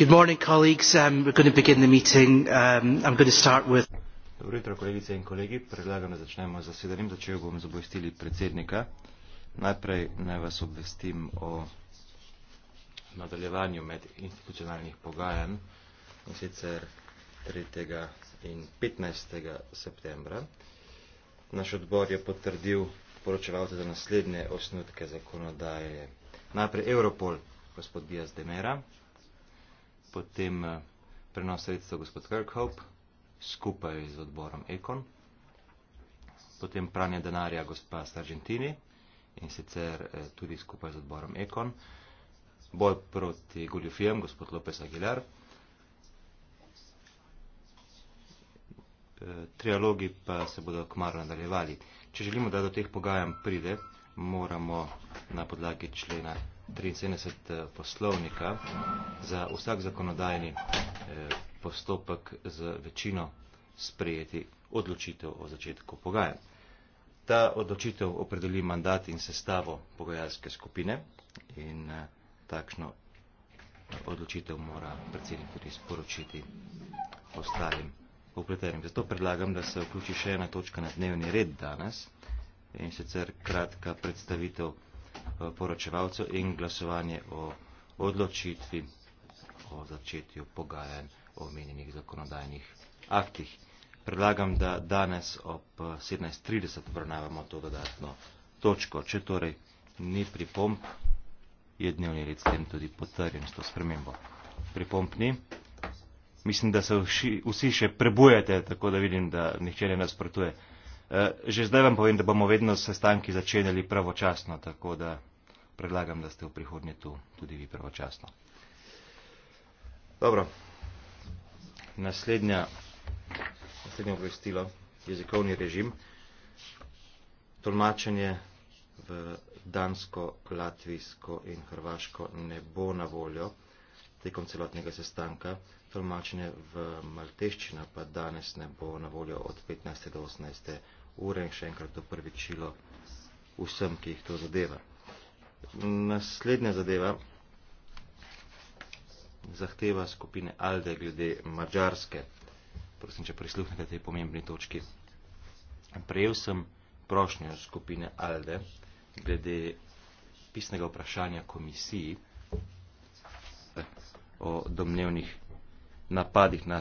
Good morning, colleagues. Um, we're going to begin the meeting. Um, I'm going to start with. Dobro jutro, kolegice in kolegi. Predlagam, da začnemo z zasedanjem. Začel bom z obvestili predsednika. Najprej naj vas obvestim o nadaljevanju med institucionalnih pogajanj in sicer 3. in 15. septembra. Naš odbor je potrdil poročevalce za naslednje osnutke zakonodaje. Najprej Europol, gospod Diaz Demera, potem eh, prenos sredstva gospod Kirkhope skupaj z odborom Ekon, potem pranje denarja gospa s Argentini in sicer eh, tudi skupaj z odborom Ekon, boj proti goljufijem gospod Lopez Aguilar, eh, trialogi pa se bodo kmaro nadaljevali. Če želimo, da do teh pogajanj pride, moramo na podlagi člena 73 eh, poslovnika za vsak zakonodajni eh, postopek z večino sprejeti odločitev o začetku pogajanj. Ta odločitev opredeli mandat in sestavo pogajalske skupine in eh, takšno odločitev mora predsednik tudi sporočiti ostalim upletenim. Zato predlagam, da se vključi še ena točka na dnevni red danes in sicer kratka predstavitev Eh, poročevalcev in glasovanje o odločitvi o začetju pogajanj o omenjenih zakonodajnih aktih. Predlagam, da danes ob 17.30 eh, obravnavamo to dodatno točko. Če torej ni pripomp, je dnevni red s tem tudi potrjen s to spremembo. Pripomp ni. Mislim, da se vsi še prebujete, tako da vidim, da nihče ne nasprotuje. Eh, že zdaj vam povem, da bomo vedno sestanki začenjali pravočasno, tako da predlagam, da ste v prihodnje tu tudi vi pravočasno. Dobro. Naslednja, naslednje obvestilo, jezikovni režim, tolmačenje v dansko, latvijsko in hrvaško ne bo na voljo tekom celotnega sestanka, tolmačenje v malteščina pa danes ne bo na voljo od 15. do 18 ure in še enkrat opravičilo vsem, ki jih to zadeva. Naslednja zadeva zahteva skupine Alde glede Mađarske. Prosim, če prisluhnete tej pomembni točki. Prejel sem prošnjo skupine Alde glede pisnega vprašanja komisiji eh, o domnevnih napadih na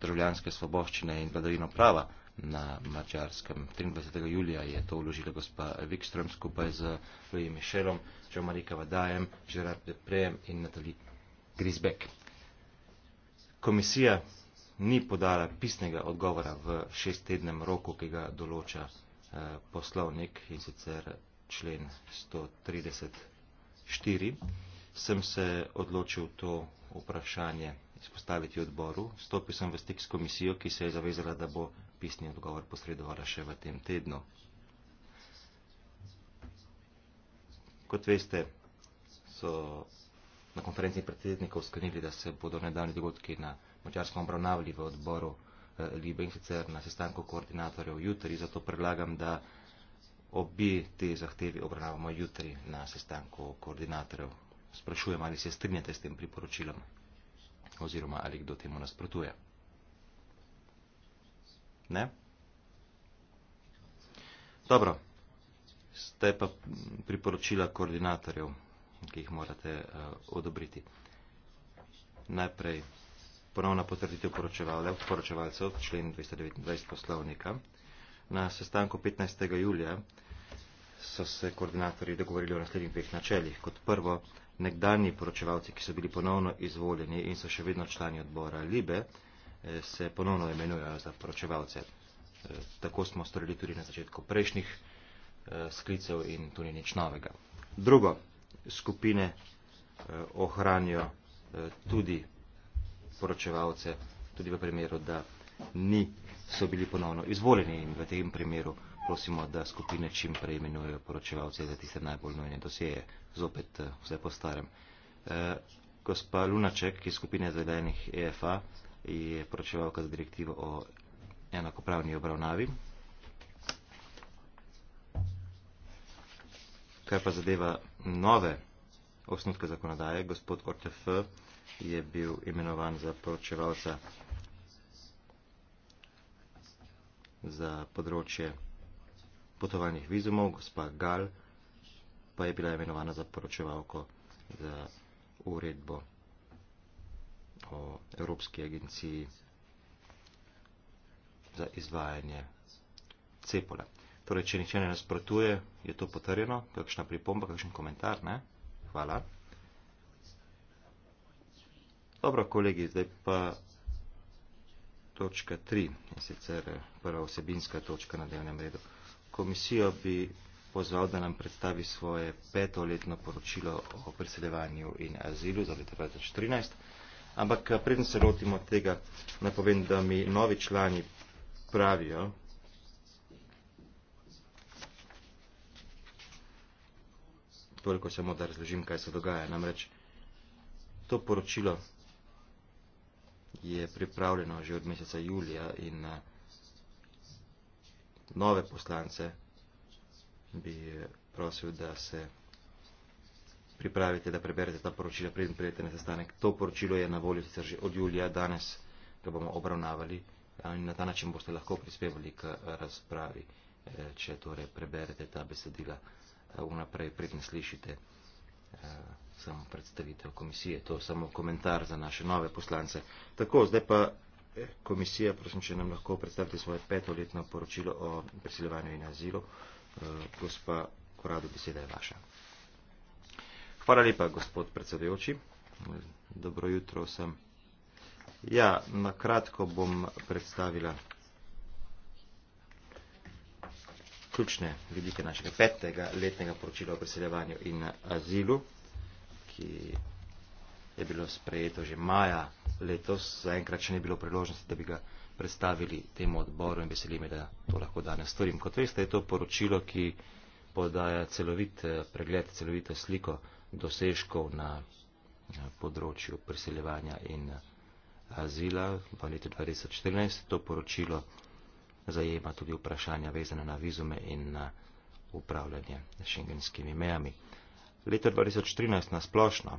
državljanske svoboščine in vladavino prava na mačarskem. 23. julija je to vložila gospa Wikström skupaj z Louis Michelom, Jean-Marie Vadajem, Gerard Deprejem in Nathalie Grisbeck. Komisija ni podala pisnega odgovora v šesttednem roku, ki ga določa eh, poslovnik in sicer člen 134. Sem se odločil to vprašanje izpostaviti odboru. Stopil sem v stik s komisijo, ki se je zavezala, da bo pisni odgovor posredovala še v tem tednu. Kot veste, so na konferenci predsednikov sklenili, da se bodo nedavni dogodki na Mačarskom obravnavali v odboru eh, Libe in sicer na sestanku koordinatorjev jutri, zato predlagam, da obi te zahtevi obravnavamo jutri na sestanku koordinatorjev. Sprašujem, ali se strinjate s tem priporočilom oziroma ali kdo temu nasprotuje. Ne? Dobro, ste pa priporočila koordinatorjev, ki jih morate uh, odobriti. Najprej ponovna potrditev poročevalcev, poročevalcev, člen 229 poslovnika. Na sestanku 15. julija so se koordinatorji dogovorili o naslednjih dveh načeljih. Kot prvo, nekdani poročevalci, ki so bili ponovno izvoljeni in so še vedno člani odbora Libe, se ponovno imenujejo za poročevalce. E, tako smo storili tudi na začetku prejšnjih e, sklicev in tu ni nič novega. Drugo, skupine e, ohranijo tudi poročevalce, tudi v primeru, da ni so bili ponovno izvoljeni in v tem primeru prosimo, da skupine čim prej imenujejo poročevalce za tiste najbolj nujne dosjeje, zopet vse po starem. Gospa Lunaček iz skupine zelenih EFA, je poročevalka za direktivo o enakopravni obravnavi. Kaj pa zadeva nove osnutke zakonodaje, gospod Ortef je bil imenovan za poročevalca za področje potovalnih vizumov, gospa Gal pa je bila imenovana za poročevalko za uredbo o Evropski agenciji za izvajanje cepola. Torej, če niče ne nasprotuje, je to potrjeno. Kakšna pripomba, kakšen komentar, ne? Hvala. Dobro, kolegi, zdaj pa točka 3, in sicer eh, prva osebinska točka na dnevnem redu. Komisijo bi pozval, da nam predstavi svoje petoletno poročilo o priseljevanju in azilu za leto 2013. Ampak eh, preden se lotimo tega, naj povem, da mi novi člani pravijo, toliko samo da razložim, kaj se dogaja. Namreč to poročilo je pripravljeno že od meseca julija in eh, nove poslance bi eh, prosil, da se pripravite, da preberete ta poročila, preden prijete na sestanek. To poročilo je na voljo sicer že od julija, danes ga bomo obravnavali in na ta način boste lahko prispevali k razpravi, eh, če torej preberete ta besedila eh, vnaprej, preden slišite eh, samo predstavitev komisije. To je samo komentar za naše nove poslance. Tako, zdaj pa komisija, prosim, če nam lahko predstavite svoje petoletno poročilo o priseljevanju in azilu. Gospa Korado, beseda je vaša. Hvala lepa, gospod predsedujoči. Dobro jutro vsem. Ja, na kratko bom predstavila ključne vidike našega petega letnega poročila o preseljevanju in azilu, ki je bilo sprejeto že maja letos. Zaenkrat še ni bilo priložnosti, da bi ga predstavili temu odboru in veseli me, da to lahko danes storim. Kot veste, je to poročilo, ki podaja celovit pregled, celovito sliko dosežkov na področju priseljevanja in eh, azila v letu 2014. To poročilo zajema tudi vprašanja vezane na vizume in na upravljanje šengenskimi mejami. Leto 2013 na splošno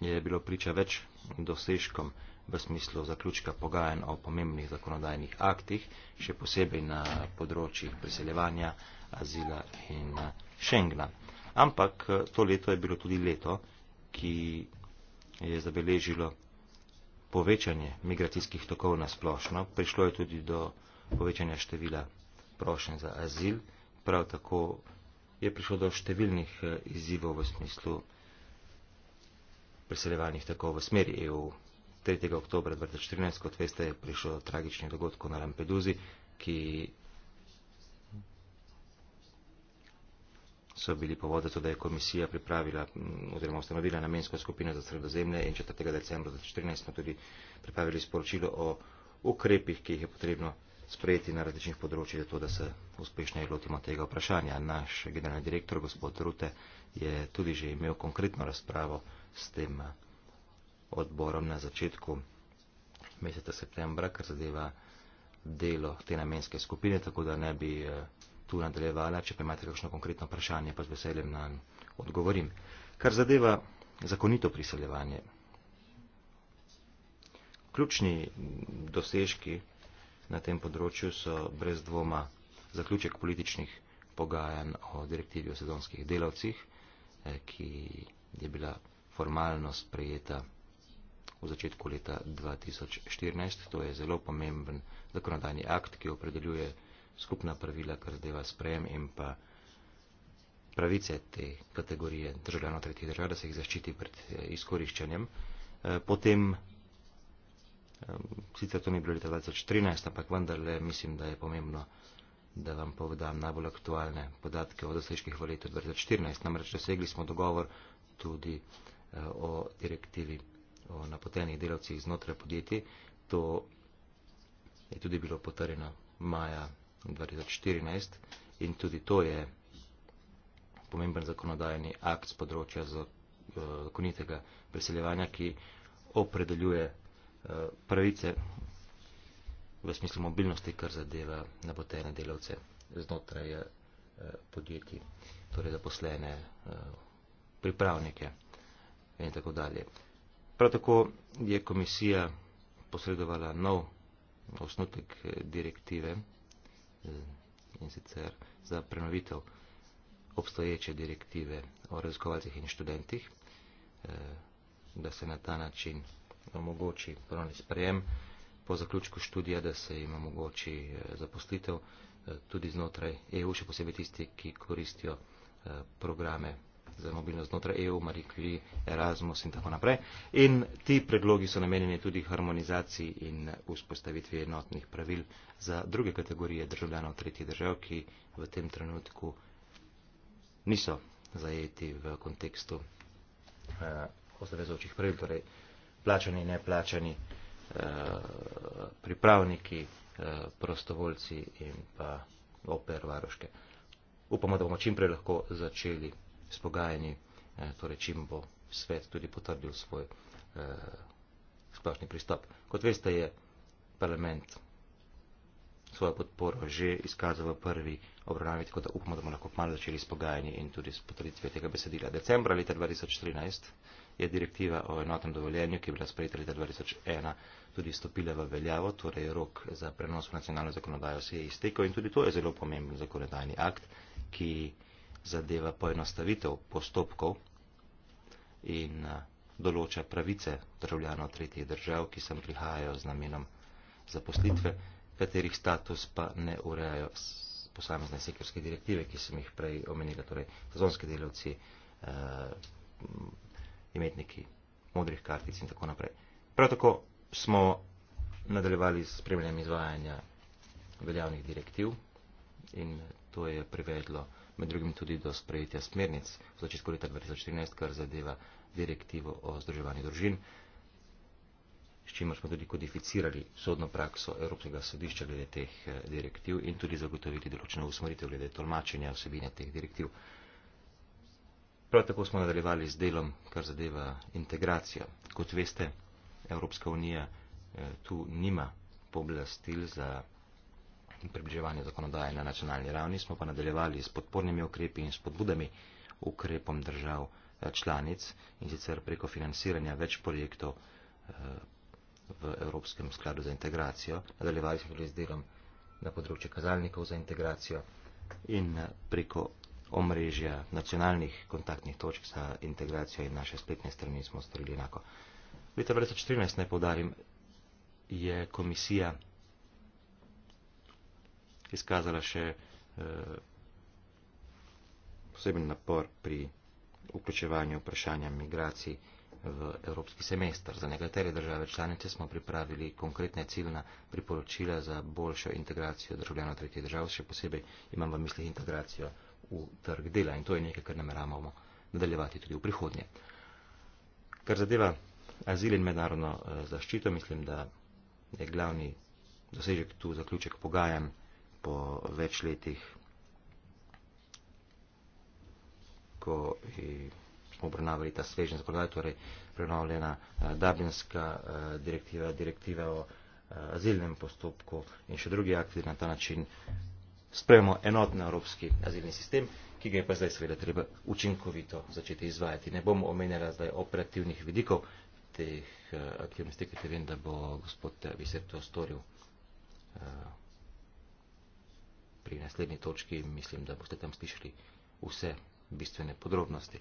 je bilo priča več dosežkom v smislu zaključka pogajanj o pomembnih zakonodajnih aktih, še posebej na področjih priseljevanja, azila in eh, Schengena. Ampak eh, to leto je bilo tudi leto, ki je zabeležilo povečanje migracijskih tokov na splošno. Prišlo je tudi do povečanja števila prošen za azil. Prav tako je prišlo do številnih eh, izzivov v smislu preseljevanjih tako v smeri EU. 3. oktober 2014, kot veste, je prišlo do tragičnih dogodkov na Lampeduzi, ki so bili povod za to, da je komisija pripravila mm, oziroma ustanovila namensko skupino za sredozemlje in 4. decembra 2014 smo tudi pripravili sporočilo o ukrepih, ki jih je potrebno sprejeti na različnih področjih, zato da se uspešno je lotimo tega vprašanja. Naš generalni direktor, gospod Rute, je tudi že imel konkretno razpravo s tem eh, odborom na začetku meseca septembra, kar zadeva delo te namenske skupine, tako da ne bi eh, tu nadaljevala, če pa imate kakšno konkretno vprašanje, pa z veseljem na odgovorim. Kar zadeva zakonito priseljevanje. Ključni dosežki na tem področju so brez dvoma zaključek političnih pogajanj o direktivi o sezonskih delavcih, eh, ki je bila formalno sprejeta v začetku leta 2014. To je zelo pomemben zakonodajni akt, ki opredeljuje skupna pravila, kar zadeva sprejem in pa pravice te kategorije državljanov tretjih držav, da se jih zaščiti pred eh, izkoriščanjem. Eh, potem, eh, sicer to ni bilo leta 2013, ampak vendarle mislim, da je pomembno, da vam povedam najbolj aktualne podatke o dosežkih v letu 2014. Namreč dosegli smo dogovor tudi o direktivi o napotenih delavcih znotraj podjetij. To je tudi bilo potrjeno maja 2014 in tudi to je pomemben zakonodajni akt z področja eh, zakonitega preseljevanja, ki opredeljuje eh, pravice v smislu mobilnosti, kar zadeva napotene delavce znotraj eh, podjetij, torej zaposlene pripravnike in tako dalje. Prav tako je komisija posredovala nov osnutek direktive Mm. in sicer za prenovitev obstoječe direktive o raziskovalcih in študentih, eh, da se na ta način omogoči ponovni sprejem po zaključku študija, da se jim omogoči eh, zaposlitev eh, tudi znotraj EU, še posebej tisti, ki koristijo programe za mobilnost znotraj EU, Marie Curie, Erasmus in tako naprej. In ti predlogi so namenjeni tudi harmonizaciji in vzpostavitvi enotnih pravil za druge kategorije državljanov tretjih držav, ki v tem trenutku niso zajeti v kontekstu eh, ostavezočih pravil, torej plačani, neplačani, eh, pripravniki, eh, prostovoljci in pa oper varoške. Upamo, da bomo čim prej lahko začeli s pogajanji, eh, torej čim bo svet tudi potrdil svoj eh, splošni pristop. Kot veste, je parlament svojo podporo že izkazal v prvi obravnavi, tako da upamo, da bomo lahko malo začeli s pogajanji in tudi s potrditvijo tega besedila. Decembra leta 2013 je direktiva o enotnem dovoljenju, ki je bila sprejeta leta 2001, tudi stopila v veljavo, torej rok za prenos v nacionalno zakonodajo se je iztekel in tudi to je zelo pomemben zakonodajni akt, ki zadeva poenostavitev postopkov in eh, določa pravice državljanov tretjih držav, ki sem prihajajo z namenom zaposlitve, katerih status pa ne urejajo posamezne sektorske direktive, ki sem jih prej omenila, torej sezonski delavci, eh, imetniki modrih kartic in tako naprej. Prav tako smo nadaljevali s spremljanjem izvajanja veljavnih direktiv in to je privedlo eh, med drugim tudi do sprejetja smernic v začetku leta 2014, kar zadeva direktivo o združevanju družin, s čimer smo tudi kodificirali sodno prakso Evropskega sodišča glede teh eh, direktiv in tudi zagotovili določeno usmeritev glede tolmačenja vsebine teh direktiv. Prav tako smo nadaljevali z delom, kar zadeva integracijo. Kot veste, Evropska unija eh, tu nima pooblastil za in približevanju zakonodaje na nacionalni ravni, smo pa nadaljevali s podpornimi ukrepi in spodbudami ukrepom držav eh, članic in sicer preko financiranja več projektov eh, v Evropskem skladu za integracijo. Nadaljevali smo tudi z delom na področju kazalnikov za integracijo in eh, preko omrežja nacionalnih kontaktnih točk za integracijo in naše spletne strani smo storili enako. Leta 2014, naj povdarim, je komisija izkazala še eh, poseben napor pri vključevanju vprašanja migracij v evropski semester. Za nekatere države članice smo pripravili konkretne ciljna priporočila za boljšo integracijo državljanov tretjih držav, še posebej imam v mislih integracijo v trg dela in to je nekaj, kar nameravamo nadaljevati tudi v prihodnje. Kar zadeva azil in mednarodno eh, zaščito, mislim, da je glavni dosežek tu zaključek pogajanj po več letih, ko smo obravnavali ta svežen zakonodaj, torej prenovljena uh, Dublinska uh, direktiva, direktiva o uh, azilnem postopku in še drugi akti na ta način sprejemo enotni evropski azilni sistem, ki ga je pa zdaj seveda treba učinkovito začeti izvajati. Ne bom omenjala zdaj operativnih vidikov teh uh, aktivnosti, ki te vem, da bo gospod Viser to storil. Uh, pri naslednji točki, mislim, da boste tam slišali vse bistvene podrobnosti.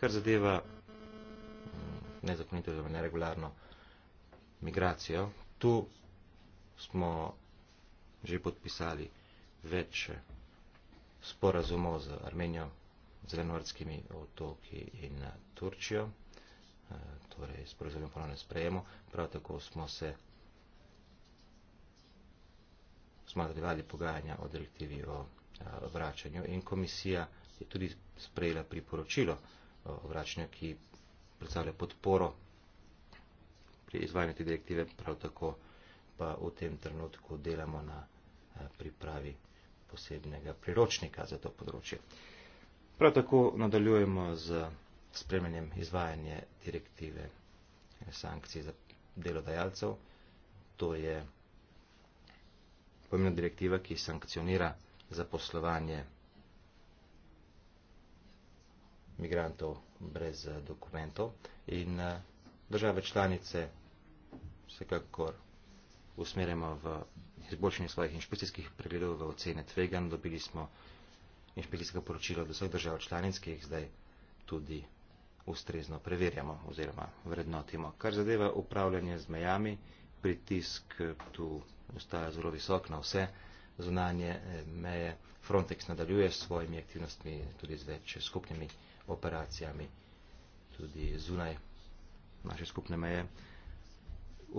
Kar zadeva mm, nezakonito ali neregularno migracijo, tu smo že podpisali več sporazumov z Armenijo, z Renovarskimi otoki in eh, Turčijo, eh, torej sporazumem ponovno sprejemo, prav tako smo se smatrali pogajanja o direktivi o vračanju in komisija je tudi sprejela priporočilo o vračanju, ki predstavlja podporo pri izvajanju te direktive, prav tako pa v tem trenutku delamo na pripravi posebnega priročnika za to področje. Prav tako nadaljujemo z spremenjem izvajanja direktive sankcij za delodajalcev. To je pomembna direktiva, ki sankcionira zaposlovanje migrantov brez eh, dokumentov in eh, države članice vsekakor usmerjamo v izboljšanje svojih inšpekcijskih pregledov v ocene tvegan. Dobili smo inšpekcijsko poročilo od vseh držav članic, ki jih zdaj tudi ustrezno preverjamo oziroma vrednotimo. Kar zadeva upravljanje z mejami, pritisk tu ostaja zelo visok na vse zunanje eh, meje. Frontex nadaljuje s svojimi aktivnostmi, tudi z več skupnimi operacijami, tudi zunaj naše skupne meje.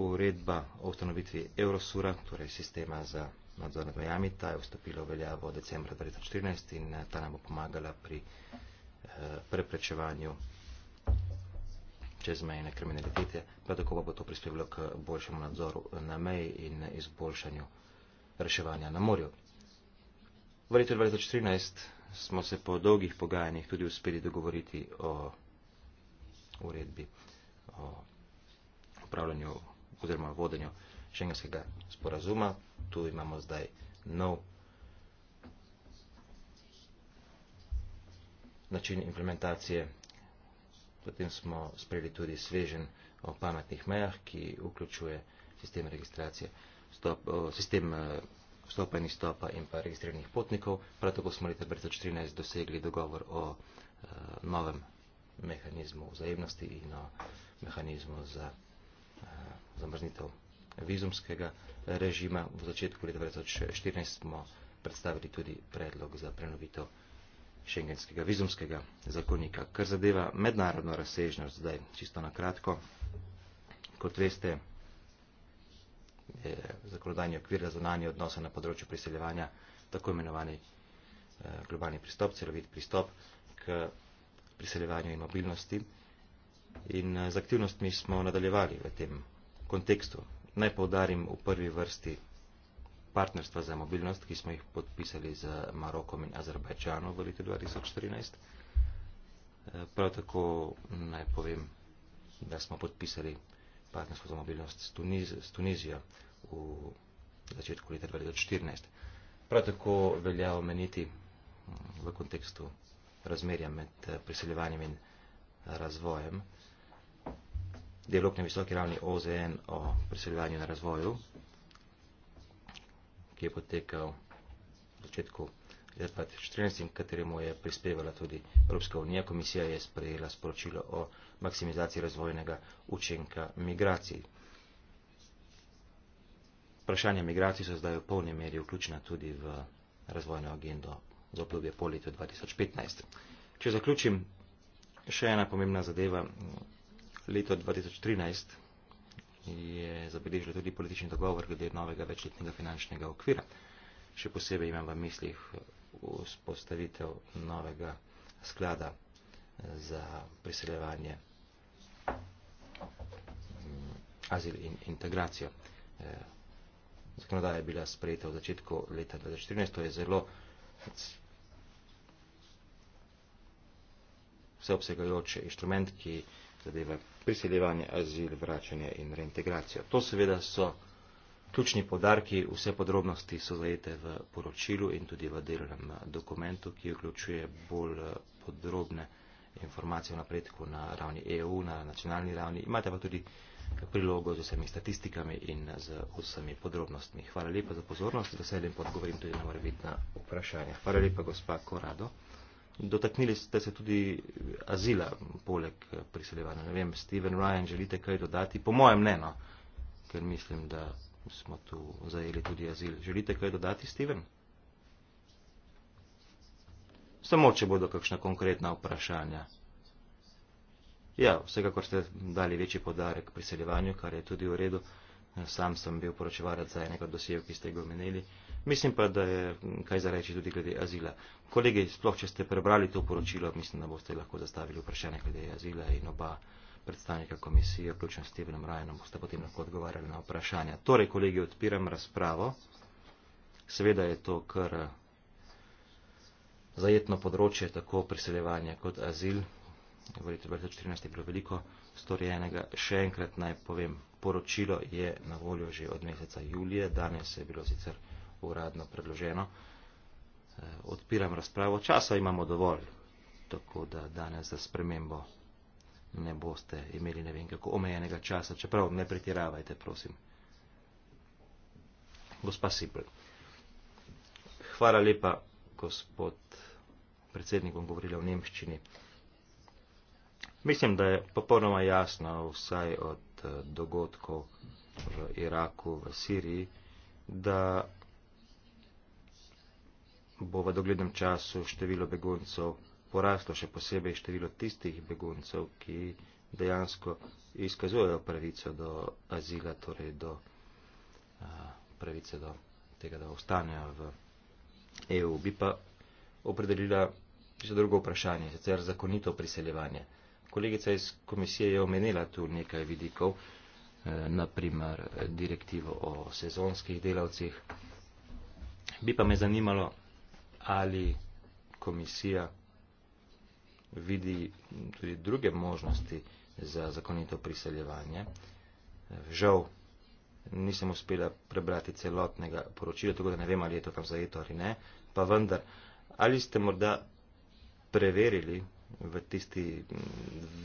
Uredba o ustanovitvi Eurosura, torej sistema za nadzor nad mejami, ta je vstopila v veljavo decembra 2014 in eh, ta nam bo pomagala pri eh, preprečevanju čezmejne kriminalitete, pa tako pa bo to prispevalo k boljšemu nadzoru na meji in izboljšanju reševanja na morju. V letu 2014 smo se po dolgih pogajanjih tudi uspeli dogovoriti o uredbi o upravljanju oziroma vodenju šengenskega sporazuma. Tu imamo zdaj nov način implementacije Potem smo sprejeli tudi svežen o pametnih mejah, ki vključuje sistem registracije, stop, sistem e, vstopa in izstopa in pa registriranih potnikov. Prav tako smo leta 2014 dosegli dogovor o uh, novem mehanizmu vzajemnosti in o mehanizmu za uh, zamrznitev vizumskega režima. V začetku leta 2014 smo predstavili tudi predlog za prenovitev uh, šengenskega vizumskega zakonika. Kar zadeva mednarodno razsežnost, zdaj čisto na kratko, kot veste, je zakonodajni okvir za zunanje odnose na področju priseljevanja tako imenovani eh, globalni pristop, celovit pristop k priseljevanju in mobilnosti. In eh, z aktivnostmi smo nadaljevali v tem kontekstu. Naj poudarim v prvi vrsti partnerstva za mobilnost, ki smo jih podpisali z Marokom in Azerbajčanom v letu 2014. Eh, prav tako naj povem, da smo podpisali partnerstvo za mobilnost s, Tuniz s Tunizijo v začetku leta 2014. Prav tako velja omeniti hm, v kontekstu razmerja med eh, priseljevanjem in eh, razvojem. Delok na visoki ravni OZN o priseljevanju na razvoju ki je potekal v začetku leta 2014 in kateremu je prispevala tudi Evropska unija. Komisija je sprejela sporočilo o maksimizaciji razvojnega učinka migracij. Vprašanje migracij so zdaj v polni meri vključena tudi v razvojno agendo za obdobje po letu 2015. Če zaključim, še ena pomembna zadeva. Leto 2013 je zabeležilo tudi politični dogovor glede novega večletnega finančnega okvira. Še posebej imam v mislih vzpostavitev novega sklada eh, za priseljevanje mm, azil in integracijo. Eh, zakonodaja je bila sprejeta v začetku leta 2014, to je zelo vseobsegajoč inštrument, ki zadeva priseljevanje, azil, vračanje in reintegracijo. To seveda so ključni podarki, vse podrobnosti so zajete v poročilu in tudi v delnem dokumentu, ki vključuje bolj eh, podrobne informacije o napredku na ravni EU, na nacionalni ravni. Imate pa tudi prilogo z vsemi statistikami in eh, z vsemi podrobnostmi. Hvala lepa za pozornost, da se jedem podgovorim tudi na morebitna vprašanja. Hvala lepa, gospa Korado. Dotaknili ste se tudi azila, poleg priseljevanja. Ne vem, Steven Ryan, želite kaj dodati? Po mojem ne, no, ker mislim, da smo tu zajeli tudi azil. Želite kaj dodati, Steven? Samo, če bodo kakšna konkretna vprašanja. Ja, vsekakor ste dali večji podarek priseljevanju, kar je tudi v redu. Sam sem bil poročevarac za enega dosijev, ki ste ga omenili. Uh, Mislim pa, da je kaj za reči tudi glede azila. Kolegi, sploh če ste prebrali to poročilo, mislim, da boste lahko zastavili vprašanje glede azila in oba predstavnika komisije, vključno s Stevenom Rajanom, boste potem lahko odgovarjali na vprašanja. Torej, kolegi, odpiram razpravo. Seveda je to kar eh, zajetno področje, tako priseljevanje kot azil. V letu 2014 je bilo veliko storjenega. Še enkrat naj povem, poročilo je na voljo že od meseca julija, danes je bilo sicer uradno predloženo. Eh, odpiram razpravo. Časa imamo dovolj, tako da danes za spremembo ne boste imeli ne vem kako omejenega časa, čeprav ne pretiravajte, prosim. Gospa Sipl. Hvala lepa, gospod predsednik, bom govorila v Nemščini. Mislim, da je popolnoma jasno vsaj od eh, dogodkov v Iraku, v Siriji, da bo v doglednem času število beguncev poraslo, še posebej število tistih beguncev, ki dejansko izkazujejo pravico do azila, torej do a, pravice do tega, da ostanejo v EU. Bi pa opredelila še drugo vprašanje, sicer zakonito priseljevanje. Kolegica iz komisije je omenila tu nekaj vidikov, e, naprimer direktivo o sezonskih delavcih. Bi pa me zanimalo, ali komisija vidi tudi druge možnosti za zakonito priseljevanje. Žal nisem uspela prebrati celotnega poročila, tako da ne vem, ali je to tam zajeto ali ne, pa vendar, ali ste morda preverili v tisti mm,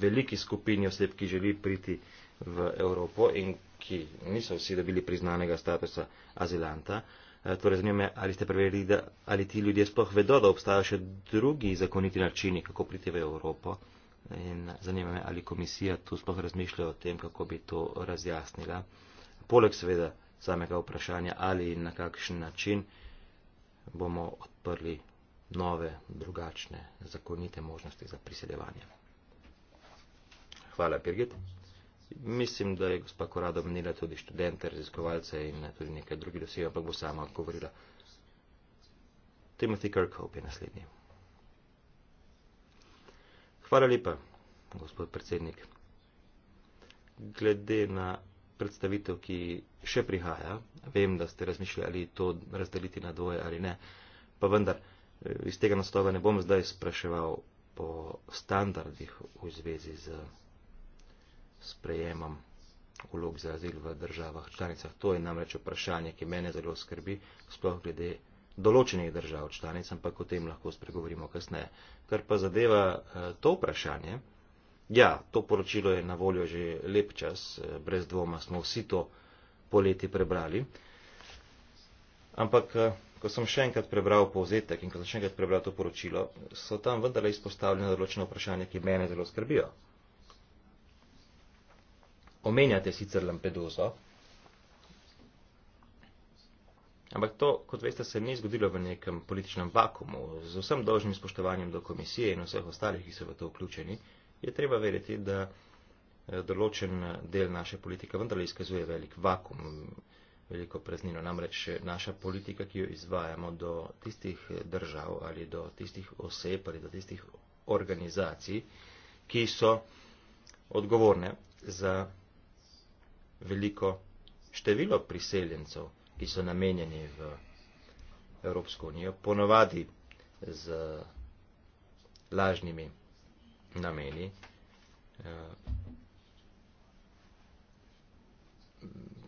veliki skupini oseb, ki želi priti v Evropo in ki niso vsi dobili priznanega statusa azilanta, Eh, torej zanima me, ali ste preverili, da, ali ti ljudje sploh vedo, da obstajajo še drugi zakoniti načini, kako priti v Evropo. In zanima me, ali komisija tu sploh razmišlja o tem, kako bi to razjasnila. Poleg seveda samega vprašanja, ali in na kakšen način bomo odprli nove, drugačne, zakonite možnosti za priseljevanje. Hvala, Birgit mislim, da je gospa Korado menila tudi študente, raziskovalce in eh, tudi nekaj drugih dosega, ampak bo sama govorila. Timothy Kirkhope je naslednji. Hvala lepa, gospod predsednik. Glede na predstavitev, ki še prihaja, vem, da ste razmišljali, ali to razdeliti na dvoje ali ne, pa vendar eh, iz tega naslova ne bom zdaj spraševal po standardih v zvezi z sprejemom vlog za azil v državah članicah. To je namreč vprašanje, ki mene zelo skrbi, sploh glede določenih držav članic, ampak o tem lahko spregovorimo kasneje. Kar pa zadeva eh, to vprašanje, ja, to poročilo je na voljo že lep čas, eh, brez dvoma smo vsi to poleti prebrali, ampak eh, ko sem še enkrat prebral povzetek in ko sem še enkrat prebral to poročilo, so tam vendarle izpostavljena določena vprašanja, ki mene zelo skrbijo omenjate sicer Lampedozo, ampak to, kot veste, se ni zgodilo v nekem političnem vakumu. Z vsem dolžnim spoštovanjem do komisije in vseh ostalih, ki so v to vključeni, je treba verjeti, da eh, določen del naše politike vendarle izkazuje velik vakum, veliko preznino. Namreč naša politika, ki jo izvajamo do tistih držav ali do tistih oseb ali do tistih organizacij, ki so odgovorne za veliko število priseljencev, ki so namenjeni v Evropsko unijo, ponovadi z lažnimi nameni. Eh,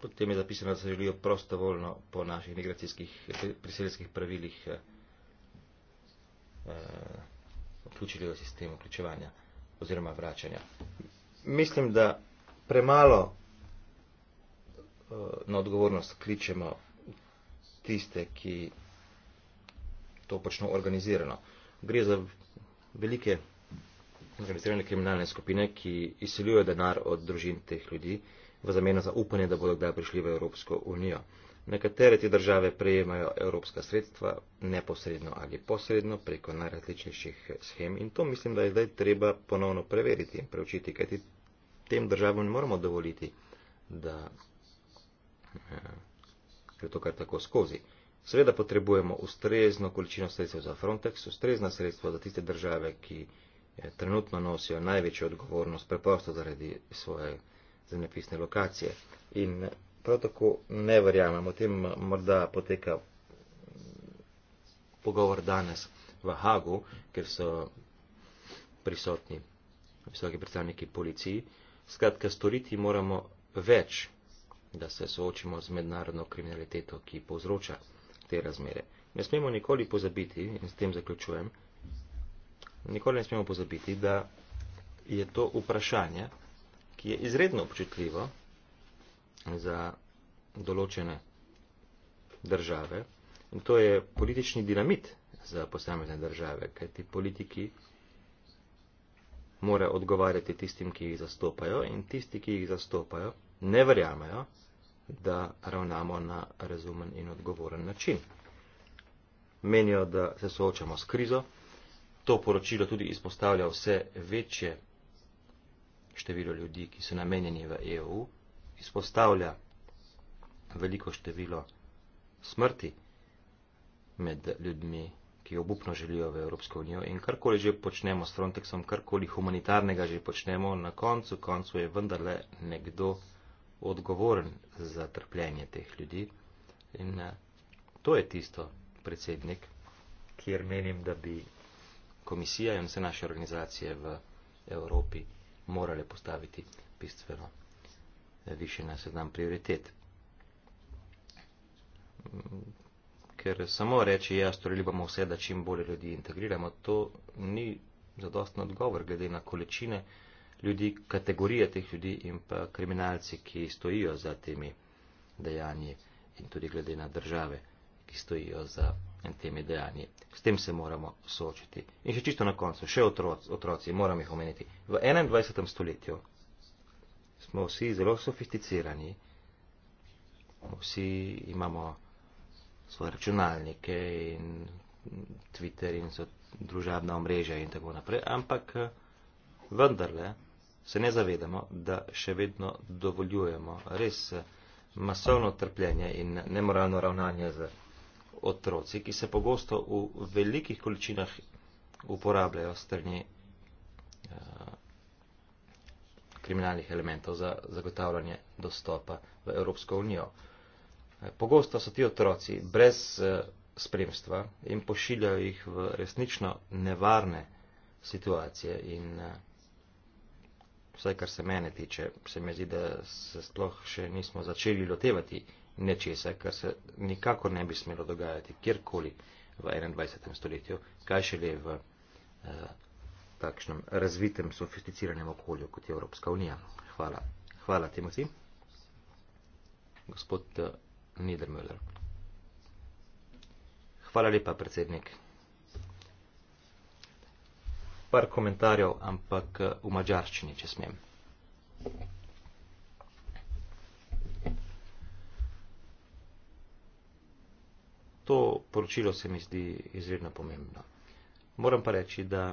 Potem je zapisano, da se želijo prostovoljno po naših migracijskih priseljenskih pravilih eh, vključili v sistem vključevanja oziroma vračanja. Mislim, da premalo Eh, na odgovornost kličemo tiste, ki to počno organizirano. Gre za velike organizirane kriminalne skupine, ki izseljujejo denar od družin teh ljudi v zameno za upanje, da bodo kdaj prišli v Evropsko unijo. Nekatere te države prejemajo evropska sredstva neposredno ali posredno preko najrazličnejših schem in to mislim, da je zdaj treba ponovno preveriti in preučiti, kajti tem državam ne moramo dovoliti, da gre eh, to kar tako skozi. Seveda potrebujemo ustrezno količino sredstev za Frontex, ustrezna sredstva za tiste države, ki eh, trenutno nosijo največjo odgovornost preprosto zaradi svoje zanepisne lokacije. In eh, prav tako ne verjamem, o tem morda poteka pogovor danes v Hagu, ker so prisotni visoki predstavniki policiji. Skratka, storiti moramo več da se soočimo z mednarodno kriminaliteto, ki povzroča te razmere. Ne smemo nikoli pozabiti, in s tem zaključujem, nikoli ne smemo pozabiti, da je to vprašanje, ki je izredno občutljivo za določene države. In to je politični dinamit za posamezne države, kajti politiki morajo odgovarjati tistim, ki jih zastopajo in tisti, ki jih zastopajo, ne verjamejo, da ravnamo na razumen in odgovoren način. Menijo, da se soočamo s krizo. To poročilo tudi izpostavlja vse večje število ljudi, ki so namenjeni v EU, izpostavlja veliko število smrti med ljudmi, ki obupno želijo v Evropsko unijo in karkoli že počnemo s Frontexom, karkoli humanitarnega že počnemo, na koncu koncu je vendarle nekdo odgovoren za trpljenje teh ljudi. In eh, to je tisto, predsednik, kjer menim, da bi komisija in vse naše organizacije v Evropi morale postaviti bistveno eh, više na seznam prioritet. Mm, ker samo reči, ja, storili bomo vse, da čim bolje ljudi integriramo, to ni zadostno odgovor, glede na količine ljudi, kategorije teh ljudi in pa kriminalci, ki stojijo za temi dejanji in tudi glede na države, ki stojijo za temi dejanji. S tem se moramo soočiti. In še čisto na koncu, še otroci, otroci moram jih omeniti. V 21. stoletju smo vsi zelo sofisticirani, vsi imamo svoje računalnike in Twitter in so družabna omrežja in tako naprej, ampak vendarle se ne zavedamo, da še vedno dovoljujemo res eh, masovno trpljenje in nemoralno ravnanje z otroci, ki se pogosto v velikih količinah uporabljajo strani eh, kriminalnih elementov za zagotavljanje dostopa v Evropsko unijo. Eh, pogosto so ti otroci brez spremstva in pošiljajo jih v resnično nevarne situacije in uh, vse kar se mene tiče, se mi zdi, da se sploh še nismo začeli lotevati nečesa, kar se nikako ne bi smelo dogajati kjerkoli v 21. stoletju, kaj še le v eh, takšnem razvitem, sofisticiranem okolju kot je Evropska unija. Hvala. Hvala, Timothy. Gospod eh, Niedermüller. Hvala lepa, predsednik par komentarjev, ampak v mačarščini, če smem. To poročilo se mi zdi izredno pomembno. Moram pa reči, da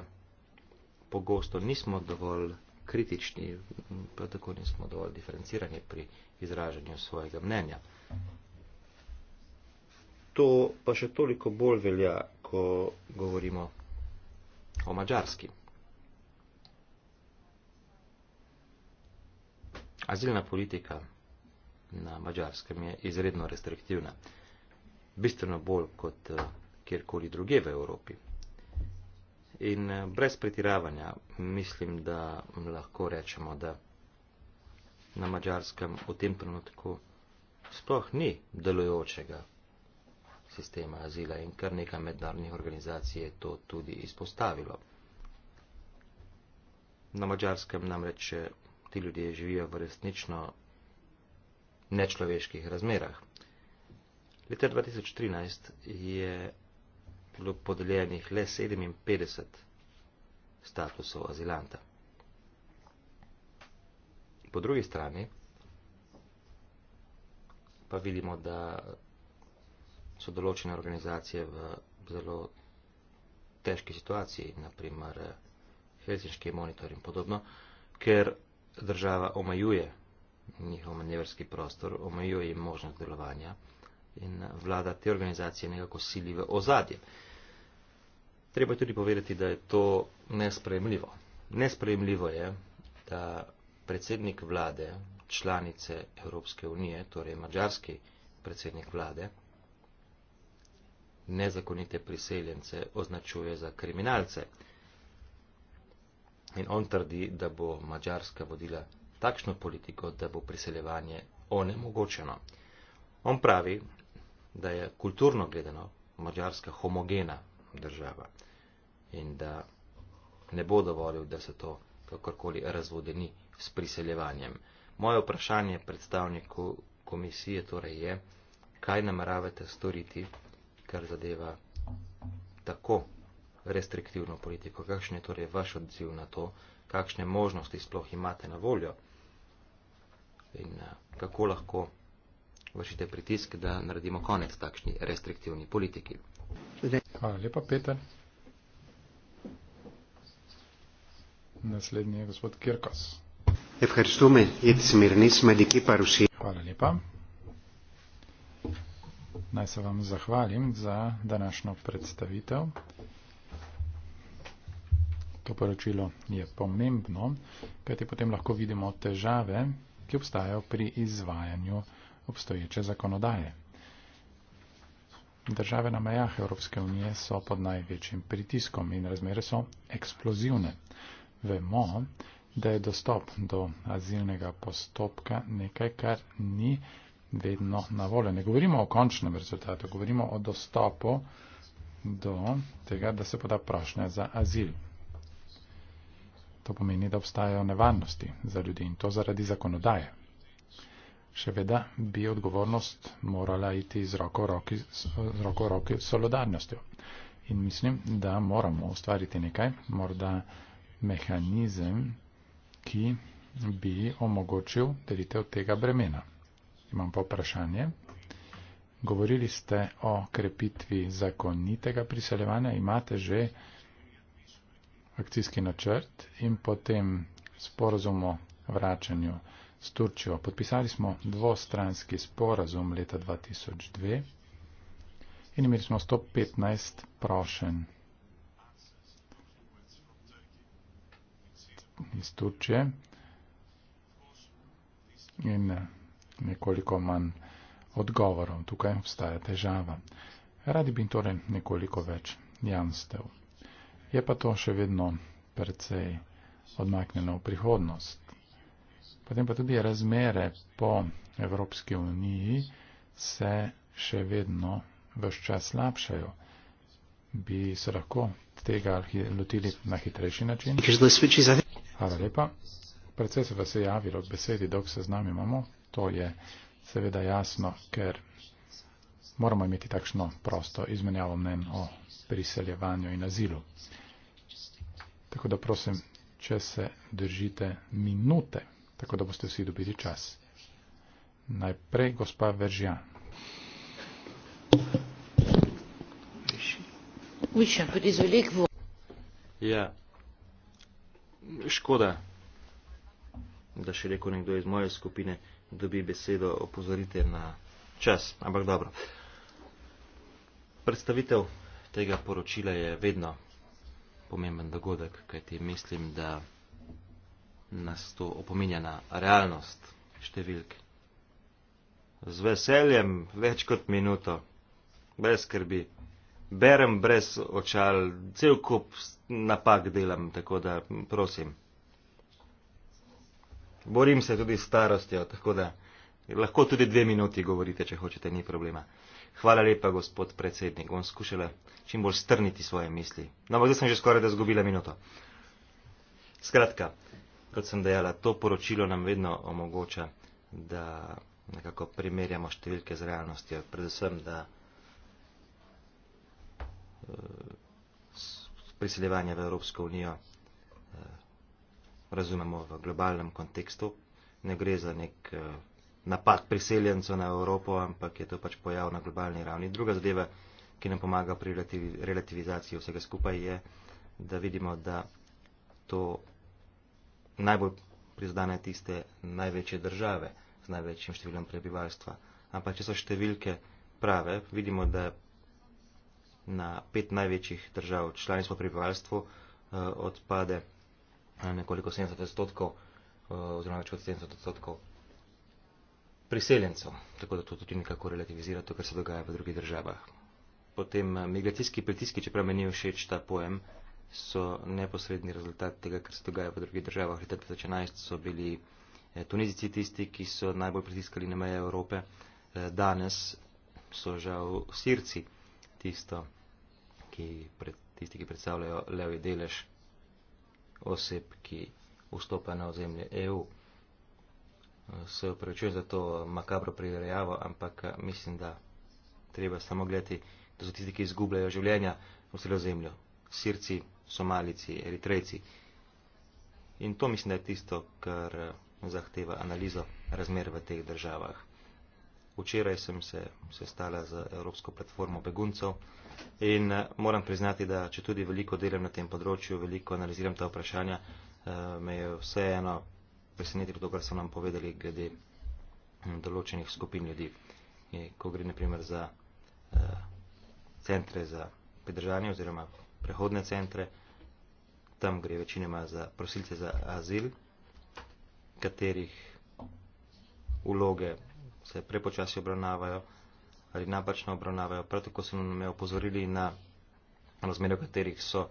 pogosto nismo dovolj kritični, pa tako nismo dovolj diferencirani pri izražanju svojega mnenja. To pa še toliko bolj velja, ko govorimo o mađarski. Azilna politika na mađarskem je izredno restriktivna, bistveno bolj kot eh, kjerkoli druge v Evropi. In eh, brez pretiravanja mislim, da lahko rečemo, da na mađarskem v tem trenutku sploh ni delujočega sistema azila in kar nekaj mednarodnih organizacij je to tudi izpostavilo. Na mačarskem namreč eh, ti ljudje živijo v resnično nečloveških razmerah. Leta 2013 je bilo podeljenih le 57 statusov azilanta. Po drugi strani pa vidimo, da so določene organizacije v zelo težki situaciji, naprimer eh, Helsinški monitor in podobno, ker država omejuje njihov manevrski prostor, omejuje jim možnost delovanja in vlada te organizacije nekako sili v ozadje. Treba tudi povedati, da je to nesprejemljivo. Nesprejemljivo je, da predsednik vlade, članice Evropske unije, torej mađarski predsednik vlade, nezakonite priseljence označuje za kriminalce. In on trdi, da bo Mačarska vodila takšno politiko, da bo priseljevanje onemogočeno. On pravi, da je kulturno gledano Mačarska homogena država in da ne bo dovolil, da se to kakorkoli razvodeni s priseljevanjem. Moje vprašanje predstavniku komisije torej je, kaj nameravate storiti, kar zadeva tako restriktivno politiko. Kakšen je torej vaš odziv na to, kakšne možnosti sploh imate na voljo in eh, kako lahko vršite pritisk, da naredimo konec takšni restriktivni politiki. Hvala lepa, Peter. Naslednji je gospod Kirkos. Hvala lepa. Naj se vam zahvalim za današnjo predstavitev. To poročilo je pomembno, kajti potem lahko vidimo težave, ki obstajajo pri izvajanju obstoječe zakonodaje. Države na mejah Evropske unije so pod največjim pritiskom in razmere so eksplozivne. Vemo, da je dostop do azilnega postopka nekaj, kar ni vedno na voljo. Ne govorimo o končnem rezultatu, govorimo o dostopu do tega, da se poda prošnja za azil. To pomeni, da obstajajo nevarnosti za ljudi in to zaradi zakonodaje. Še veda bi odgovornost morala iti z roko v roki s solidarnostjo. In mislim, da moramo ustvariti nekaj, morda mehanizem, ki bi omogočil delitev tega bremena imam pa vprašanje. Govorili ste o krepitvi zakonitega priseljevanja, imate že akcijski načrt in potem sporozum o vračanju s Turčijo. Podpisali smo dvostranski sporozum leta 2002 in imeli smo 115 prošen iz Turčije. In nekoliko manj odgovorov. Tukaj obstaja težava. Radi bi torej nekoliko več janstev. Je pa to še vedno precej odmaknjeno v prihodnost. Potem pa tudi razmere po Evropski uniji se še vedno vse čas slabšajo. Bi se lahko tega lotili na hitrejši način? Hvala lepa. Predvsej se vas je javilo k besedi, dok se z nami imamo. To je seveda jasno, ker moramo imeti takšno prosto izmenjavo mnen o priseljevanju in azilu. Tako da prosim, če se držite minute, tako da boste vsi dobili čas. Najprej gospa Veržja. Ja, škoda, da še reko nekdo iz moje skupine dobi besedo, opozorite na čas. Ampak dobro. Predstavitev tega poročila je vedno pomemben dogodek, kajti mislim, da nas to opominja na realnost številk. Z veseljem, več kot minuto, brez skrbi. Berem brez očal, cel kup napak delam, tako da prosim. Borim se tudi s starostjo, tako da lahko tudi dve minuti govorite, če hočete, ni problema. Hvala lepa, gospod predsednik. Bom skušala čim bolj strniti svoje misli. No, ampak zdaj sem že skoraj da zgubila minuto. Skratka, kot sem dejala, to poročilo nam vedno omogoča, da nekako primerjamo številke z realnostjo. Predvsem, da eh, priseljevanje v Evropsko unijo eh, razumemo v globalnem kontekstu. Ne gre za nek eh, napad priseljencev na Evropo, ampak je to pač pojav na globalni ravni. Druga zadeva, ki nam pomaga pri relativizaciji vsega skupaj, je, da vidimo, da to najbolj prizadane tiste največje države z največjim številom prebivalstva. Ampak če so številke prave, vidimo, da na pet največjih držav članstvo prebivalstvo eh, odpade Eh, nekoliko 70 odstotkov eh, oziroma več kot 70 odstotkov priseljencev. Tako da to tudi nekako relativizira to, kar se dogaja v drugih državah. Potem eh, migracijski pritiski, čeprav meni všeč ta pojem, so neposredni rezultat tega, kar se dogaja v drugih državah. Leta 2011 so bili tunizici tisti, ki so najbolj pritiskali na meje Evrope. Danes so žal sirci tisto, ki pred, tisti, ki predstavljajo levi delež oseb, ki vstopajo na ozemlje EU. Se upravičujem za to makabro prirejavo, ampak eh, mislim, da treba samo gledati, da so tisti, ki izgubljajo življenja v sredozemlju. Sirci, Somalici, Eritrejci. In to mislim, da je tisto, kar eh, zahteva analizo razmer v teh državah. Včeraj sem se sestala z Evropsko platformo beguncev. In eh, moram priznati, da če tudi veliko delam na tem področju, veliko analiziram ta vprašanja, eh, me je vseeno presenetilo to, kar so nam povedali glede hm, določenih skupin ljudi. In ko gre naprimer za eh, centre za pridržanje oziroma prehodne centre, tam gre večinoma za prosilce za azil, katerih vloge se prepočasi obravnavajo ali napačno obravnavajo. Prav tako so me opozorili na razmere, v katerih so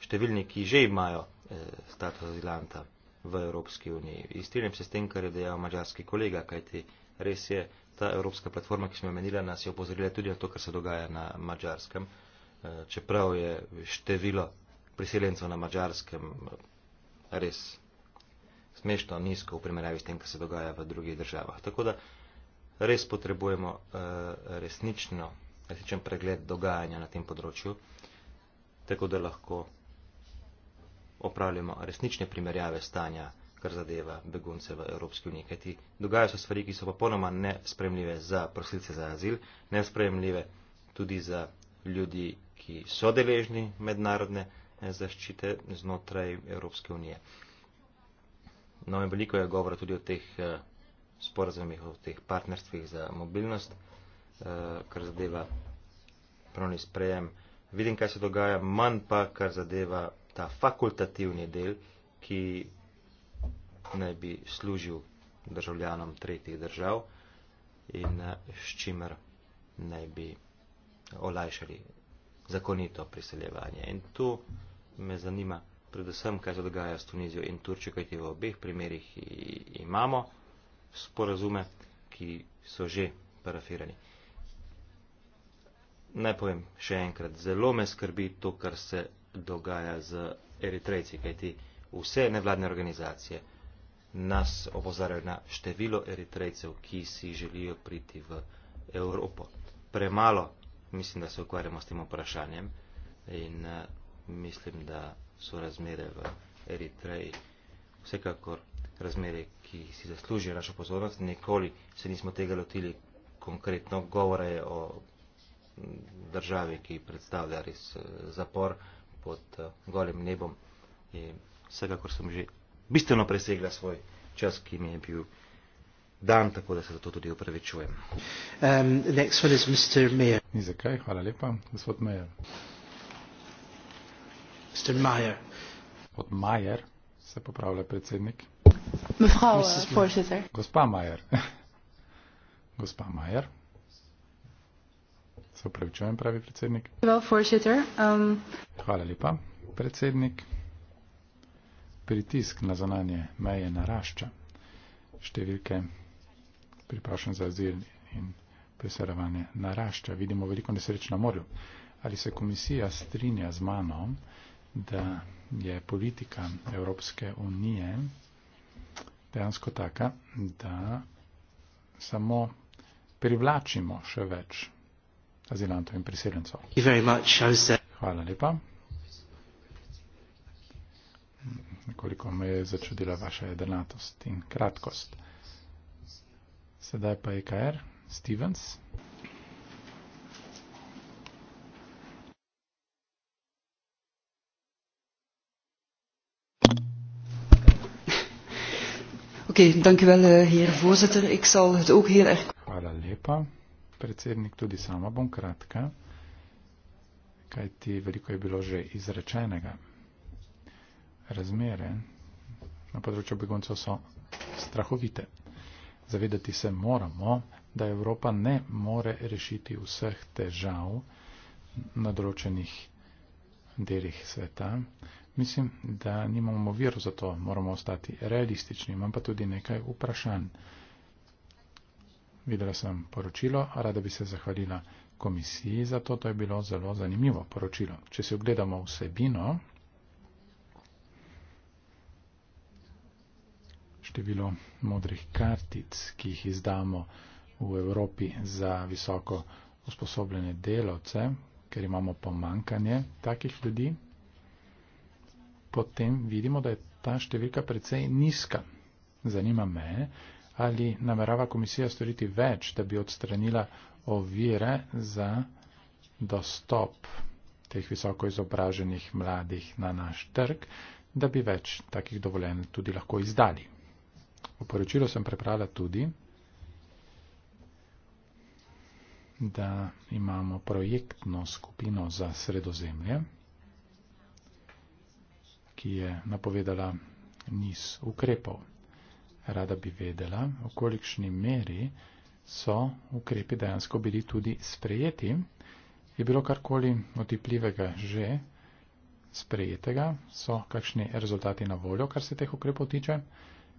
številni, ki že imajo eh, status azilanta v Evropski uniji. Istinem se s tem, kar je dejal mađarski kolega, kajti res je, ta evropska platforma, ki smo omenila, nas je opozorila tudi na to, kar se dogaja na mađarskem. Eh, čeprav je število priseljencev na mađarskem eh, res smešno nizko v primerjavi s tem, kar se dogaja v drugih državah. Tako da res potrebujemo uh, resnično, resničen pregled dogajanja na tem področju, tako da lahko opravljamo resnične primerjave stanja, kar zadeva begunce v Evropski uniji. Kajti dogajajo se stvari, ki so popolnoma nespremljive za prosilce za azil, nespremljive tudi za ljudi, ki so deležni mednarodne eh, zaščite znotraj Evropske unije. No in veliko je govora tudi o teh uh, sporazumih o teh partnerstvih za mobilnost, eh, kar zadeva pravni sprejem. Vidim, kaj se dogaja, manj pa, kar zadeva ta fakultativni del, ki naj bi služil državljanom tretjih držav in eh, s čimer naj bi olajšali zakonito priseljevanje. In tu me zanima predvsem, kaj se dogaja s Tunizijo in Turčijo, kajti v obeh primerih imamo sporazume, ki so že parafirani. Naj povem še enkrat, zelo me skrbi to, kar se dogaja z eritrejci, kajti vse nevladne organizacije nas opozarjajo na število eritrejcev, ki si želijo priti v Evropo. Premalo mislim, da se ukvarjamo s tem vprašanjem in eh, mislim, da so razmere v Eritreji vsekakor razmere, ki si zaslužijo našo pozornost. Nikoli se nismo tega lotili konkretno. Govore je o državi, ki predstavlja res eh, zapor pod eh, golem nebom. In vsekakor sem že bistveno presegla svoj čas, ki mi je bil dan, tako da se za to tudi upravičujem. Um, next one is Mr. Mayer. Ni zakaj, hvala lepa, gospod Mayer. Mr. Mayer. Gospod Mayer, se popravlja predsednik. Mevrouw, Mrs. Eh, voorzitter. Gospa Meijer. Gospa Meijer. Se opravičujem, pravi predsednik. Wel, voorzitter. Um... Hvala lepa, predsednik. Pritisk na zananje meje narašča. Številke pripravšen za azil in preseravanje narašča. Vidimo veliko nesreč na morju. Ali se komisija strinja z mano, da je politika Evropske unije dejansko taka, da samo privlačimo še več azilantov in priseljencov. Hvala lepa. Nekoliko me je začudila vaša jedrnatost in kratkost. Sedaj pa je KR Stevens. Oké, okay, dank u wel, eh, heer voorzitter. Ik zal het ook heel erg... Hvala lepa, predsednik, tudi sama bom kratka, kaj ti veliko je bilo že izrečenega. Razmere na področju begoncev so strahovite. Zavedati se moramo, da Evropa ne more rešiti vseh težav na določenih delih sveta, Mislim, da nimamo viru za to, moramo ostati realistični. Imam pa tudi nekaj vprašanj. Videla sem poročilo, rada bi se zahvalila komisiji za to, to je bilo zelo zanimivo poročilo. Če se ogledamo vsebino, število modrih kartic, ki jih izdamo v Evropi za visoko usposobljene delavce, ker imamo pomankanje takih ljudi, potem vidimo, da je ta številka precej nizka. Zanima me, ali namerava komisija storiti več, da bi odstranila ovire za dostop teh visoko izobraženih mladih na naš trg, da bi več takih dovoljen tudi lahko izdali. V poročilu sem prebrala tudi, da imamo projektno skupino za sredozemlje ki je napovedala niz ukrepov. Rada bi vedela, v kolikšni meri so ukrepi dejansko bili tudi sprejeti. Je bilo karkoli otipljivega že sprejetega, so kakšni rezultati na voljo, kar se teh ukrepov tiče.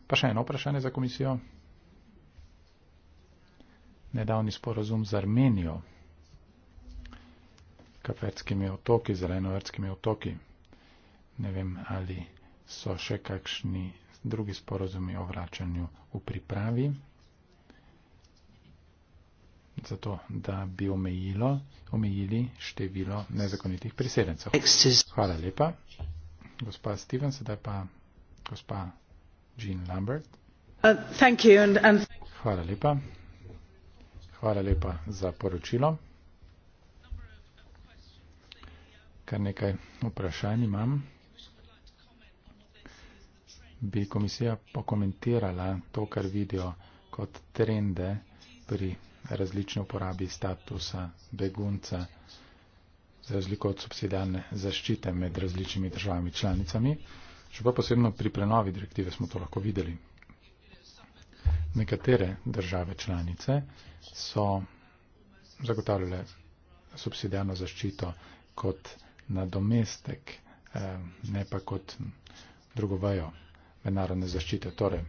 Pa še eno vprašanje za komisijo. Nedavni sporozum z Armenijo, kafetskimi otoki, zelenovrtskimi otoki. Ne vem, ali so še kakšni drugi sporozumi o vračanju v pripravi, zato da bi omejilo, omejili število nezakonitih priseljencev. Hvala lepa. Gospa Steven, sedaj pa gospa Jean Lambert. Uh, Hvala lepa. Hvala lepa za poročilo. Kar nekaj vprašanj imam bi komisija pokomentirala to, kar vidijo kot trende pri različni uporabi statusa begunca za razliko od subsidijalne zaščite med različnimi državami članicami. Še pa posebno pri prenovi direktive smo to lahko videli. Nekatere države članice so zagotavljale subsidijalno zaščito kot nadomestek, eh, ne pa kot drugo vajo mednarodne zaščite. Torej,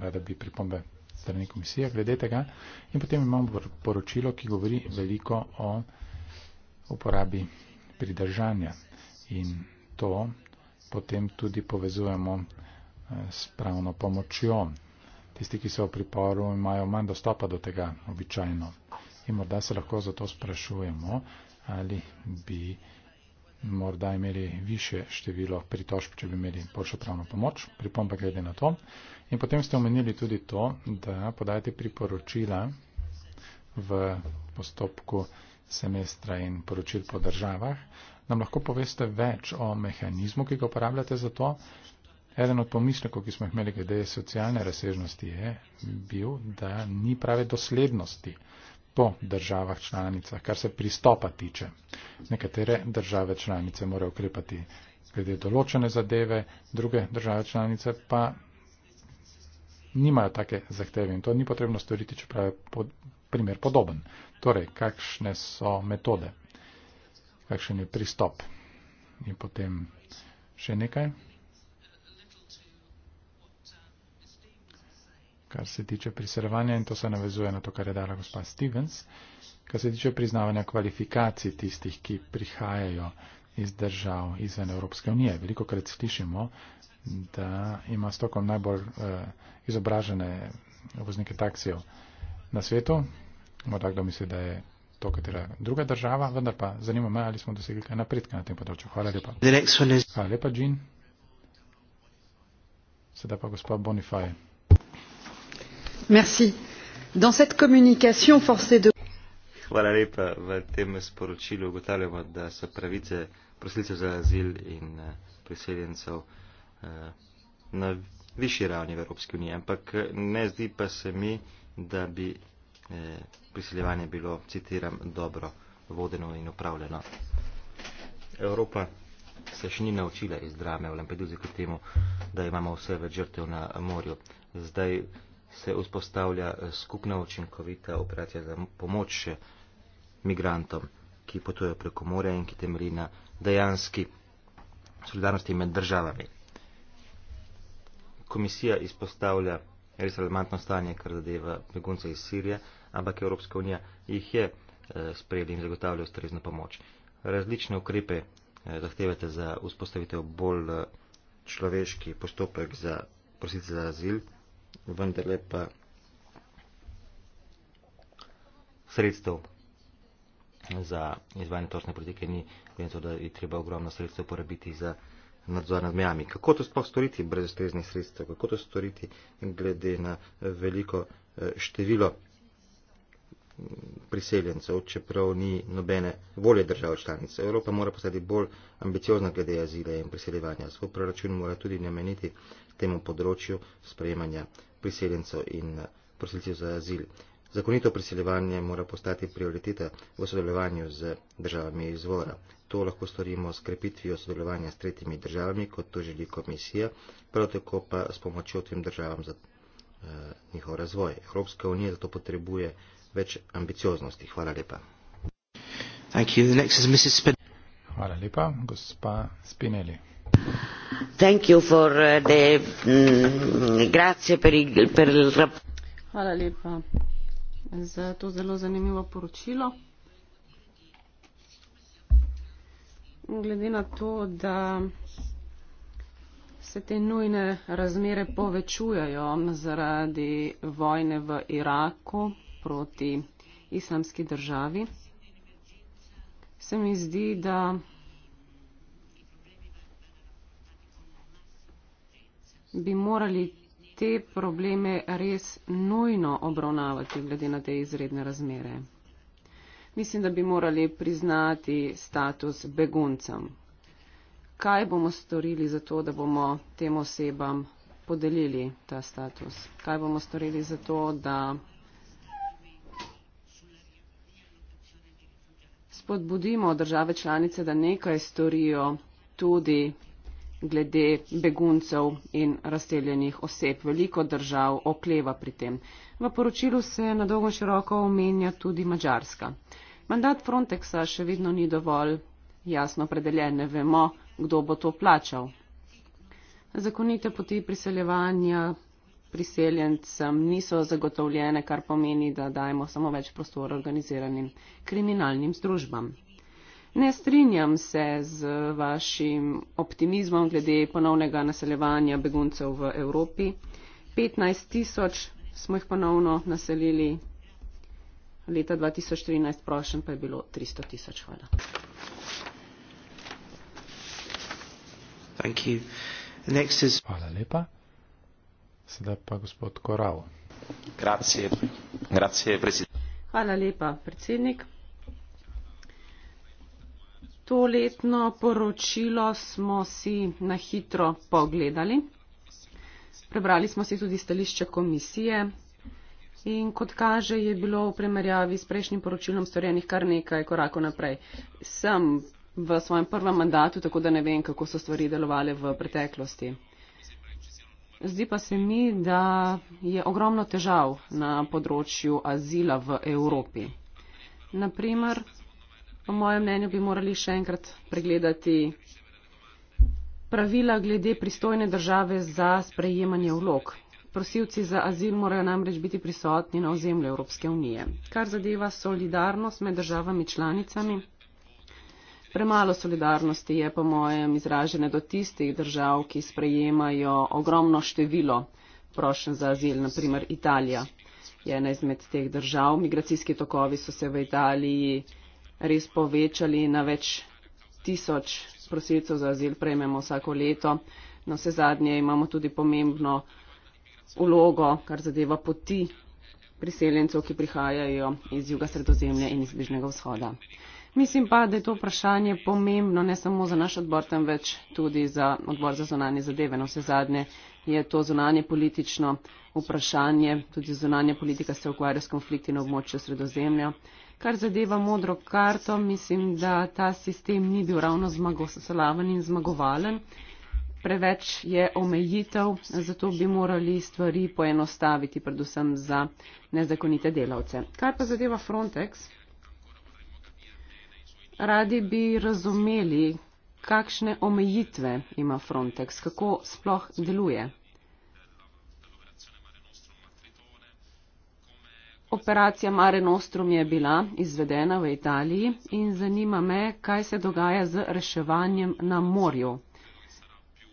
rada bi pripombe strani komisije glede tega. In potem imamo poročilo, ki govori veliko o uporabi pridržanja. In to potem tudi povezujemo eh, s pravno pomočjo. Tisti, ki so v priporu, imajo manj dostopa do tega običajno. In morda se lahko zato sprašujemo, ali bi morda imeli više število pritožb, če bi imeli boljšo pravno pomoč, pripomba glede na to. In potem ste omenili tudi to, da podajate priporočila v postopku semestra in poročil po državah. Nam lahko poveste več o mehanizmu, ki ga uporabljate za to. Eden od pomislekov, ki smo imeli glede socialne razsežnosti, je bil, da ni prave doslednosti po državah članicah, kar se pristopa tiče. Nekatere države članice morajo ukrepati glede določene zadeve, druge države članice pa nimajo take zahteve in to ni potrebno storiti, čeprav je pod, primer podoben. Torej, kakšne so metode, kakšen je pristop in potem še nekaj. kar se tiče priseljevanja in to se navezuje na to, kar je dala gospa Stevens, kar se tiče priznavanja kvalifikacij tistih, ki prihajajo iz držav izven Evropske unije. Veliko krat slišimo, da ima stokom najbolj uh, izobražene voznike taksijev na svetu. Morda kdo misli, da je to katera druga država, vendar pa zanima me, ali smo dosegli kaj napredka na tem področju. Hvala lepa. Hvala lepa, Jean. Sedaj pa gospod Bonifaj. Merci. Dans cette communication, force est de. Hvala lepa. V tem sporočilu ugotavljamo, da so pravice prosilcev za azil in eh, priseljencev eh, na višji ravni v Evropski uniji. Ampak eh, ne zdi pa se mi, da bi priseljevanje bilo, citiram, dobro vodeno in upravljeno. Evropa se še ni naučila iz drame v Lampeduzi, kot temu, da imamo vse več žrtev na morju. Zdaj se vzpostavlja eh, skupna očinkovita operacija za pomoč eh, migrantom, ki potujejo preko morja in ki temelji na dejanski solidarnosti med državami. Komisija izpostavlja res relevantno stanje, kar zadeva begunce iz Sirije, ampak Evropska unija jih je eh, sprejeli in zagotavlja ustrezno pomoč. Različne ukrepe zahtevate za vzpostavitev bolj človeški postopek za prositi za azil vendarle pa sredstev za izvajanje točne politike ni, glede to, da je treba ogromno sredstev porabiti za nadzor nad mejami. Kako to sploh storiti brez ustreznih sredstev? Kako to storiti glede na veliko eh, število priseljencev, čeprav ni nobene volje držav članic. Evropa mora postati bolj ambiciozna glede azile in priseljevanja. Svoj proračun mora tudi namenjiti temu področju sprejemanja priseljencev in eh, prosilcev za azil. Zakonito priseljevanje mora postati prioriteta v sodelovanju z državami izvora. To lahko storimo s krepitvijo sodelovanja s tretjimi državami, kot to želi komisija, prav tako pa s pomočjo tem državam za eh, njihov razvoj. Evropska unija zato potrebuje eh, več ambicioznosti. Hvala lepa. Thank you. The next is Mrs. Spin Hvala lepa, gospa Spinelli. Thank you for uh, the, mm, grazie per il, per il... Hvala lepa za to zelo zanimivo poročilo. Glede na to, da se te nujne razmere povečujejo zaradi vojne v Iraku, proti islamski državi. Se mi zdi, da bi morali te probleme res nujno obravnavati glede na te izredne razmere. Mislim, da bi morali priznati status beguncem. Kaj bomo storili za to, da bomo tem osebam podelili ta status? Kaj bomo storili za to, da spodbudimo države članice, da nekaj storijo tudi glede beguncev in razseljenih oseb. Veliko držav okleva pri tem. V poročilu se na dolgo široko omenja tudi Mačarska. Mandat Frontexa še vedno ni dovolj jasno predeljen, ne vemo, kdo bo to plačal. Zakonite poti priseljevanja priseljencem niso zagotovljene, kar pomeni, da dajemo samo več prostora organiziranim kriminalnim združbam. Ne strinjam se z vašim optimizmom glede ponovnega naseljevanja beguncev v Evropi. 15 tisoč smo jih ponovno naselili, leta 2013 prošen pa je bilo 300 tisoč. Hvala. Hvala lepa. Sedaj pa gospod Korav. Grazie. Grazie, Hvala lepa, predsednik. To letno poročilo smo si na hitro pogledali. Prebrali smo si tudi stališče komisije in kot kaže je bilo v primerjavi s prejšnjim poročilom storjenih kar nekaj korakov naprej. Sem v svojem prvem mandatu, tako da ne vem, kako so stvari delovale v preteklosti. Zdi pa se mi, da je ogromno težav na področju azila v Evropi. Naprimer, po mojem mnenju bi morali še enkrat pregledati pravila glede pristojne države za sprejemanje vlog. Prosilci za azil morajo namreč biti prisotni na ozemlju Evropske unije. Kar zadeva solidarnost med državami članicami, Premalo solidarnosti je po mojem izražene do tistih držav, ki sprejemajo ogromno število prošen za azil, naprimer Italija je ena izmed teh držav. Migracijski tokovi so se v Italiji res povečali na več tisoč prosilcev za azil prejmemo vsako leto. Na vse zadnje imamo tudi pomembno ulogo, kar zadeva poti priseljencev, ki prihajajo iz juga sredozemlja in iz bližnjega vzhoda. Mislim pa, da je to vprašanje pomembno ne samo za naš odbor, temveč tudi za odbor za zonanje zadeve. Na vse zadnje je to zonanje politično vprašanje, tudi zonanje politika se ukvarja s konflikti na območju sredozemlja. Kar zadeva modro karto, mislim, da ta sistem ni bil ravno zmagoslaven in zmagovalen. Preveč je omejitev, zato bi morali stvari poenostaviti, predvsem za nezakonite delavce. Kar pa zadeva Frontex? Radi bi razumeli, kakšne omejitve ima Frontex, kako sploh deluje. Operacija Mare Nostrum je bila izvedena v Italiji in zanima me, kaj se dogaja z reševanjem na morju.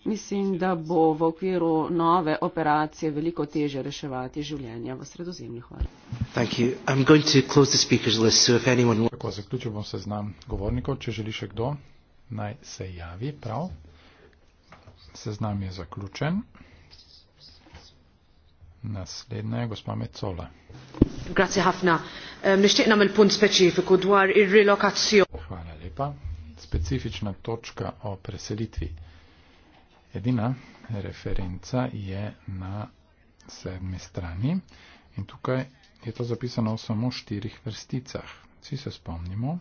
Mislim, da bo v okviru nove operacije veliko teže reševati življenja v sredozemlju. Hvala. Tako zaključil bom seznam govornikov. Če želi še kdo, naj se javi. Prav. Seznam je zaključen. Naslednja je gospa Mecola. Grazie, Hafna. Um, ehm, dvar, Hvala lepa. Specifična točka o preselitvi. Edina referenca je na sedmi strani in tukaj je to zapisano v samo štirih vrsticah. Vsi se spomnimo,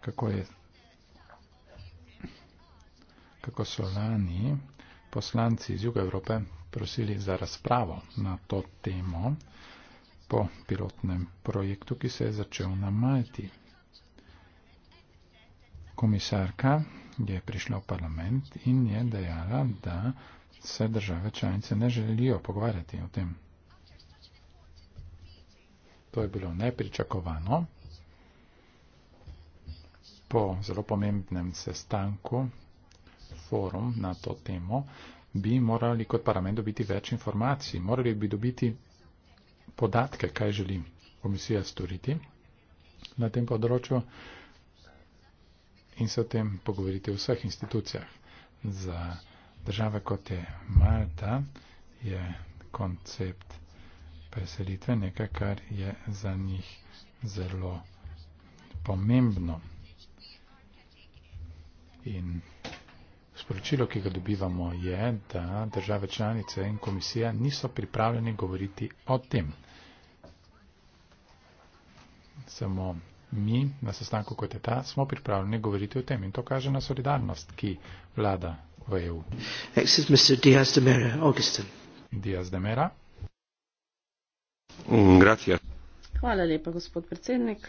kako, je, kako so lani poslanci iz Juga Evrope prosili za razpravo na to temo po pilotnem projektu, ki se je začel na Malti. Komisarka je prišla v parlament in je dejala, da se države članice ne želijo pogovarjati o tem. To je bilo nepričakovano. Po zelo pomembnem sestanku, forum na to temo, bi morali kot parlament dobiti več informacij, morali bi dobiti podatke, kaj želi komisija storiti na tem področju in se o tem pogovoriti v vseh institucijah. Za države kot je Malta je koncept preselitve nekaj, kar je za njih zelo pomembno. In sporočilo, ki ga dobivamo, je, da države članice in komisija niso pripravljeni govoriti o tem. Samo mi na sestanku kot je ta, smo pripravljeni govoriti o tem in to kaže na solidarnost, ki vlada v EU. Diaz de Mera, Augustin. Diaz de Mera. Mm, gracias. Hvala lepa, gospod predsednik.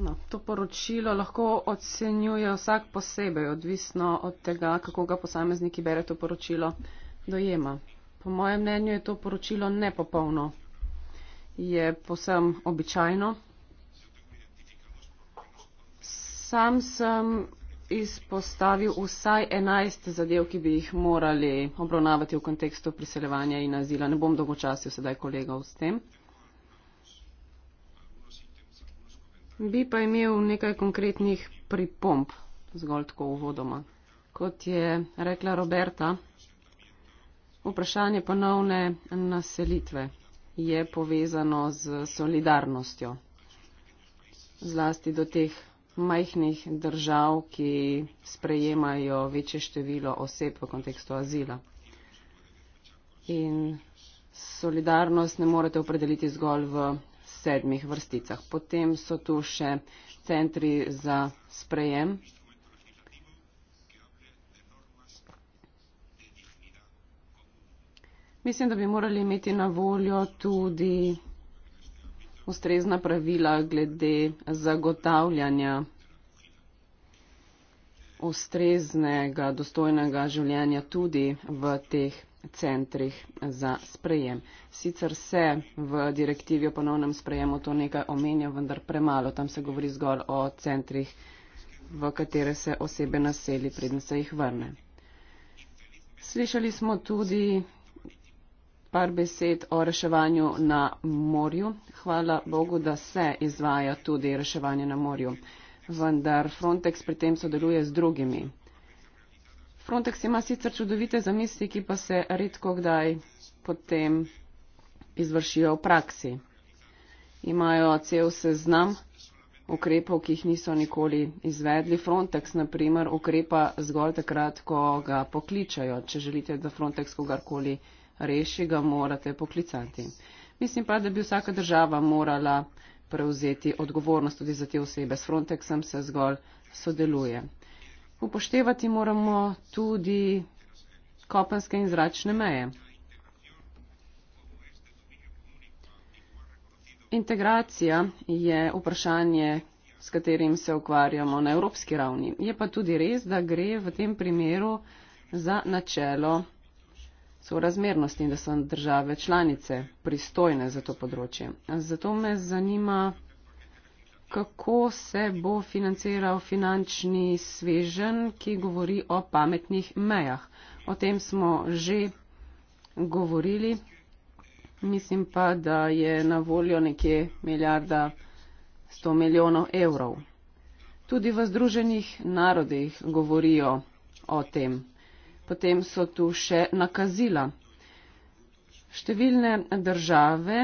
No, to poročilo lahko ocenjuje vsak posebej, odvisno od tega, kako ga posameznik, ki bere to poročilo, dojema. Po mojem mnenju je to poročilo nepopolno. Je posem običajno. Sam sem izpostavil vsaj 11 zadev, ki bi jih morali obravnavati v kontekstu priseljevanja in azila. Ne bom dolgočasil sedaj kolegov s tem. Bi pa imel nekaj konkretnih pripomp, zgolj tako uvodoma. Kot je rekla Roberta, Vprašanje ponovne naselitve je povezano z solidarnostjo, zlasti do teh majhnih držav, ki sprejemajo večje število oseb v kontekstu azila. In solidarnost ne morete opredeliti zgolj v sedmih vrsticah. Potem so tu še centri za sprejem, Mislim, da bi morali imeti na voljo tudi ustrezna pravila glede zagotavljanja ustreznega, dostojnega življenja tudi v teh centrih za sprejem. Sicer se v direktivi o ponovnem sprejemu to nekaj omenja, vendar premalo. Tam se govori zgolj o centrih, v katere se osebe naseli, predn se jih vrne. Slišali smo tudi par besed o reševanju na morju. Hvala Bogu, da se izvaja tudi reševanje na morju. Vendar Frontex pri tem sodeluje z drugimi. Frontex ima sicer čudovite zamisli, ki pa se redko kdaj potem izvršijo v praksi. Imajo cel seznam ukrepov, ki jih niso nikoli izvedli. Frontex, na primer, ukrepa zgolj takrat, ko ga pokličajo, če želite, da Frontex kogarkoli izvede reši, ga morate poklicati. Mislim pa, da bi vsaka država morala prevzeti odgovornost tudi za te osebe. S Frontexom se zgolj sodeluje. Upoštevati moramo tudi kopenske in zračne meje. Integracija je vprašanje, s katerim se ukvarjamo na evropski ravni. Je pa tudi res, da gre v tem primeru za načelo sorazmernost in da so države članice pristojne za to področje. Zato me zanima, kako se bo financiral finančni svežen, ki govori o pametnih mejah. O tem smo že govorili. Mislim pa, da je na voljo nekje milijarda 100 milijonov evrov. Tudi v Združenih narodih govorijo o tem. Potem so tu še nakazila. Številne države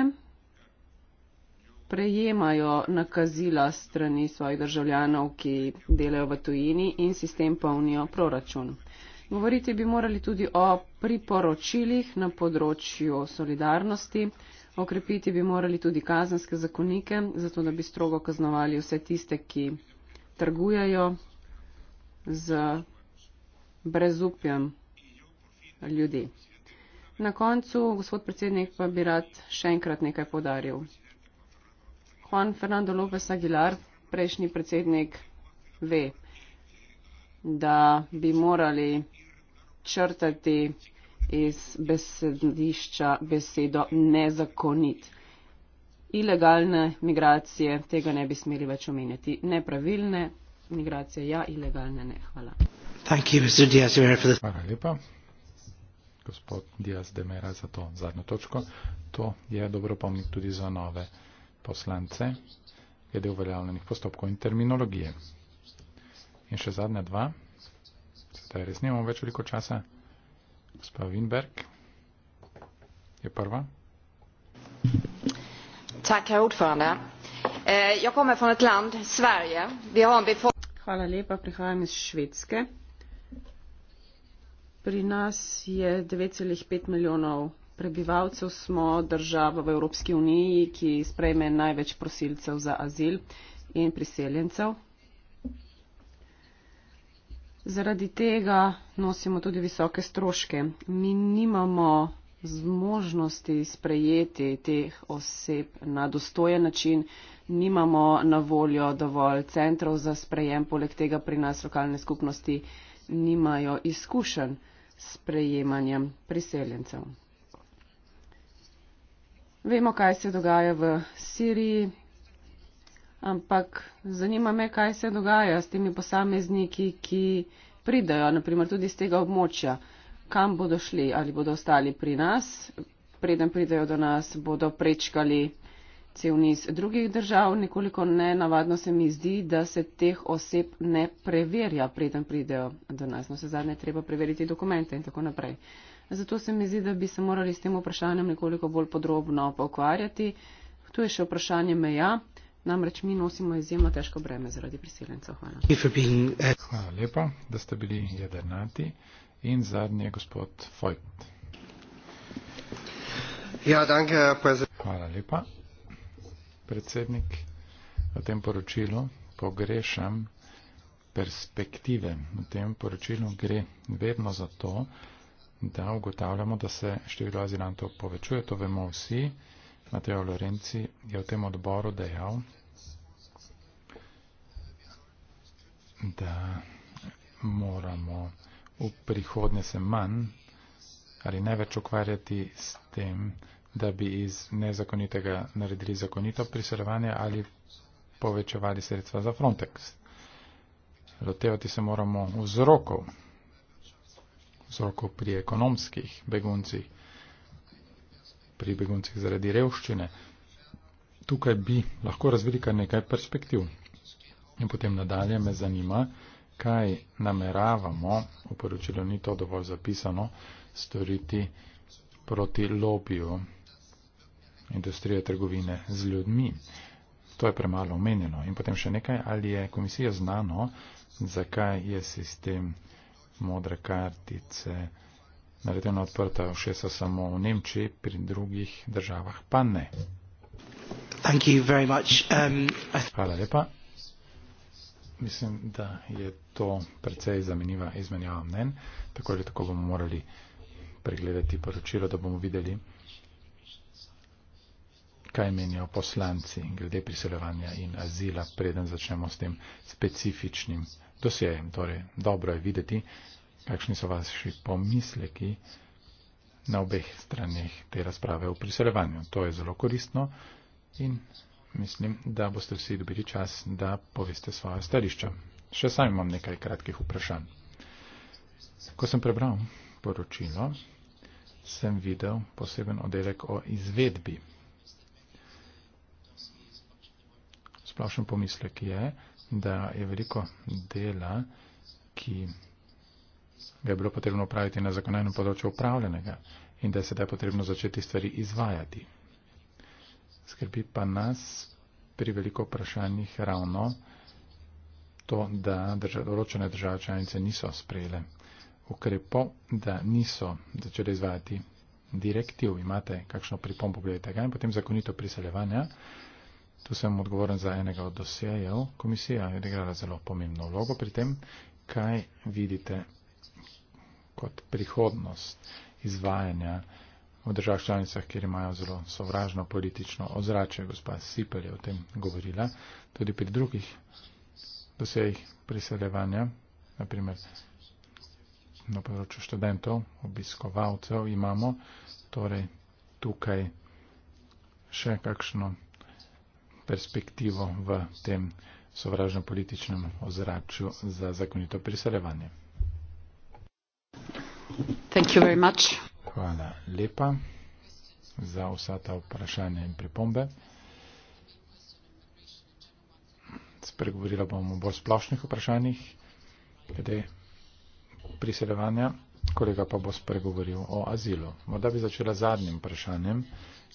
prejemajo nakazila strani svojih državljanov, ki delajo v tujini in si s tem polnijo proračun. Govoriti bi morali tudi o priporočilih na področju solidarnosti, okrepiti bi morali tudi kazenske zakonike, zato da bi strogo kaznovali vse tiste, ki trgujajo z brezupjem ljudi. Na koncu, gospod predsednik, pa bi rad še enkrat nekaj podaril. Juan Fernando López Aguilar, prejšnji predsednik, ve, da bi morali črtati iz besedišča besedo nezakonit. Ilegalne migracije tega ne bi smeli več omenjati. Nepravilne migracije, ja, ilegalne ne. Hvala. Hvala lepa, gospod Diaz de Mera, za to zadnjo točko. To je dobro pomnik tudi za nove poslance, glede uveljavljenih postopkov in terminologije. In še zadnja dva, sedaj res nimamo več veliko časa. Gospa Winberg je prva. Tak, eh, Hvala lepa, prihajam iz Švedske. Pri nas je 9,5 milijonov prebivalcev, smo država v Evropski uniji, ki sprejme največ prosilcev za azil in priseljencev. Zaradi tega nosimo tudi visoke stroške. Mi nimamo zmožnosti sprejeti teh oseb na dostojen način, nimamo na voljo dovolj centrov za sprejem, poleg tega pri nas lokalne skupnosti nimajo izkušenj sprejemanjem priseljencev. Vemo, kaj se dogaja v Siriji, ampak zanima me, kaj se dogaja s temi posamezniki, ki pridajo, naprimer tudi z tega območja, kam bodo šli ali bodo ostali pri nas, preden pridajo do nas, bodo prečkali cel niz drugih držav. Nekoliko nenavadno se mi zdi, da se teh oseb ne preverja, preden pridejo do nas. No, se zadnje treba preveriti dokumente in tako naprej. Zato se mi zdi, da bi se morali s tem vprašanjem nekoliko bolj podrobno pokvarjati. Tu je še vprašanje meja. Namreč mi nosimo izjemno težko breme zaradi priseljencev. Hvala. Eh, Hvala lepa, da ste bili jedernati. In zadnji je gospod Fojt. Ja, danke, pa je zelo. Hvala lepa predsednik v tem poročilu pogrešam perspektive. V tem poročilu gre vedno za to, da ugotavljamo, da se število azilantov povečuje. To vemo vsi. Mateo Lorenci je v tem odboru dejal, da moramo v prihodnje se manj ali ne več ukvarjati s tem, da bi iz nezakonitega naredili zakonito priseljevanje ali povečevali sredstva za Frontex. Lotevati se moramo vzrokov, vzrokov pri ekonomskih beguncih, pri beguncih zaradi revščine. Tukaj bi lahko razvili kar nekaj perspektiv. In potem nadalje me zanima, kaj nameravamo, v poročilu ni to dovolj zapisano, storiti proti lobiju industrija trgovine z ljudmi. To je premalo omenjeno. In potem še nekaj, ali je komisija znano, zakaj je sistem modre kartice naredljeno odprta vše so samo v Nemčiji, pri drugih državah pa ne. Thank you very much. Um, Hvala lepa. Mislim, da je to precej zamenjiva izmenjava mnen. Tako ali tako bomo morali pregledati poročilo, da bomo videli, kaj menijo poslanci glede priseljevanja in azila, preden začnemo s tem specifičnim dosjejem. Torej, dobro je videti, kakšni so vaši pomisleki na obeh straneh te razprave o priseljevanju. To je zelo koristno in mislim, da boste vsi dobili čas, da poveste svoje stališča. Še sam imam nekaj kratkih vprašanj. Ko sem prebral poročilo, sem videl poseben oddelek o izvedbi splošen pomislek je, da je veliko dela, ki ga je bilo potrebno upraviti na zakonajnem področju upravljenega in da je sedaj potrebno začeti stvari izvajati. Skrbi pa nas pri veliko vprašanjih ravno to, da določene države članice niso sprejele ukrepo, da niso začele izvajati direktiv, imate kakšno pripombo glede tega in potem zakonito priseljevanja. Tu sem odgovoren za enega od dosjejev. Komisija je odigrala zelo pomembno vlogo pri tem, kaj vidite kot prihodnost izvajanja v državah članicah, kjer imajo zelo sovražno politično ozračje. Gospa Sipel je o tem govorila. Tudi pri drugih dosjejih priseljevanja, naprimer na področju študentov, obiskovalcev, imamo torej tukaj še kakšno perspektivo v tem sovražnem političnem ozračju za zakonito priseljevanje. Hvala lepa za vsa ta vprašanja in pripombe. Spregovorila bom o bolj splošnih vprašanjih, glede priseljevanja, kolega pa bo spregovoril o azilu. Morda bi začela zadnjim vprašanjem,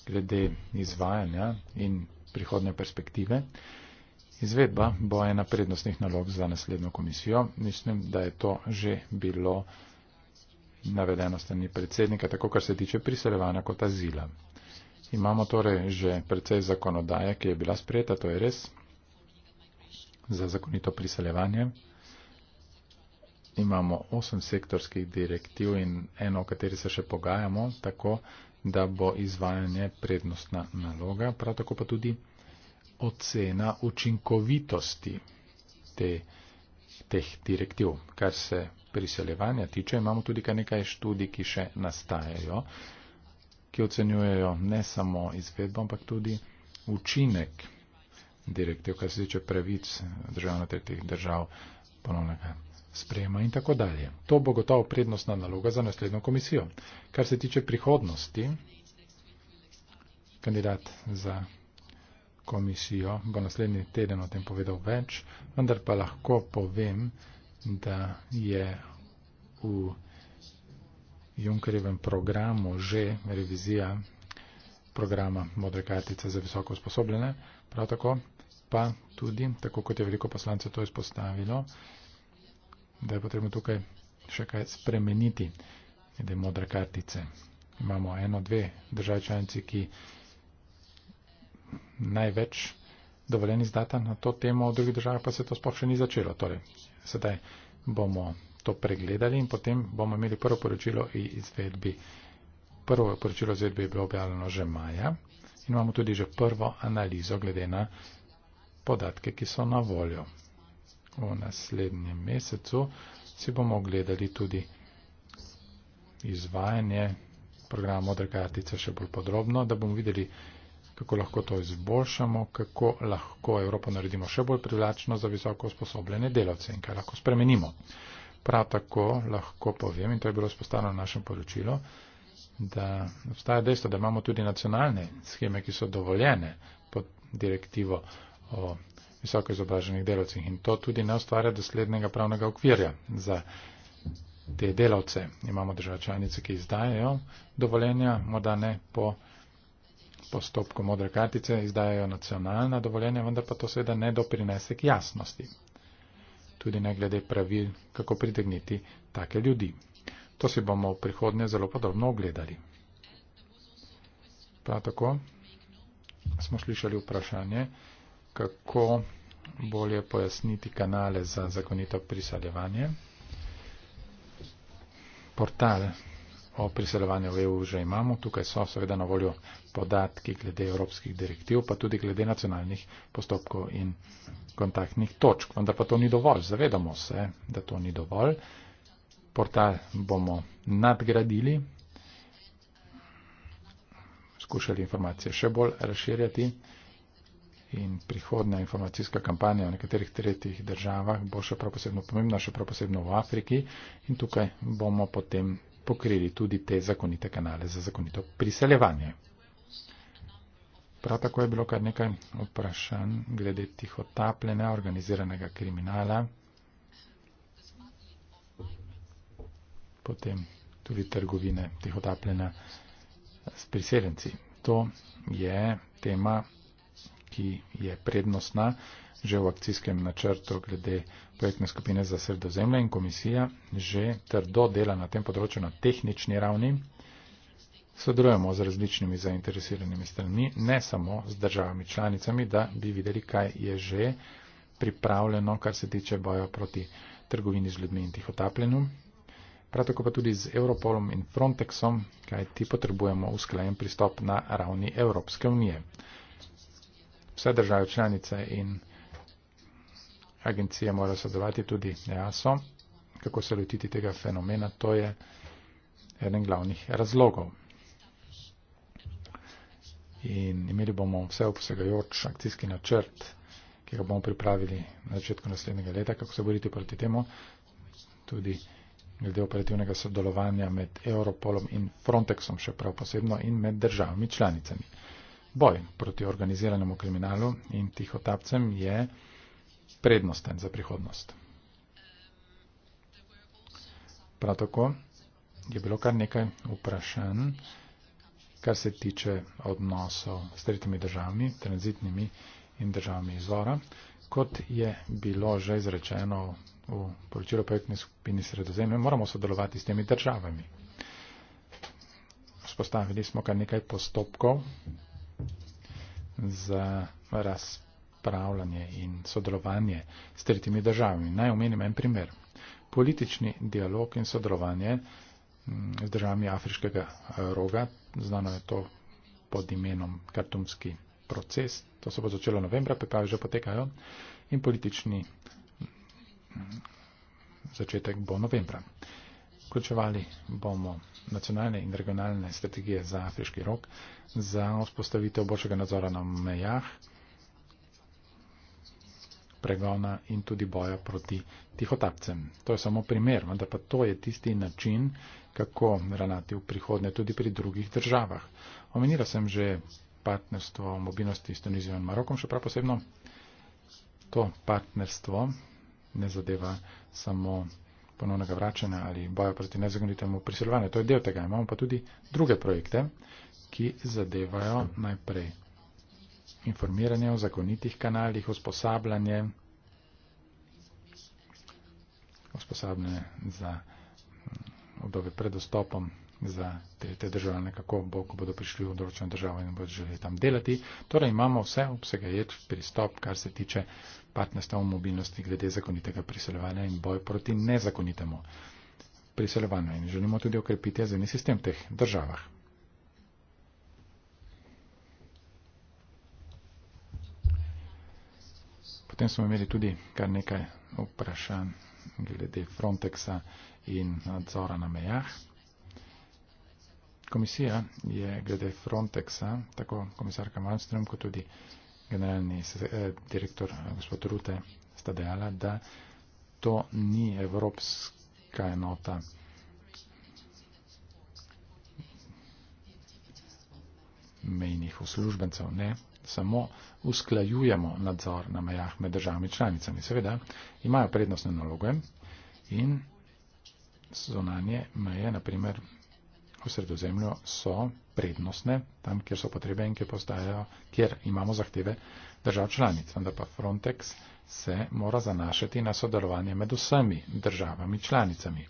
glede izvajanja in prihodne perspektive. Izvedba bo ena prednostnih nalog za naslednjo komisijo. Mislim, da je to že bilo navedeno strani predsednika, tako kar se tiče priseljevanja kot azila. Imamo torej že precej zakonodaje, ki je bila sprejeta, to je res, za zakonito priseljevanje. Imamo osem sektorskih direktiv in eno, o kateri se še pogajamo, tako da bo izvajanje prednostna naloga, prav tako pa tudi ocena učinkovitosti te, teh direktiv. Kar se priseljevanja tiče, imamo tudi kar nekaj študij, ki še nastajajo, ki ocenjujejo ne samo izvedbo, ampak tudi učinek direktiv, kar se tiče pravic državno tretjih držav ponovnega sprejema in tako dalje. To bo gotovo prednostna naloga za naslednjo komisijo. Kar se tiče prihodnosti, kandidat za komisijo bo naslednji teden o tem povedal več, vendar pa lahko povem, da je v Junkerjevem programu že revizija programa Modre kartice za visoko usposobljene, prav tako pa tudi, tako kot je veliko poslancev to izpostavilo, da je potrebno tukaj še kaj spremeniti, glede modre kartice. Imamo eno, dve države članice, ki največ dovoljeni zdata na to temo, v drugih državah pa se to sploh še ni začelo. Torej, sedaj bomo to pregledali in potem bomo imeli prvo poročilo o izvedbi. Prvo poročilo o izvedbi je bilo objavljeno že maja in imamo tudi že prvo analizo glede na podatke, ki so na voljo v naslednjem mesecu si bomo ogledali tudi izvajanje programa Modra kartica še bolj podrobno, da bomo videli, kako lahko to izboljšamo, kako lahko Evropo naredimo še bolj privlačno za visoko usposobljene delavce in kaj lahko spremenimo. Prav tako lahko povem, in to je bilo spostavljeno v našem poročilu, da obstaja dejstvo, da imamo tudi nacionalne scheme, ki so dovoljene pod direktivo o visoko izobraženih delavcih in to tudi ne ustvarja doslednega pravnega okvirja za te delavce. Imamo državčanice, ki izdajajo dovoljenja, morda ne po postopku modre kartice, izdajajo nacionalna dovoljenja, vendar pa to seveda ne doprinese k jasnosti. Tudi ne glede pravil, kako pritegniti take ljudi. To si bomo v prihodnje zelo podobno ogledali. Prav tako smo slišali vprašanje, kako bolje pojasniti kanale za zakonito priseljevanje. Portal o priseljevanju v EU že imamo, tukaj so seveda na voljo podatki glede evropskih direktiv, pa tudi glede nacionalnih postopkov in kontaktnih točk. Vendar pa to ni dovolj, zavedamo se, da to ni dovolj. Portal bomo nadgradili, skušali informacije še bolj razširjati in prihodna informacijska kampanja v nekaterih tretjih državah bo še prav posebno pomembna, še prav posebno v Afriki in tukaj bomo potem pokrili tudi te zakonite kanale za zakonito priseljevanje. Prav tako je bilo kar nekaj vprašanj glede tihotapljenja organiziranega kriminala. potem tudi trgovine tihotapljena s priseljenci. To je tema ki je prednostna že v akcijskem načrtu glede projektne skupine za sredozemlje in komisija že trdo dela na tem področju na tehnični ravni. Sodelujemo z različnimi zainteresiranimi stranmi, ne samo z državami članicami, da bi videli, kaj je že pripravljeno, kar se tiče boja proti trgovini z ljudmi in tihotapljenju. Prav tako pa tudi z Europolom in Frontexom, kaj ti potrebujemo usklajen pristop na ravni Evropske unije vse države članice in agencije morajo sodelovati tudi EASO, kako se lotiti tega fenomena, to je eden glavnih razlogov. In imeli bomo vse obsegajoč akcijski načrt, ki ga bomo pripravili na začetku naslednjega leta, kako se boriti proti temu, tudi glede operativnega sodelovanja med Europolom in Frontexom še prav posebno in med državami članicami boj proti organiziranemu kriminalu in tihotapcem je prednosten za prihodnost. Prav tako je bilo kar nekaj vprašanj, kar se tiče odnosov s tretjimi državami, tranzitnimi in državami izvora, kot je bilo že izrečeno v poročilu projektne skupine sredozemlje, moramo sodelovati s temi državami. Spostavili smo kar nekaj postopkov, za razpravljanje in sodelovanje s tretjimi državami. Naj omenim en primer. Politični dialog in sodelovanje mm, z državami afriškega eh, roga, znano je to pod imenom kartumski proces, to se bo začelo novembra, pripravi že potekajo in politični mm, začetek bo novembra. Vključevali bomo nacionalne in regionalne strategije za afriški rok, za vzpostavitev boljšega nadzora na mejah, pregona in tudi boja proti tihotapcem. To je samo primer, vendar pa to je tisti način, kako ravnati v prihodnje tudi pri drugih državah. Omenila sem že partnerstvo mobilnosti s Tunizijo in Marokom, še prav posebno to partnerstvo ne zadeva samo ponovnega vračanja ali boja proti nezakonitemu priseljevanju. To je del tega. Imamo pa tudi druge projekte, ki zadevajo najprej informiranje o zakonitih kanalih, usposabljanje, usposabljanje za mm, obdobje pred dostopom za te, te državljane, kako bo, ko bodo prišli v določeno državo in bodo želeli tam delati. Torej imamo vse obsegajoč pristop, kar se tiče partnerstva o mobilnosti glede zakonitega priseljevanja in boj proti nezakonitemu priseljevanju. In želimo tudi okrepiti azilni sistem v teh državah. Potem smo imeli tudi kar nekaj vprašanj glede Frontexa in nadzora na mejah. Komisija je glede Frontexa, tako komisarka Malmström, kot tudi generalni eh, direktor eh, gospod Rute sta dejala, da to ni evropska enota. mejnih uslužbencev, ne, samo usklajujemo nadzor na mejah med državami članicami. Seveda imajo prednostne naloge in zonanje meje, naprimer v sredozemlju so prednostne, tam, kjer so potrebe in kjer, postajajo, kjer imamo zahteve držav članic. Vendar pa Frontex se mora zanašati na sodelovanje med vsemi državami članicami.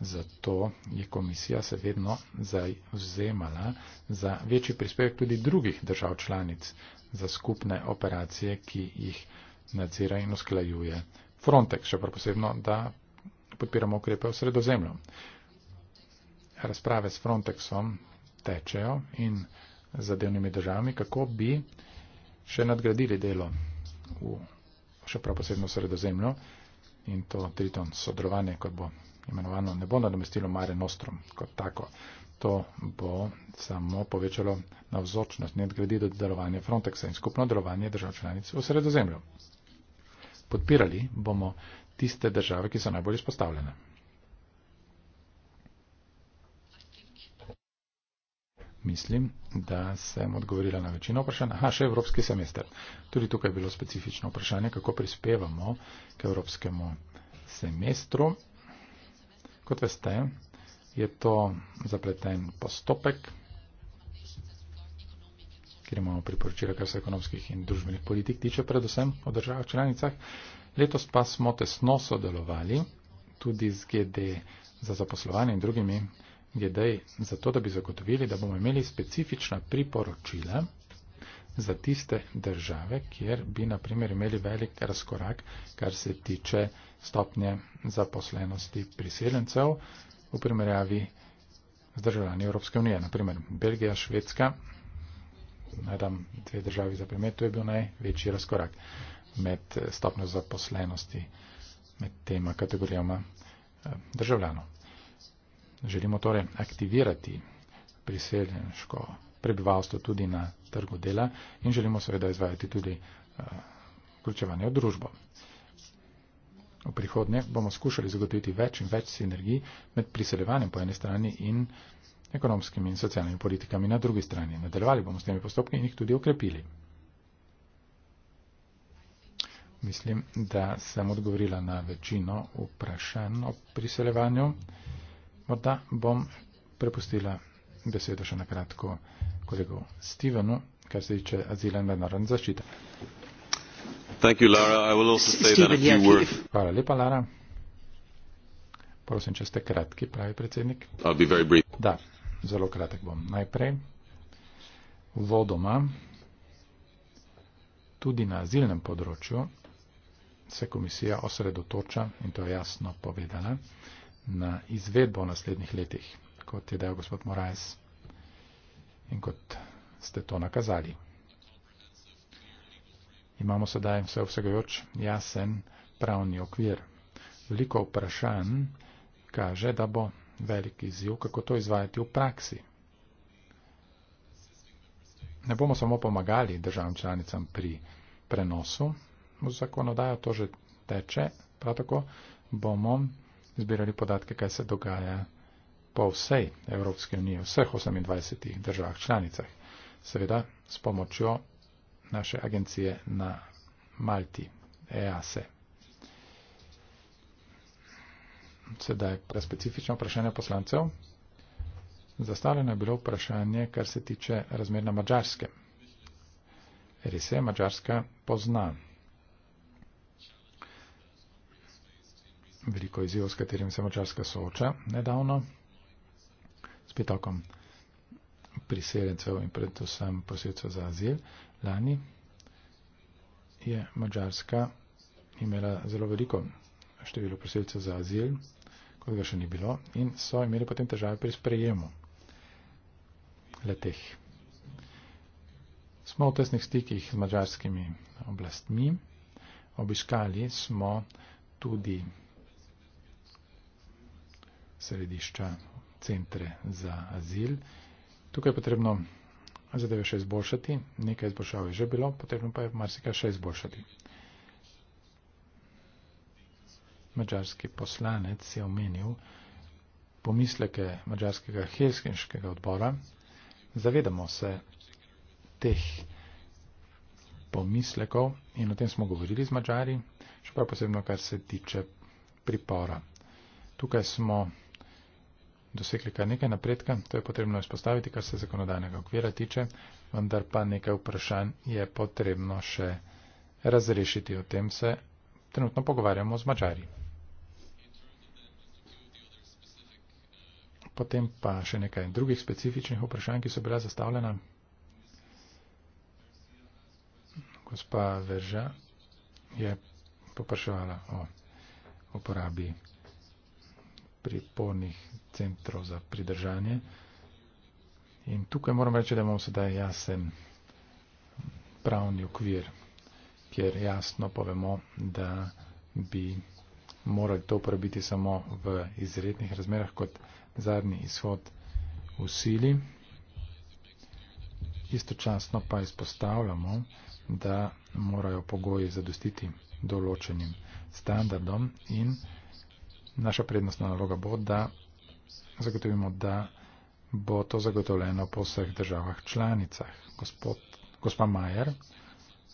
Zato je komisija se vedno zauzemala za večji prispevek tudi drugih držav članic za skupne operacije, ki jih nadzira in usklajuje Frontex, še pa posebno, da podpiramo ukrepe v sredozemlju razprave s Frontexom tečejo in zadevnimi državami, kako bi še nadgradili delo v še prav posebno sredozemljo in to triton sodrovanje, kot bo imenovano, ne bo nadomestilo Mare Nostrum kot tako. To bo samo povečalo navzočnost, ne odgledi do delovanja Frontexa in skupno delovanje držav članic v sredozemlju. Podpirali bomo tiste države, ki so najbolj izpostavljene. mislim, da sem odgovorila na večino vprašanj. Aha, še evropski semester. Tudi tukaj je bilo specifično vprašanje, kako prispevamo k evropskemu semestru. Kot veste, je to zapleten postopek, kjer imamo priporočila, kar se ekonomskih in družbenih politik tiče, predvsem o državah članicah. Letos pa smo tesno sodelovali tudi z GD za zaposlovanje in drugimi je dej za to, da bi zagotovili, da bomo imeli specifična priporočila za tiste države, kjer bi naprimer imeli velik razkorak, kar se tiče stopnje zaposlenosti priseljencev v primerjavi z državljani Evropske unije. Naprimer Belgija, Švedska, naj dam dve državi za primer, to je bil največji razkorak med stopnjo zaposlenosti med tema kategorijama eh, državljanov. Želimo torej aktivirati priseljenško prebivalstvo tudi na trgu dela in želimo seveda izvajati tudi eh, vključevanje v družbo. V prihodnje bomo skušali zagotoviti več in več sinergij med priseljevanjem po eni strani in ekonomskimi in socialnimi politikami na drugi strani. Nadaljevali bomo s temi postopki in jih tudi okrepili. Mislim, da sem odgovorila na večino vprašanj o priseljevanju. Morda bom prepustila besedo še na kratko kolegu Stevenu, kar se tiče azila in mednarodne zaščite. You, Steven, ja, Hvala lepa, Lara. Prosim, če ste kratki, pravi predsednik. Da, zelo kratek bom. Najprej, vodoma, tudi na azilnem področju se komisija osredotoča, in to je jasno povedala, na izvedbo v naslednjih letih, kot je dejal gospod Morajs in kot ste to nakazali. Imamo sedaj vse vsegajoč jasen pravni okvir. Veliko vprašanj kaže, da bo velik izziv, kako to izvajati v praksi. Ne bomo samo pomagali državam članicam pri prenosu v zakonodajo, to že teče, prav tako bomo zbirali podatke, kaj se dogaja po vsej Evropske unije, vseh 28 državah članicah. Seveda s pomočjo naše agencije na Malti, EASE. E. Sedaj pa specifično vprašanje poslancev. Zastavljeno je bilo vprašanje, kar se tiče razmer na Mačarske. Res je, Mačarska pozna veliko izjiv, s katerim se Mačarska sooča nedavno, s pitokom priseljencev in predvsem posilcev za azil. Lani je Mačarska imela zelo veliko število posilcev za azil, kot ga še ni bilo, in so imeli potem težave pri sprejemu leteh. Smo v tesnih stikih z mačarskimi oblastmi, obiskali smo tudi središča, centre za azil. Tukaj je potrebno zadeve še izboljšati, nekaj izboljšav je že bilo, potrebno pa je marsikaj še izboljšati. Mačarski poslanec je omenil pomisleke mačarskega helskinškega odbora. Zavedamo se teh pomislekov in o tem smo govorili z mačari, še prav posebno, kar se tiče pripora. Tukaj smo dosegli kar nekaj napredka, to je potrebno izpostaviti, kar se zakonodajnega okvira tiče, vendar pa nekaj vprašanj je potrebno še razrešiti. O tem se trenutno pogovarjamo z Mačari. Potem pa še nekaj drugih specifičnih vprašanj, ki so bila zastavljena. Gospa Verža je popraševala o uporabi pripornih centrov za pridržanje. In tukaj moram reči, da imamo sedaj jasen pravni okvir, kjer jasno povemo, da bi morali to uporabiti samo v izrednih razmerah kot zadnji izhod v sili. Istočasno pa izpostavljamo, da morajo pogoji zadostiti določenim standardom in naša prednostna naloga bo, da zagotovimo, da bo to zagotovljeno po vseh državah članicah. Gospod, gospa Majer,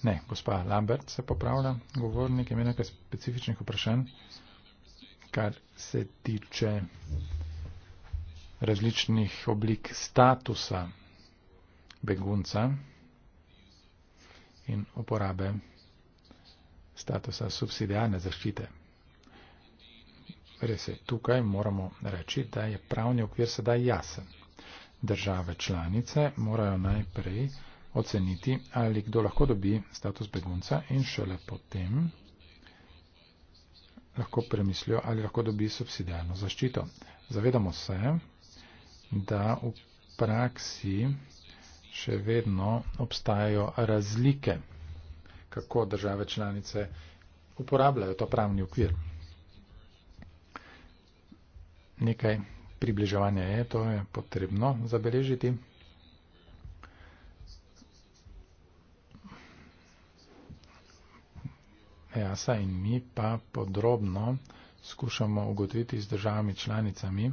ne, gospa Lambert se popravlja, govornik ima nekaj specifičnih vprašanj, kar se tiče različnih oblik statusa begunca in uporabe statusa subsidijarne zaščite. Res je, tukaj moramo reči, da je pravni okvir sedaj jasen. Države članice morajo najprej oceniti, ali kdo lahko dobi status begunca in šele potem lahko premislijo, ali lahko dobi subsidijarno zaščito. Zavedamo se, da v praksi še vedno obstajajo razlike, kako države članice uporabljajo to pravni okvir nekaj približevanja je, to je potrebno zabeležiti. EASA in mi pa podrobno skušamo ugotoviti z državami članicami,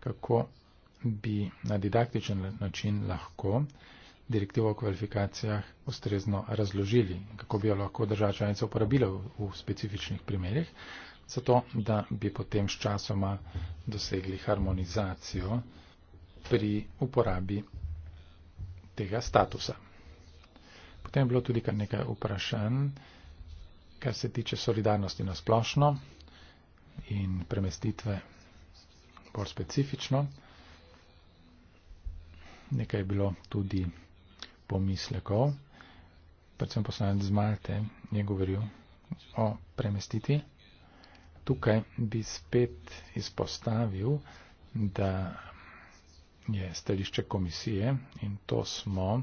kako bi na didaktičen način lahko direktivo o kvalifikacijah ustrezno razložili, kako bi jo lahko država članica uporabila v specifičnih primerjih zato da bi potem s časoma dosegli harmonizacijo pri uporabi tega statusa. Potem je bilo tudi kar nekaj vprašanj, kar se tiče solidarnosti na splošno in premestitve bolj specifično. Nekaj je bilo tudi pomislekov, predvsem poslanec z Malte je govoril o premestitvi tukaj bi spet izpostavil, da je stališče komisije in to smo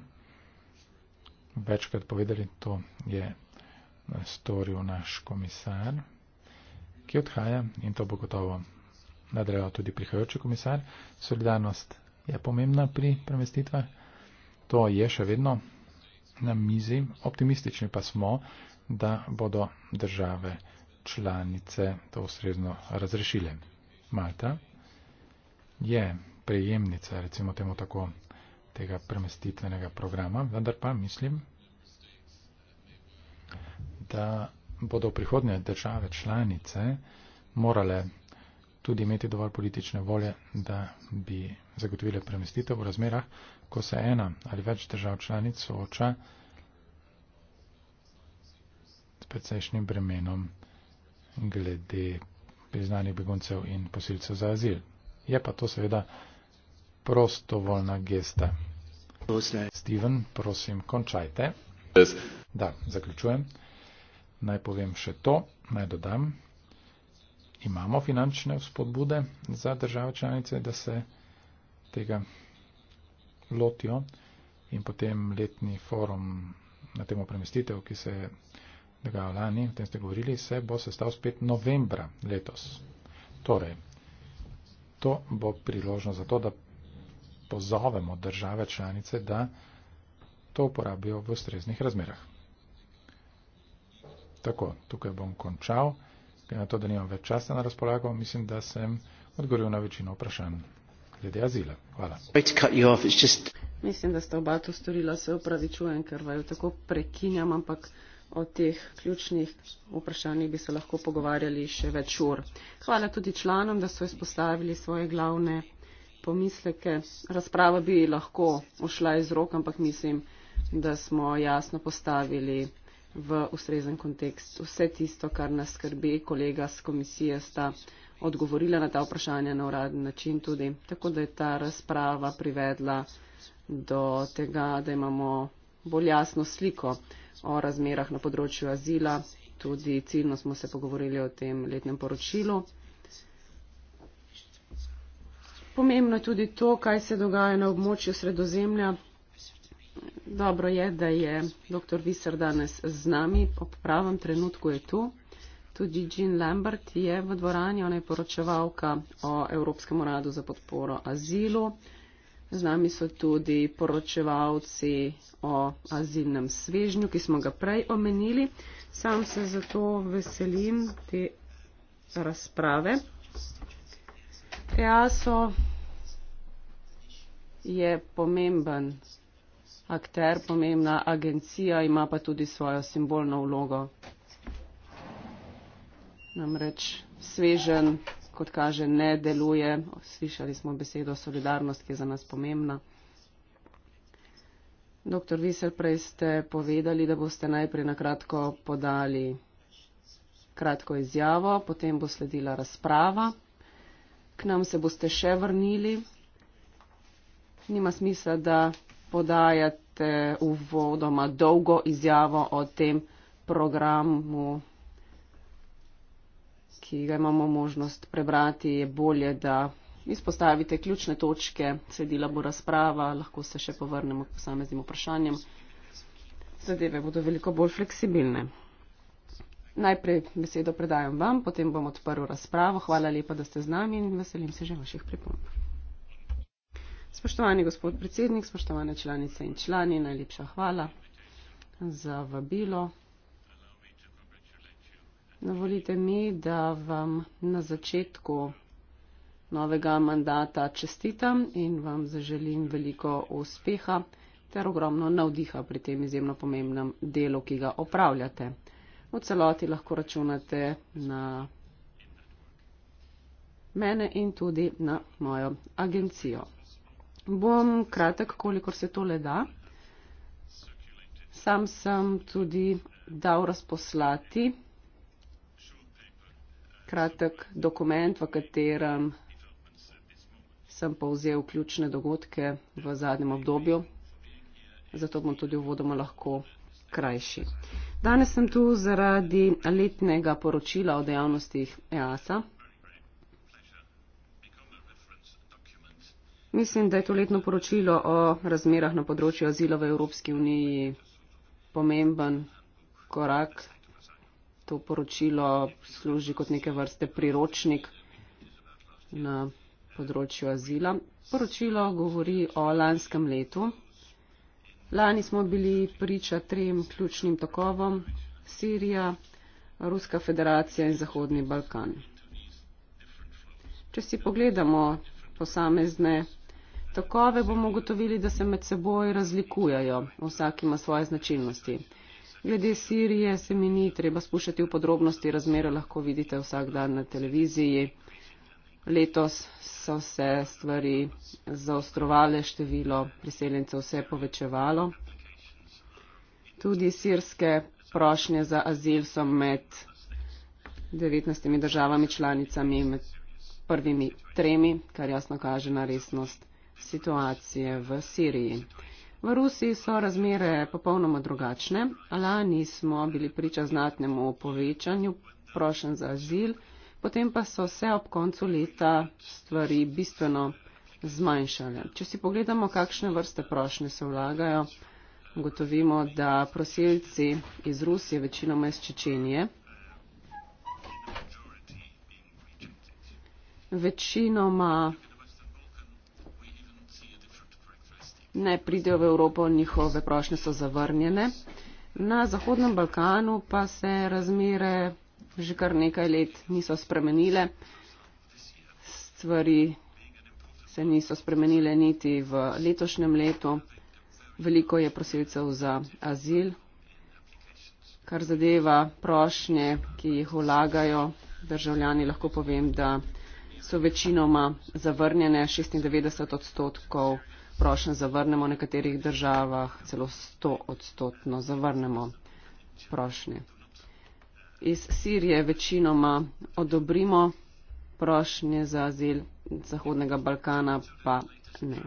večkrat povedali, to je storil naš komisar, ki odhaja in to bo gotovo nadrejo tudi prihajajoči komisar. Solidarnost je pomembna pri premestitvah. To je še vedno na mizi. Optimistični pa smo, da bodo države članice to ustrezno razrešile. Malta je prejemnica, recimo temu tako, tega premestitvenega programa, vendar pa mislim, da bodo prihodnje države članice morale tudi imeti dovolj politične volje, da bi zagotovile premestitev v razmerah, ko se ena ali več držav članic sooča s precejšnjim bremenom glede priznanih beguncev in posilcev za azil. Je pa to seveda prostovoljna gesta. Steven, prosim, končajte. Yes. Da, zaključujem. Naj povem še to, naj dodam. Imamo finančne spodbude za države članice, da se tega lotijo in potem letni forum na temo premestitev, ki se je da ga lani, o tem ste govorili, se bo sestav spet novembra letos. Torej, to bo priložno za to, da pozovemo države članice, da to uporabijo v ustreznih razmerah. Tako, tukaj bom končal. Glede na to, da nimam več časa na razpolago, mislim, da sem odgovoril na večino vprašanj glede azila. Hvala. Mislim, da ste oba to storila, se opravičujem, ker vaju tako prekinjam, ampak o teh ključnih vprašanjih bi se lahko pogovarjali še več ur. Hvala tudi članom, da so izpostavili svoje glavne pomisleke. Razprava bi lahko ušla iz rok, ampak mislim, da smo jasno postavili v ustrezen kontekst vse tisto, kar nas skrbi. Kolega z komisije sta odgovorila na ta vprašanja na uraden način tudi. Tako da je ta razprava privedla do tega, da imamo bolj jasno sliko o razmerah na področju azila. Tudi ciljno smo se pogovorili o tem letnem poročilu. Pomembno je tudi to, kaj se dogaja na območju sredozemlja. Dobro je, da je dr. Visar danes z nami, ob pravem trenutku je tu. Tudi Jean Lambert je v dvorani, ona je poročevalka o Evropskem uradu za podporo azilu. Z nami so tudi poročevalci o azilnem svežnju, ki smo ga prej omenili. Sam se zato veselim te razprave. EASO je pomemben akter, pomembna agencija, ima pa tudi svojo simbolno vlogo. Namreč svežen kot kaže, ne deluje. Slišali smo besedo solidarnost, ki je za nas pomembna. Doktor Viser, prej ste povedali, da boste najprej na kratko podali kratko izjavo, potem bo sledila razprava. K nam se boste še vrnili. Nima smisla, da podajate uvodoma dolgo izjavo o tem programu ki ga imamo možnost prebrati, je bolje, da izpostavite ključne točke, sledila bo razprava, lahko se še povrnemo k posameznim vprašanjem. Zadeve bodo veliko bolj fleksibilne. Najprej besedo predajam vam, potem bom odprl razpravo. Hvala lepa, da ste z nami in veselim se že vaših pripomb. Spoštovani gospod predsednik, spoštovane članice in člani, najlepša hvala za vabilo Navolite mi, da vam na začetku novega mandata čestitam in vam zaželim veliko uspeha ter ogromno navdiha pri tem izjemno pomembnem delu, ki ga opravljate. V celoti lahko računate na mene in tudi na mojo agencijo. Bom kratek, kolikor se to le da. Sam sem tudi dal razposlati kratek dokument, v katerem sem povzel ključne dogodke v zadnjem obdobju, zato bom tudi uvodoma lahko krajši. Danes sem tu zaradi letnega poročila o dejavnostih EASA. Mislim, da je to letno poročilo o razmerah na področju azila v Evropski uniji pomemben korak to poročilo služi kot neke vrste priročnik na področju azila. Poročilo govori o lanskem letu. Lani smo bili priča trem ključnim tokovom – Sirija, Ruska federacija in Zahodni Balkan. Če si pogledamo posamezne tokove, bomo ugotovili, da se med seboj razlikujajo, vsak ima svoje značilnosti. Glede Sirije se mi ni treba spuščati v podrobnosti, razmere lahko vidite vsak dan na televiziji. Letos so se stvari zaostrovale, število priseljencev se je povečevalo. Tudi sirske prošnje za azil so med 19 državami članicami med prvimi tremi, kar jasno kaže na resnost situacije v Siriji. V Rusiji so razmere popolnoma drugačne. Lani smo bili priča znatnemu povečanju prošen za azil, potem pa so se ob koncu leta stvari bistveno zmanjšale. Če si pogledamo, kakšne vrste prošnje se vlagajo, ugotovimo, da prosilci iz Rusije večinoma iz Čečenije. Večinoma ne pridejo v Evropo, njihove prošnje so zavrnjene. Na Zahodnem Balkanu pa se razmere že kar nekaj let niso spremenile. Stvari se niso spremenile niti v letošnjem letu. Veliko je prosilcev za azil, kar zadeva prošnje, ki jih vlagajo državljani, lahko povem, da so večinoma zavrnjene 96 odstotkov prošnje zavrnemo, v nekaterih državah celo 100 odstotno zavrnemo prošnje. Iz Sirije večinoma odobrimo prošnje za azil Zahodnega Balkana, pa ne.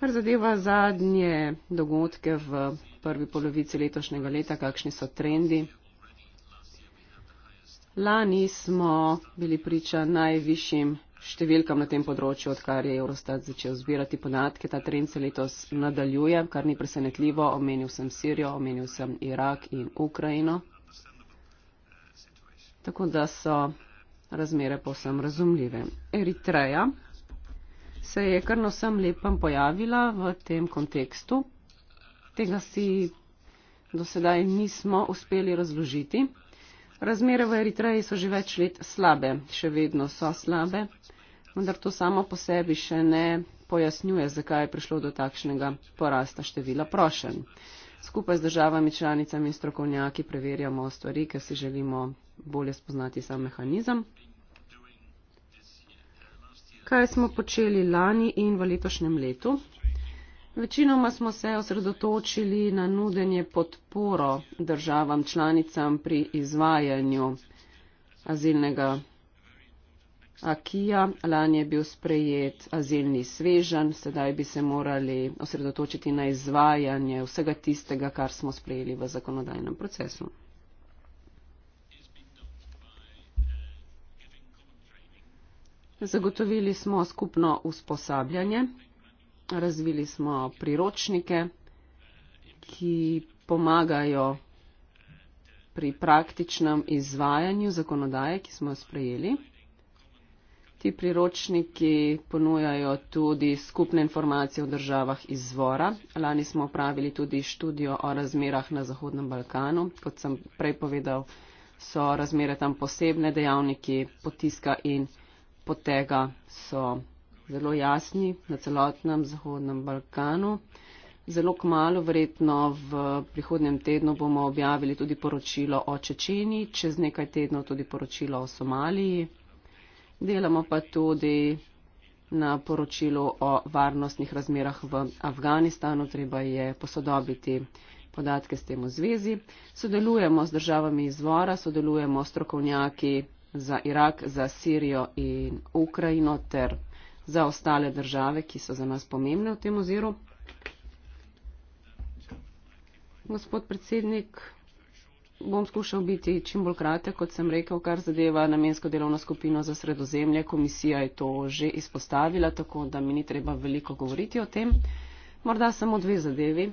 Kar zadeva zadnje dogodke v prvi polovici letošnjega leta, kakšni so trendi. Lani smo bili priča najvišjim številkam na tem področju, odkar je Eurostat začel zbirati podatke. Ta trend se letos nadaljuje, kar ni presenetljivo. Omenil sem Sirijo, omenil sem Irak in Ukrajino. Tako da so razmere povsem razumljive. Eritreja se je kar na vsem lepem pojavila v tem kontekstu. Tega si do sedaj nismo uspeli razložiti. Razmere v Eritreji so že več let slabe, še vedno so slabe, vendar to samo po sebi še ne pojasnjuje, zakaj je prišlo do takšnega porasta števila prošen. Skupaj z državami, članicami in strokovnjaki preverjamo stvari, ker si želimo bolje spoznati sam mehanizem. Kaj smo počeli lani in v letošnjem letu? Večinoma smo se osredotočili na nudenje podporo državam članicam pri izvajanju azilnega akija. Lani je bil sprejet azilni svežen, sedaj bi se morali osredotočiti na izvajanje vsega tistega, kar smo sprejeli v zakonodajnem procesu. Zagotovili smo skupno usposabljanje razvili smo priročnike, ki pomagajo pri praktičnem izvajanju zakonodaje, ki smo jo sprejeli. Ti priročniki ponujajo tudi skupne informacije o državah izvora. Lani smo opravili tudi študijo o razmerah na Zahodnem Balkanu. Kot sem prej povedal, so razmere tam posebne, dejavniki potiska in potega so zelo jasni na celotnem Zahodnem Balkanu. Zelo kmalo, verjetno v prihodnem tednu, bomo objavili tudi poročilo o Čečeni, čez nekaj tednov tudi poročilo o Somaliji. Delamo pa tudi na poročilu o varnostnih razmerah v Afganistanu. Treba je posodobiti podatke s tem v zvezi. Sodelujemo z državami izvora, sodelujemo s strokovnjaki za Irak, za Sirijo in Ukrajino ter za ostale države, ki so za nas pomembne v tem oziru. Gospod predsednik, bom skušal biti čim bolj kratek, kot sem rekel, kar zadeva namensko delovno skupino za sredozemlje. Komisija je to že izpostavila, tako da mi ni treba veliko govoriti o tem. Morda samo dve zadevi.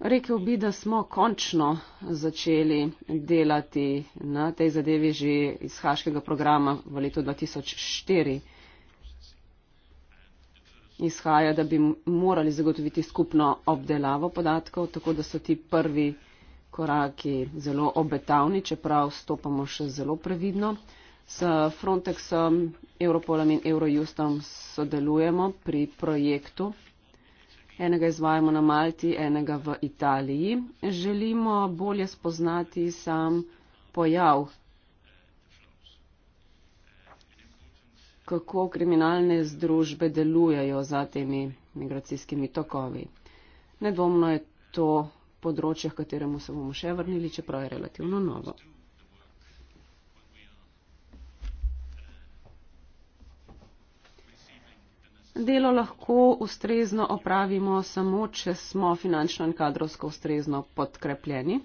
Rekel bi, da smo končno začeli delati na tej zadevi že iz haškega programa v letu 2004. Izhaja, da bi morali zagotoviti skupno obdelavo podatkov, tako da so ti prvi koraki zelo obetavni, čeprav stopamo še zelo previdno. S Frontexom, Europolom in Eurojustom sodelujemo pri projektu enega izvajamo na Malti, enega v Italiji. Želimo bolje spoznati sam pojav, kako kriminalne združbe delujejo za temi migracijskimi tokovi. Nedvomno je to področje, katerem se bomo še vrnili, čeprav je relativno novo. Delo lahko ustrezno opravimo samo, če smo finančno in kadrovsko ustrezno podkrepljeni.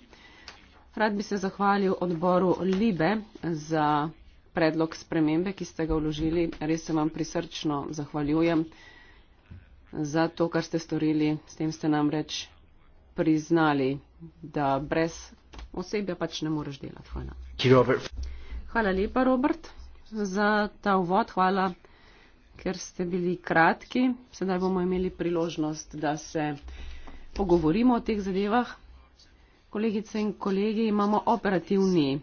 Rad bi se zahvalil odboru Libe za predlog spremembe, ki ste ga vložili. Res se vam prisrčno zahvaljujem za to, kar ste storili. S tem ste nam reč priznali, da brez osebja pač ne moreš delati. Hvala. Hvala lepa, Robert, za ta uvod. Hvala ker ste bili kratki. Sedaj bomo imeli priložnost, da se pogovorimo o teh zadevah. Kolegice in kolegi, imamo operativni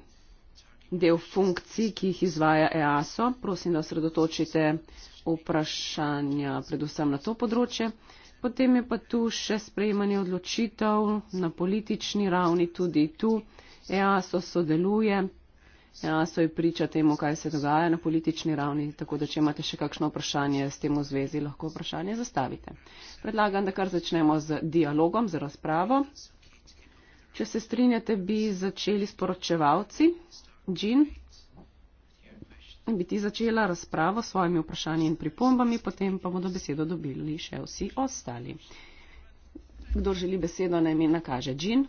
del funkcij, ki jih izvaja EASO. Prosim, da osredotočite vprašanja predvsem na to področje. Potem je pa tu še sprejemanje odločitev na politični ravni, tudi tu EASO sodeluje Ja, so jih priča temu, kaj se dogaja na politični ravni, tako da če imate še kakšno vprašanje s tem v zvezi, lahko vprašanje zastavite. Predlagam, da kar začnemo z dialogom, z razpravo. Če se strinjate, bi začeli s poročevalci. Džin, bi ti začela razpravo s svojimi vprašanji in pripombami, potem pa bodo besedo dobili še vsi ostali. Kdo želi besedo, naj mi nakaže. Džin,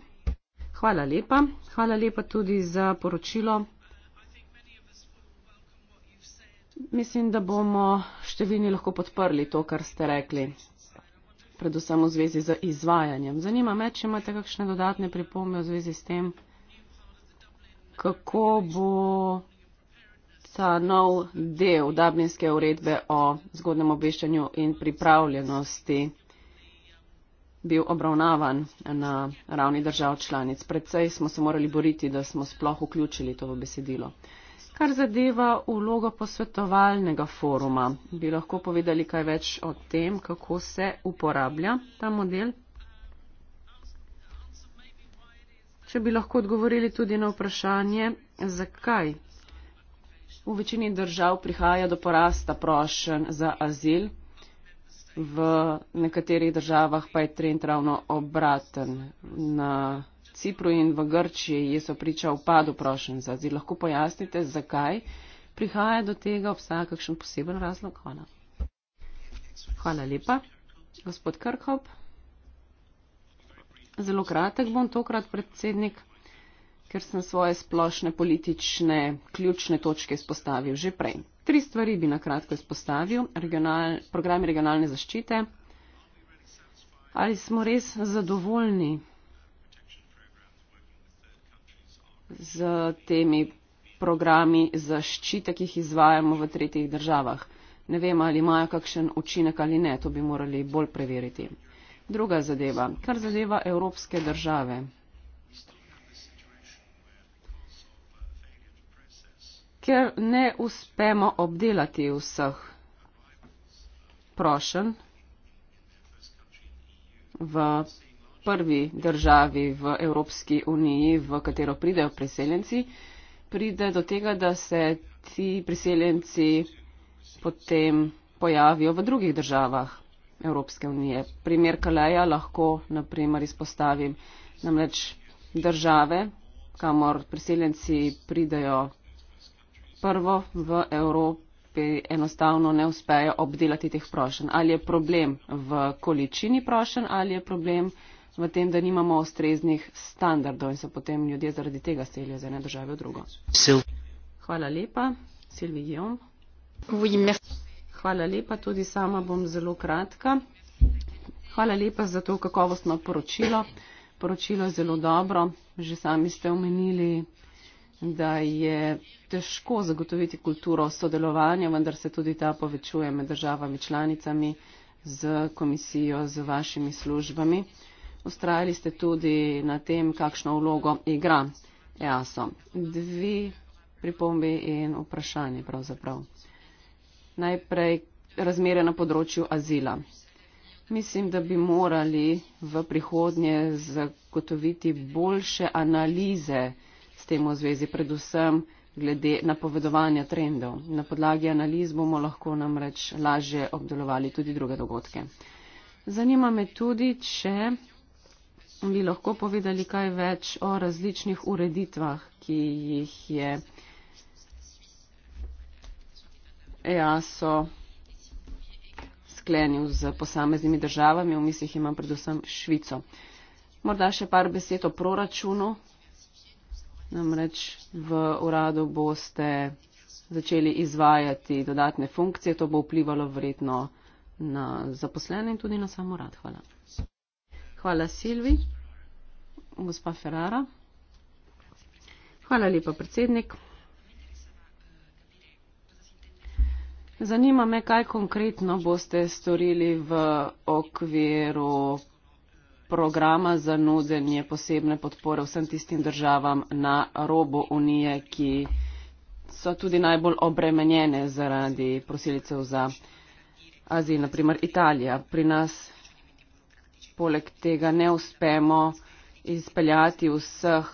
hvala lepa. Hvala lepa tudi za poročilo mislim, da bomo številni lahko podprli to, kar ste rekli, predvsem v zvezi z izvajanjem. Zanima me, če imate kakšne dodatne pripombe v zvezi s tem, kako bo ta nov del Dabninske uredbe o zgodnem obveščanju in pripravljenosti bil obravnavan na ravni držav članic. Predvsej smo se morali boriti, da smo sploh vključili to v besedilo. Kar zadeva vlogo posvetovalnega foruma, bi lahko povedali kaj več o tem, kako se uporablja ta model? Če bi lahko odgovorili tudi na vprašanje, zakaj v večini držav prihaja do porasta prošen za azil, v nekaterih državah pa je trend ravno obraten. Na Cipru in v Grčiji so priča upadu prošen za azil. Lahko pojasnite, zakaj prihaja do tega, obstaja kakšen poseben razlog? Hvala. Hvala lepa. Gospod Krkop. Zelo kratek bom tokrat predsednik, ker sem svoje splošne politične ključne točke izpostavil že prej. Tri stvari bi na kratko izpostavil. Regional, program regionalne zaščite. Ali smo res zadovoljni z temi programi zaščite, ki jih izvajamo v tretjih državah. Ne vem, ali imajo kakšen učinek ali ne, to bi morali bolj preveriti. Druga zadeva, kar zadeva evropske države. Ker ne uspemo obdelati vseh prošen v prvi državi v Evropski uniji, v katero pridejo priseljenci, pride do tega, da se ti priseljenci potem pojavijo v drugih državah Evropske unije. Primer Kaleja lahko naprimer izpostavim namreč države, kamor priseljenci pridejo prvo v Evropi enostavno ne uspejo obdelati teh prošen. Ali je problem v količini prošen ali je problem v tem, da nimamo ustreznih standardov in se potem ljudje zaradi tega selijo z ene države v drugo. Hvala lepa, Silvi Gijom. Hvala lepa, tudi sama bom zelo kratka. Hvala lepa za to kakovostno poročilo. Poročilo je zelo dobro. Že sami ste omenili, da je težko zagotoviti kulturo sodelovanja, vendar se tudi ta povečuje med državami članicami z komisijo, z vašimi službami ustrajali ste tudi na tem, kakšno vlogo igra EASO. Dvi pripombi in vprašanje pravzaprav. Najprej razmere na področju azila. Mislim, da bi morali v prihodnje zagotoviti boljše analize s tem v zvezi, predvsem glede napovedovanja trendov. Na podlagi analiz bomo lahko namreč lažje obdelovali tudi druge dogodke. Zanima me tudi, če bi lahko povedali kaj več o različnih ureditvah, ki jih je EASO sklenil z posameznimi državami, v mislih imam predvsem Švico. Morda še par besed o proračunu. Namreč v uradu boste začeli izvajati dodatne funkcije, to bo vplivalo vredno na zaposlene in tudi na samo rad. Hvala. Hvala, Silvi. Gospa Ferrara. Hvala lepa, predsednik. Zanima me, kaj konkretno boste storili v okviru programa za nudenje posebne podpore vsem tistim državam na robu Unije, ki so tudi najbolj obremenjene zaradi prosilcev za Azijo, naprimer Italija. Pri nas poleg tega ne uspemo izpeljati vseh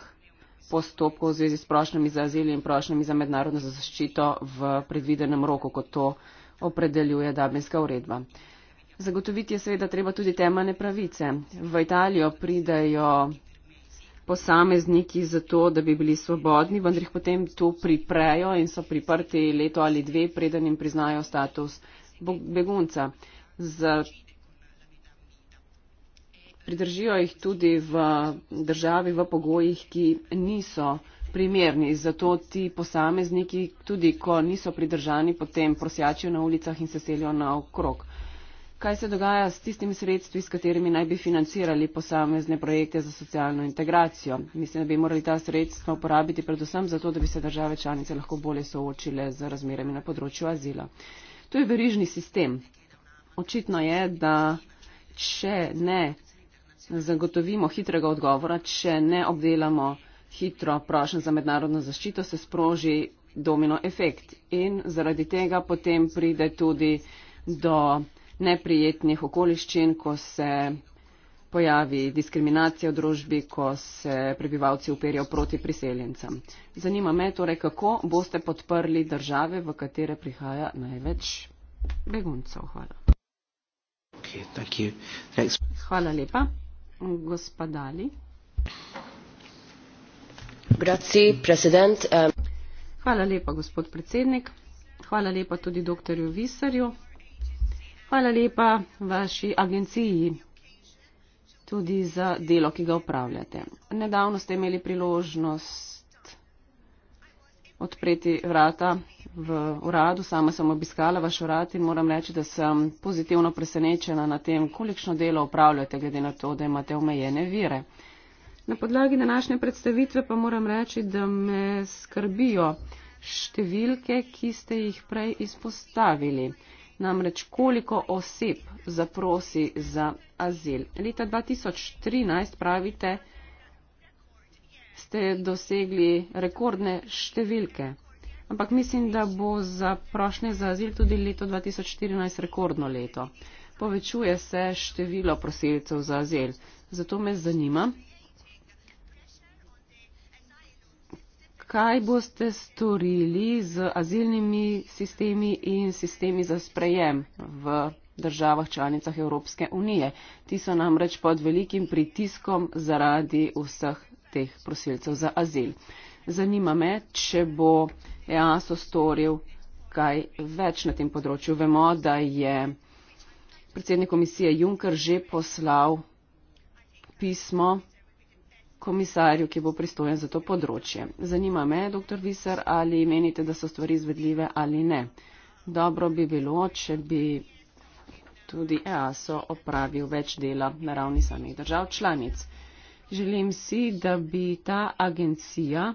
postopkov v zvezi s prošnjami za azil in prošnjami za mednarodno zaščito v predvidenem roku, kot to opredeljuje Dabinska uredba. Zagotoviti je seveda treba tudi temane pravice. V Italijo pridajo posamezniki za to, da bi bili svobodni, vendar jih potem tu priprejo in so priprti leto ali dve, preden jim priznajo status begunca. Zato pridržijo jih tudi v državi v pogojih, ki niso primerni. Zato ti posamezniki, tudi ko niso pridržani, potem prosjačijo na ulicah in se selijo na okrog. Kaj se dogaja s tistimi sredstvi, s katerimi naj bi financirali posamezne projekte za socialno integracijo? Mislim, da bi morali ta sredstva uporabiti predvsem zato, da bi se države članice lahko bolje soočile z razmerami na področju azila. To je verižni sistem. Očitno je, da če ne zagotovimo hitrega odgovora, če ne obdelamo hitro prošen za mednarodno zaščito, se sproži domino efekt in zaradi tega potem pride tudi do neprijetnih okoliščin, ko se pojavi diskriminacija v družbi, ko se prebivalci uperijo proti priseljencem. Zanima me torej, kako boste podprli države, v katere prihaja največ beguncev. Hvala. Okay, Hvala lepa. Hvala lepa, gospod predsednik. Hvala lepa tudi dr. Visarju. Hvala lepa vaši agenciji tudi za delo, ki ga upravljate. Nedavno ste imeli priložnost odpreti vrata v uradu. Sama sem obiskala vaš urad in moram reči, da sem pozitivno presenečena na tem, kolikšno delo upravljate, glede na to, da imate omejene vire. Na podlagi današnje predstavitve pa moram reči, da me skrbijo številke, ki ste jih prej izpostavili. Namreč koliko oseb zaprosi za azil. Leta 2013 pravite, ste dosegli rekordne številke. Ampak mislim, da bo za prošnje za azil tudi leto 2014 rekordno leto. Povečuje se število prosilcev za azil. Zato me zanima, kaj boste storili z azilnimi sistemi in sistemi za sprejem v državah članicah Evropske unije. Ti so namreč pod velikim pritiskom zaradi vseh teh prosilcev za azil. Zanima me, če bo EASO storil kaj več na tem področju. Vemo, da je predsednik komisije Juncker že poslal pismo komisarju, ki bo pristojen za to področje. Zanima me, dr. Viser, ali menite, da so stvari izvedljive ali ne. Dobro bi bilo, če bi tudi EASO opravil več dela na ravni samih držav članic. Želim si, da bi ta agencija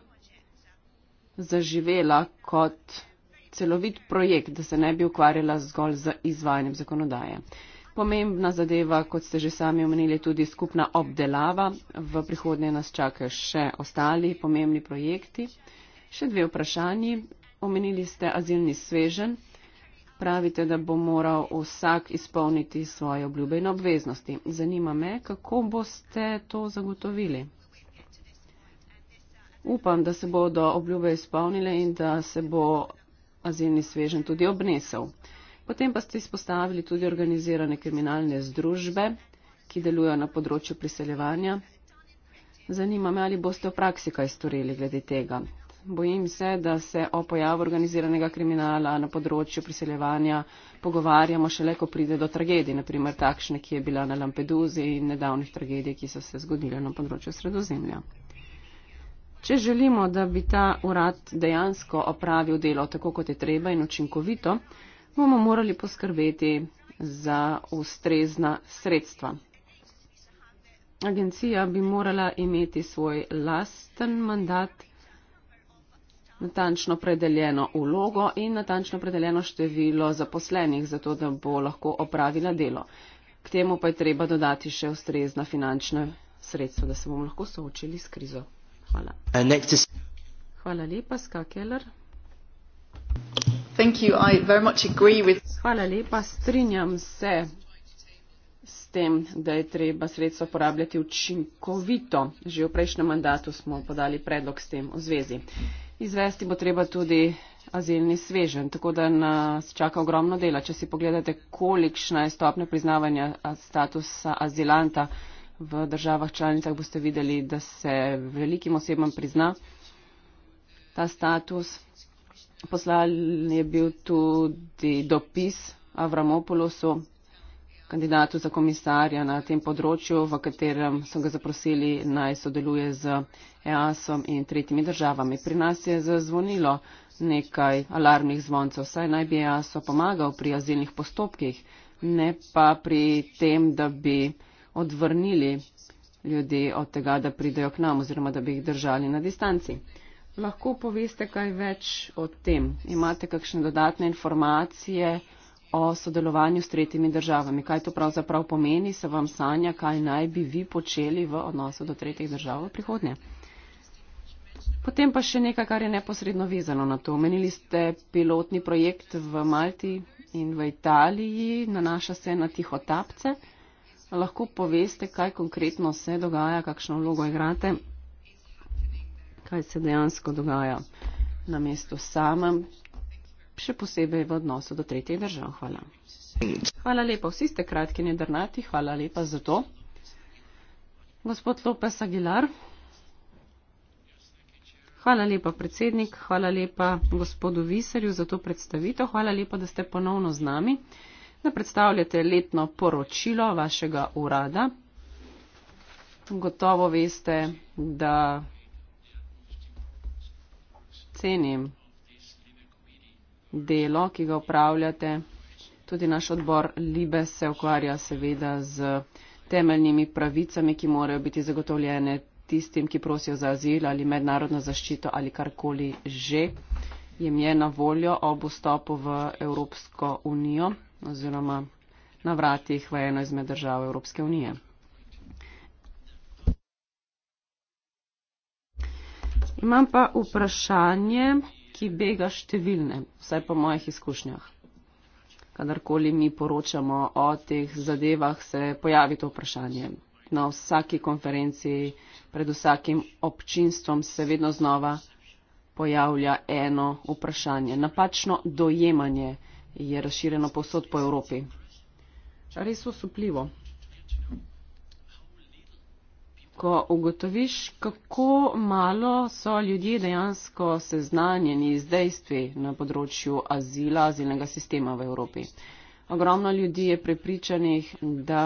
zaživela kot celovit projekt, da se ne bi ukvarjala zgolj z izvajanjem zakonodaje. Pomembna zadeva, kot ste že sami omenili, tudi skupna obdelava. V prihodnje nas čakajo še ostali pomembni projekti. Še dve vprašanji. Omenili ste azilni svežen pravite, da bo moral vsak izpolniti svoje obljube in obveznosti. Zanima me, kako boste to zagotovili. Upam, da se bodo obljube izpolnile in da se bo azilni svežen tudi obnesel. Potem pa ste izpostavili tudi organizirane kriminalne združbe, ki delujejo na področju priseljevanja. Zanima me, ali boste v praksi kaj storili glede tega. Bojim se, da se o pojavu organiziranega kriminala na področju priseljevanja pogovarjamo šele, ko pride do tragedije, naprimer takšne, ki je bila na Lampeduzi in nedavnih tragedij, ki so se zgodile na področju sredozemlja. Če želimo, da bi ta urad dejansko opravil delo tako, kot je treba in učinkovito, bomo morali poskrbeti za ustrezna sredstva. Agencija bi morala imeti svoj lasten mandat natančno predeljeno ulogo in natančno predeljeno število zaposlenih, zato da bo lahko opravila delo. K temu pa je treba dodati še ustrezna finančna sredstva, da se bomo lahko soočili s krizo. Hvala. Uh, Hvala lepa, Ska Keller. Hvala lepa, strinjam se s tem, da je treba sredstva porabljati učinkovito. Že v prejšnjem mandatu smo podali predlog s tem v zvezi. Izvesti bo treba tudi azilni svežen, tako da nas čaka ogromno dela. Če si pogledate, kolikšna je stopnja priznavanja statusa azilanta v državah članicah, boste videli, da se velikim osebam prizna ta status. Poslal je bil tudi dopis Avramopolosu kandidatu za komisarja na tem področju, v katerem so ga zaprosili naj sodeluje z EASom in tretjimi državami. Pri nas je zazvonilo nekaj alarmnih zvoncev, saj naj bi EASo pomagal pri azilnih postopkih, ne pa pri tem, da bi odvrnili ljudi od tega, da pridejo k nam oziroma da bi jih držali na distanci. Lahko poveste kaj več o tem? Imate kakšne dodatne informacije? o sodelovanju s tretjimi državami. Kaj to pravzaprav pomeni, se vam sanja, kaj naj bi vi počeli v odnosu do tretjih držav v prihodnje. Potem pa še nekaj, kar je neposredno vezano na to. Omenili ste pilotni projekt v Malti in v Italiji, nanaša se na tiho tapce. Lahko poveste, kaj konkretno se dogaja, kakšno vlogo igrate, kaj se dejansko dogaja na mestu samem, še posebej v odnosu do tretjih držav. Hvala. Hvala lepa. Vsi ste kratki in jedrnati. Hvala lepa za to. Gospod Lopes Aguilar. Hvala lepa, predsednik. Hvala lepa, gospodu Viserju, za to predstavitev. Hvala lepa, da ste ponovno z nami, da predstavljate letno poročilo vašega urada. Gotovo veste, da cenim delo, ki ga upravljate. Tudi naš odbor Libe se ukvarja seveda z temeljnimi pravicami, ki morajo biti zagotovljene tistim, ki prosijo za azil ali mednarodno zaščito ali karkoli že. Jem je na voljo ob vstopu v Evropsko unijo oziroma na vratih v eno izmed držav Evropske unije. Imam pa vprašanje strahi bega številne, vsaj po mojih izkušnjah. Kadarkoli mi poročamo o teh zadevah, se pojavi to vprašanje. Na vsaki konferenci, pred vsakim občinstvom se vedno znova pojavlja eno vprašanje. Napačno dojemanje je razširjeno posod po Evropi. Res osupljivo ko ugotoviš, kako malo so ljudje dejansko seznanjeni z dejstvi na področju azila, azilnega sistema v Evropi. Ogromno ljudi je prepričanih, da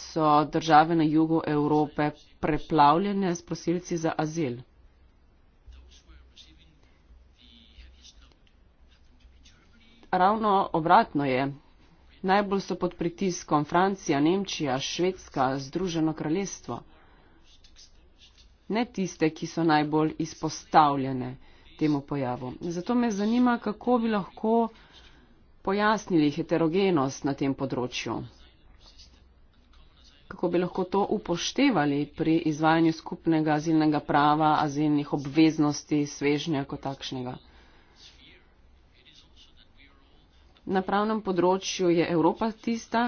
so države na jugu Evrope preplavljene s prosilci za azil. Ravno obratno je. Najbolj so pod pritiskom Francija, Nemčija, Švedska, Združeno kraljestvo. Ne tiste, ki so najbolj izpostavljene temu pojavu. Zato me zanima, kako bi lahko pojasnili heterogenost na tem področju. Kako bi lahko to upoštevali pri izvajanju skupnega azilnega prava, azilnih obveznosti, svežnja kot takšnega. Na pravnem področju je Evropa tista,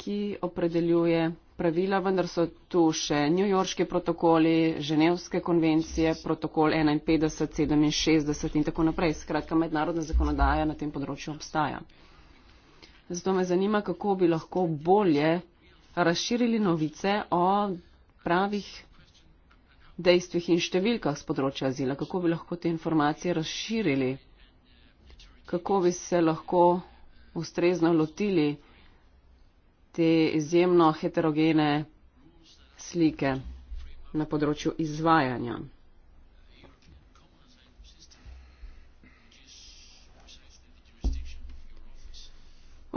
ki opredeljuje pravila, vendar so tu še njujorški protokoli, ženevske konvencije, protokol 51, 67 in tako naprej. Skratka, mednarodna zakonodaja na tem področju obstaja. Zato me zanima, kako bi lahko bolje razširili novice o pravih dejstvih in številkah z področja azila, kako bi lahko te informacije razširili, kako bi se lahko ustrezno lotili te izjemno heterogene slike na področju izvajanja.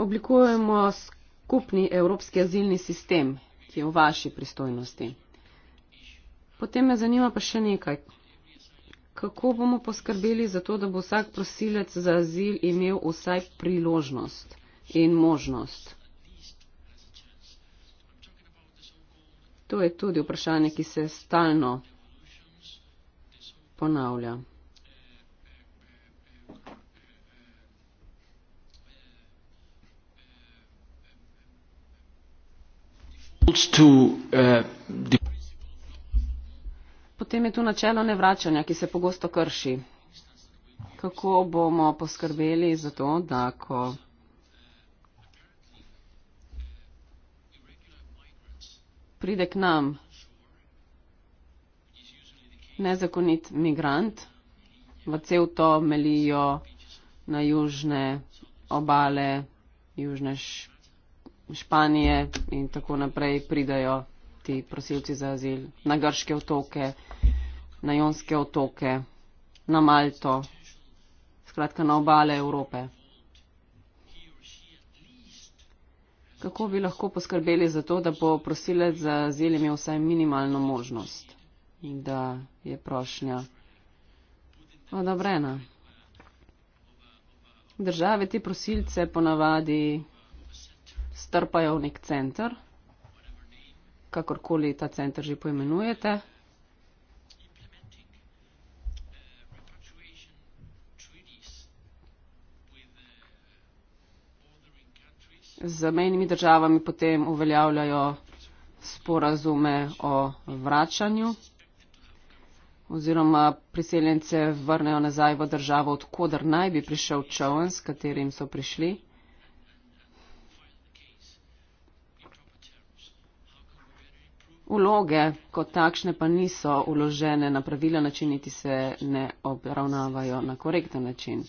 Oblikujemo skupni evropski azilni sistem, ki je v vaši pristojnosti. Potem me zanima pa še nekaj, kako bomo poskrbeli za to, da bo vsak prosilec za azil imel vsaj priložnost in možnost. To je tudi vprašanje, ki se stalno ponavlja. To, uh, Potem je tu načelo nevračanja, ki se pogosto krši. Kako bomo poskrbeli za to, da ko pride k nam nezakonit migrant, v cel to melijo na južne obale, južne Španije in tako naprej pridajo ti prosilci za azil na grške otoke, na jonske otoke, na Malto, skratka na obale Evrope. Kako bi lahko poskrbeli za to, da bo prosilec za azil imel vsaj minimalno možnost, da je prošnja odobrena? Države te prosilce ponavadi strpajo v nek center kakorkoli ta centr že poimenujete. Z menjimi državami potem uveljavljajo sporazume o vračanju oziroma priseljence vrnejo nazaj v državo, odkudar naj bi prišel čovn, s katerim so prišli. vloge kot takšne pa niso uložene na pravila način, niti se ne obravnavajo na korekten način.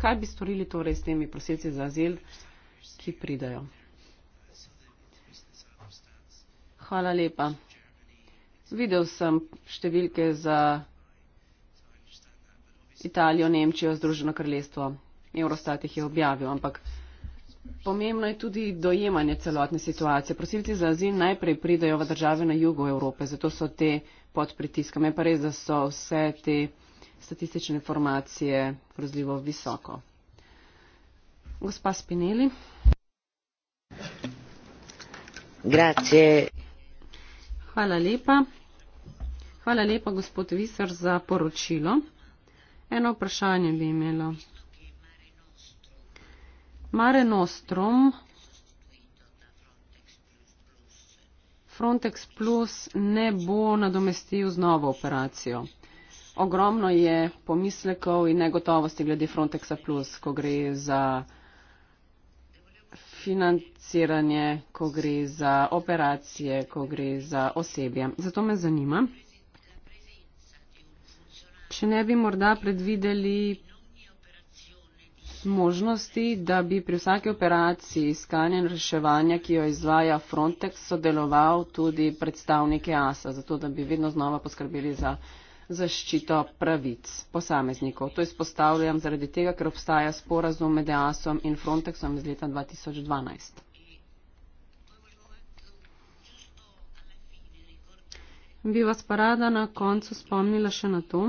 Kaj bi storili torej s temi prosilci za azil, ki pridajo? Hvala lepa. Videl sem številke za Italijo, Nemčijo, Združeno kraljestvo. Eurostat jih je objavil, ampak pomembno je tudi dojemanje celotne situacije. Prosilci za azil najprej pridejo v države na jugu Evrope, zato so te pod pritiskom. Je pa res, da so vse te statistične informacije grozljivo visoko. Gospa Spinelli. Grazie. Hvala lepa. Hvala lepa, gospod Visar, za poročilo. Eno vprašanje bi imelo. Mare Nostrum, Frontex Plus ne bo nadomestil z novo operacijo. Ogromno je pomislekov in negotovosti glede Frontexa Plus, ko gre za financiranje, ko gre za operacije, ko gre za osebje. Zato me zanima, če ne bi morda predvideli možnosti, da bi pri vsaki operaciji iskanja in reševanja, ki jo izvaja Frontex, sodeloval tudi predstavnike ASA, zato da bi vedno znova poskrbeli za zaščito pravic posameznikov. To izpostavljam zaradi tega, ker obstaja sporazum med e ASOM in Frontexom iz leta 2012. Bi vas parada na koncu spomnila še na to?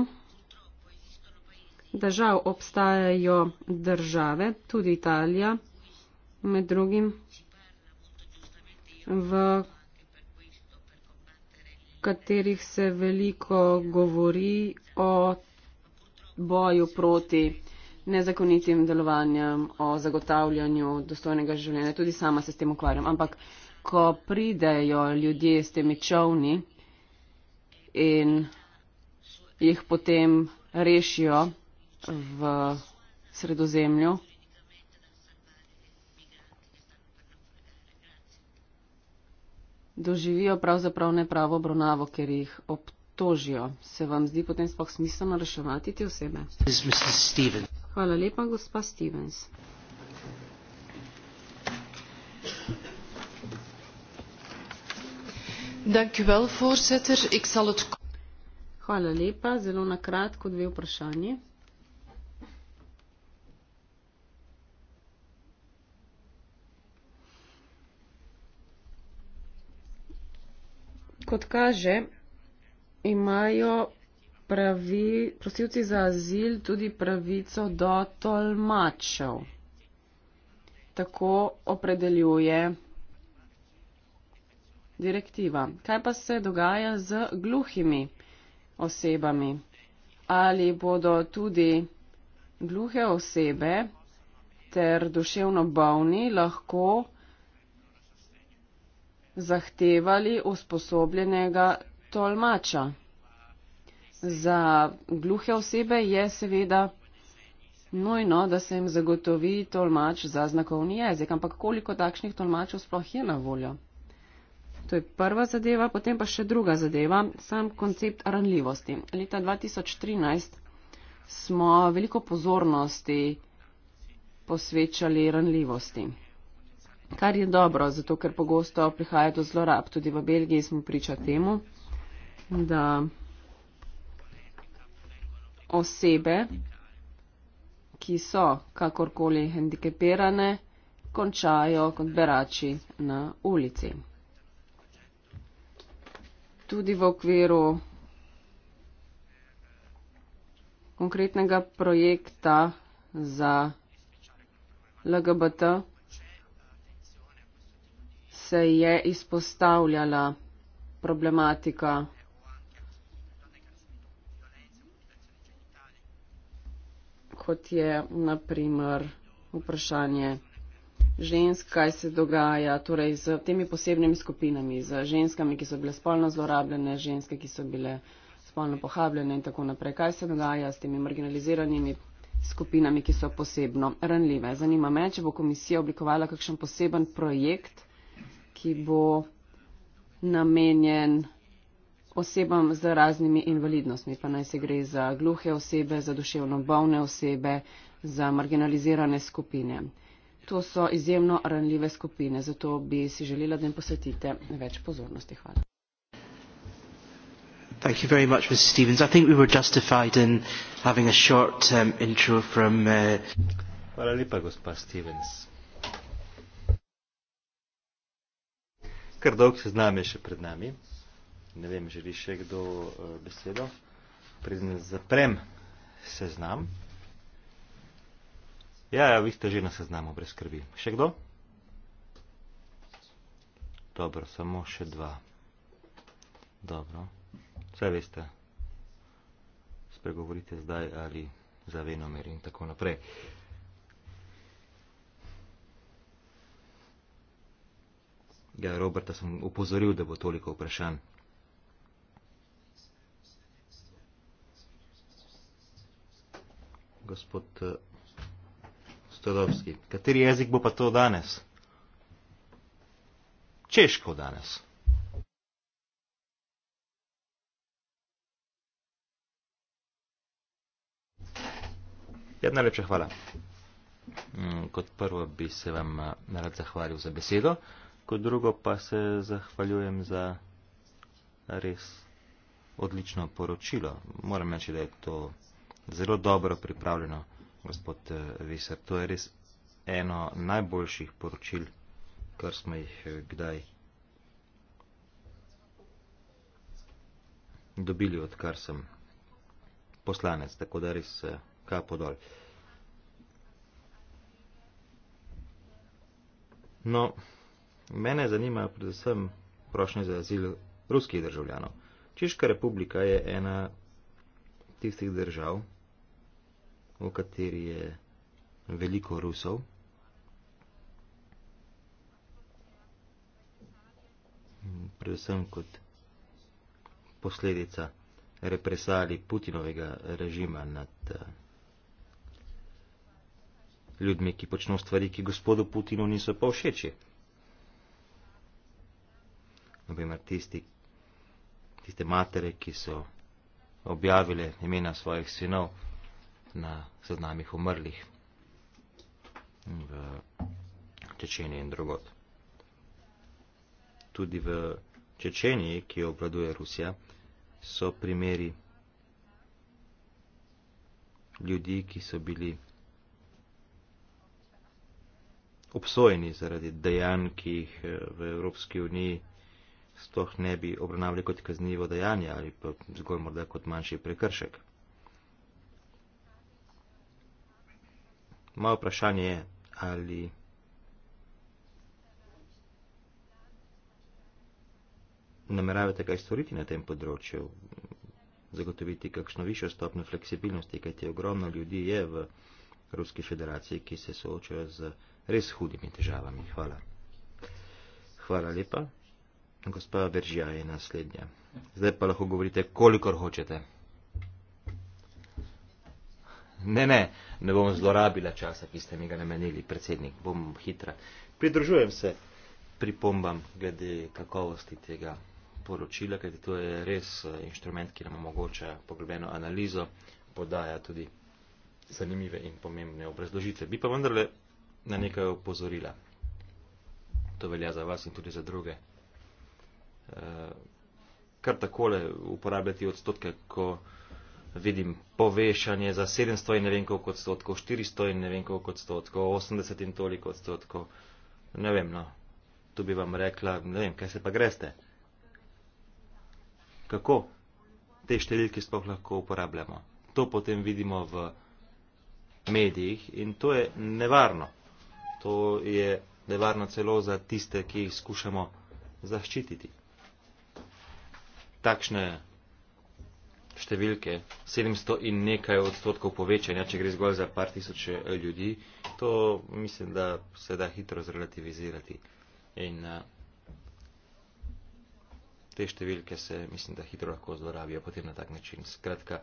držav obstajajo države, tudi Italija, med drugim, v katerih se veliko govori o boju proti nezakonitim delovanjem, o zagotavljanju dostojnega življenja. Tudi sama se s tem ukvarjam. Ampak, ko pridejo ljudje s temi čovni in jih potem rešijo, v sredozemlju. Doživijo pravzaprav nepravo obravnavo, ker jih obtožijo. Se vam zdi potem spoh smiselno reševati te osebe? Hvala lepa, gospa Stevens. Hvala lepa, zelo na kratko dve vprašanje. kot kaže, imajo pravi, prosilci za azil tudi pravico do tolmačev. Tako opredeljuje direktiva. Kaj pa se dogaja z gluhimi osebami? Ali bodo tudi gluhe osebe ter duševno bolni lahko zahtevali usposobljenega tolmača. Za gluhe osebe je seveda nujno, da se jim zagotovi tolmač za znakovni jezik, ampak koliko takšnih tolmačev sploh je na voljo? To je prva zadeva, potem pa še druga zadeva, sam koncept ranljivosti. Leta 2013 smo veliko pozornosti posvečali ranljivosti kar je dobro, zato ker pogosto prihaja do zlorab. Tudi v Belgiji smo priča temu, da osebe, ki so kakorkoli hendikepirane, končajo kot berači na ulici. Tudi v okviru konkretnega projekta za LGBT se je izpostavljala problematika. kot je naprimer vprašanje žensk, kaj se dogaja torej, z temi posebnimi skupinami, z ženskami, ki so bile spolno zlorabljene, ženske, ki so bile spolno pohabljene in tako naprej. Kaj se dogaja s temi marginaliziranimi skupinami, ki so posebno ranljive? Zanima me, če bo komisija oblikovala kakšen poseben projekt ki bo namenjen osebam z raznimi invalidnostmi, pa naj se gre za gluhe osebe, za duševno bolne osebe, za marginalizirane skupine. To so izjemno ranljive skupine, zato bi si želela, da jim posvetite več pozornosti. Hvala. Thank you very much, Mr. Stevens. I think we were justified in having a short um, intro from. Uh... Hvala lepa, gospa Stevens. kar dolg se je še pred nami. Ne vem, želi še kdo eh, besedo. Preden zaprem seznam. Ja, ja, vi ste že na seznamu, brez skrbi. Še kdo? Dobro, samo še dva. Dobro. Vse veste. Spregovorite zdaj ali za venomer in tako naprej. Uh, Ja, Roberta sem upozoril, da bo toliko vprašan. Gospod eh, Stodovski, kateri jezik bo pa to danes? Češko danes. Ja, najlepša hvala. Mm, kot prvo bi se vam eh, rad zahvalil za besedo kot drugo pa se zahvaljujem za res odlično poročilo. Moram reči, da je to zelo dobro pripravljeno, gospod eh, Viser. To je res eno najboljših poročil, kar smo jih eh, kdaj dobili, odkar sem poslanec. Tako da res eh, kapo dol. No, Mene zanima predvsem prošnje za azil ruskih državljanov. Češka republika je ena tistih držav, v kateri je veliko rusov. Predvsem kot posledica represali Putinovega režima nad eh, ljudmi, ki počnejo stvari, ki gospodu Putinu niso pa všeči na primer tisti, tiste matere, ki so objavile imena svojih sinov na seznamih umrlih v Čečeni in drugot. Tudi v Čečeni, ki jo obvladuje Rusija, so primeri ljudi, ki so bili obsojeni zaradi dejanj, ki jih eh, v Evropski uniji stoh ne bi obravnavali kot kaznivo dejanje ali pa zgolj morda kot manjši prekršek. Moje vprašanje je, ali. Nameravate kaj storiti na tem področju, zagotoviti kakšno višjo stopno fleksibilnosti, kajti ogromno ljudi je v Ruski federaciji, ki se soočajo z res hudimi težavami. Hvala. Hvala lepa. Gospa Veržija je naslednja. Zdaj pa lahko govorite, kolikor hočete. Ne, ne, ne bom zlorabila časa, ki ste mi ga namenili, predsednik, bom hitra. Pridružujem se pripombam glede kakovosti tega poročila, ker to je res eh, inštrument, ki nam omogoča poglobljeno analizo, podaja tudi zanimive in pomembne obrazložitve. Bi pa vendarle na nekaj opozorila. To velja za vas in tudi za druge Eh, kar takole uporabljati odstotke, ko vidim povešanje za 700 in ne vem koliko odstotkov, 400 in ne vem koliko odstotkov, 80 in toliko odstotkov. Ne vem, no, tu bi vam rekla, ne vem, kaj se pa greste. Kako te številke sploh lahko uporabljamo? To potem vidimo v medijih in to je nevarno. To je nevarno celo za tiste, ki jih skušamo zaščititi takšne številke, 700 in nekaj odstotkov povečanja, če gre zgolj za par tisoč eh, ljudi, to mislim, da se da hitro zrelativizirati. In eh, te številke se, mislim, da hitro lahko zlorabijo potem na tak način. Skratka,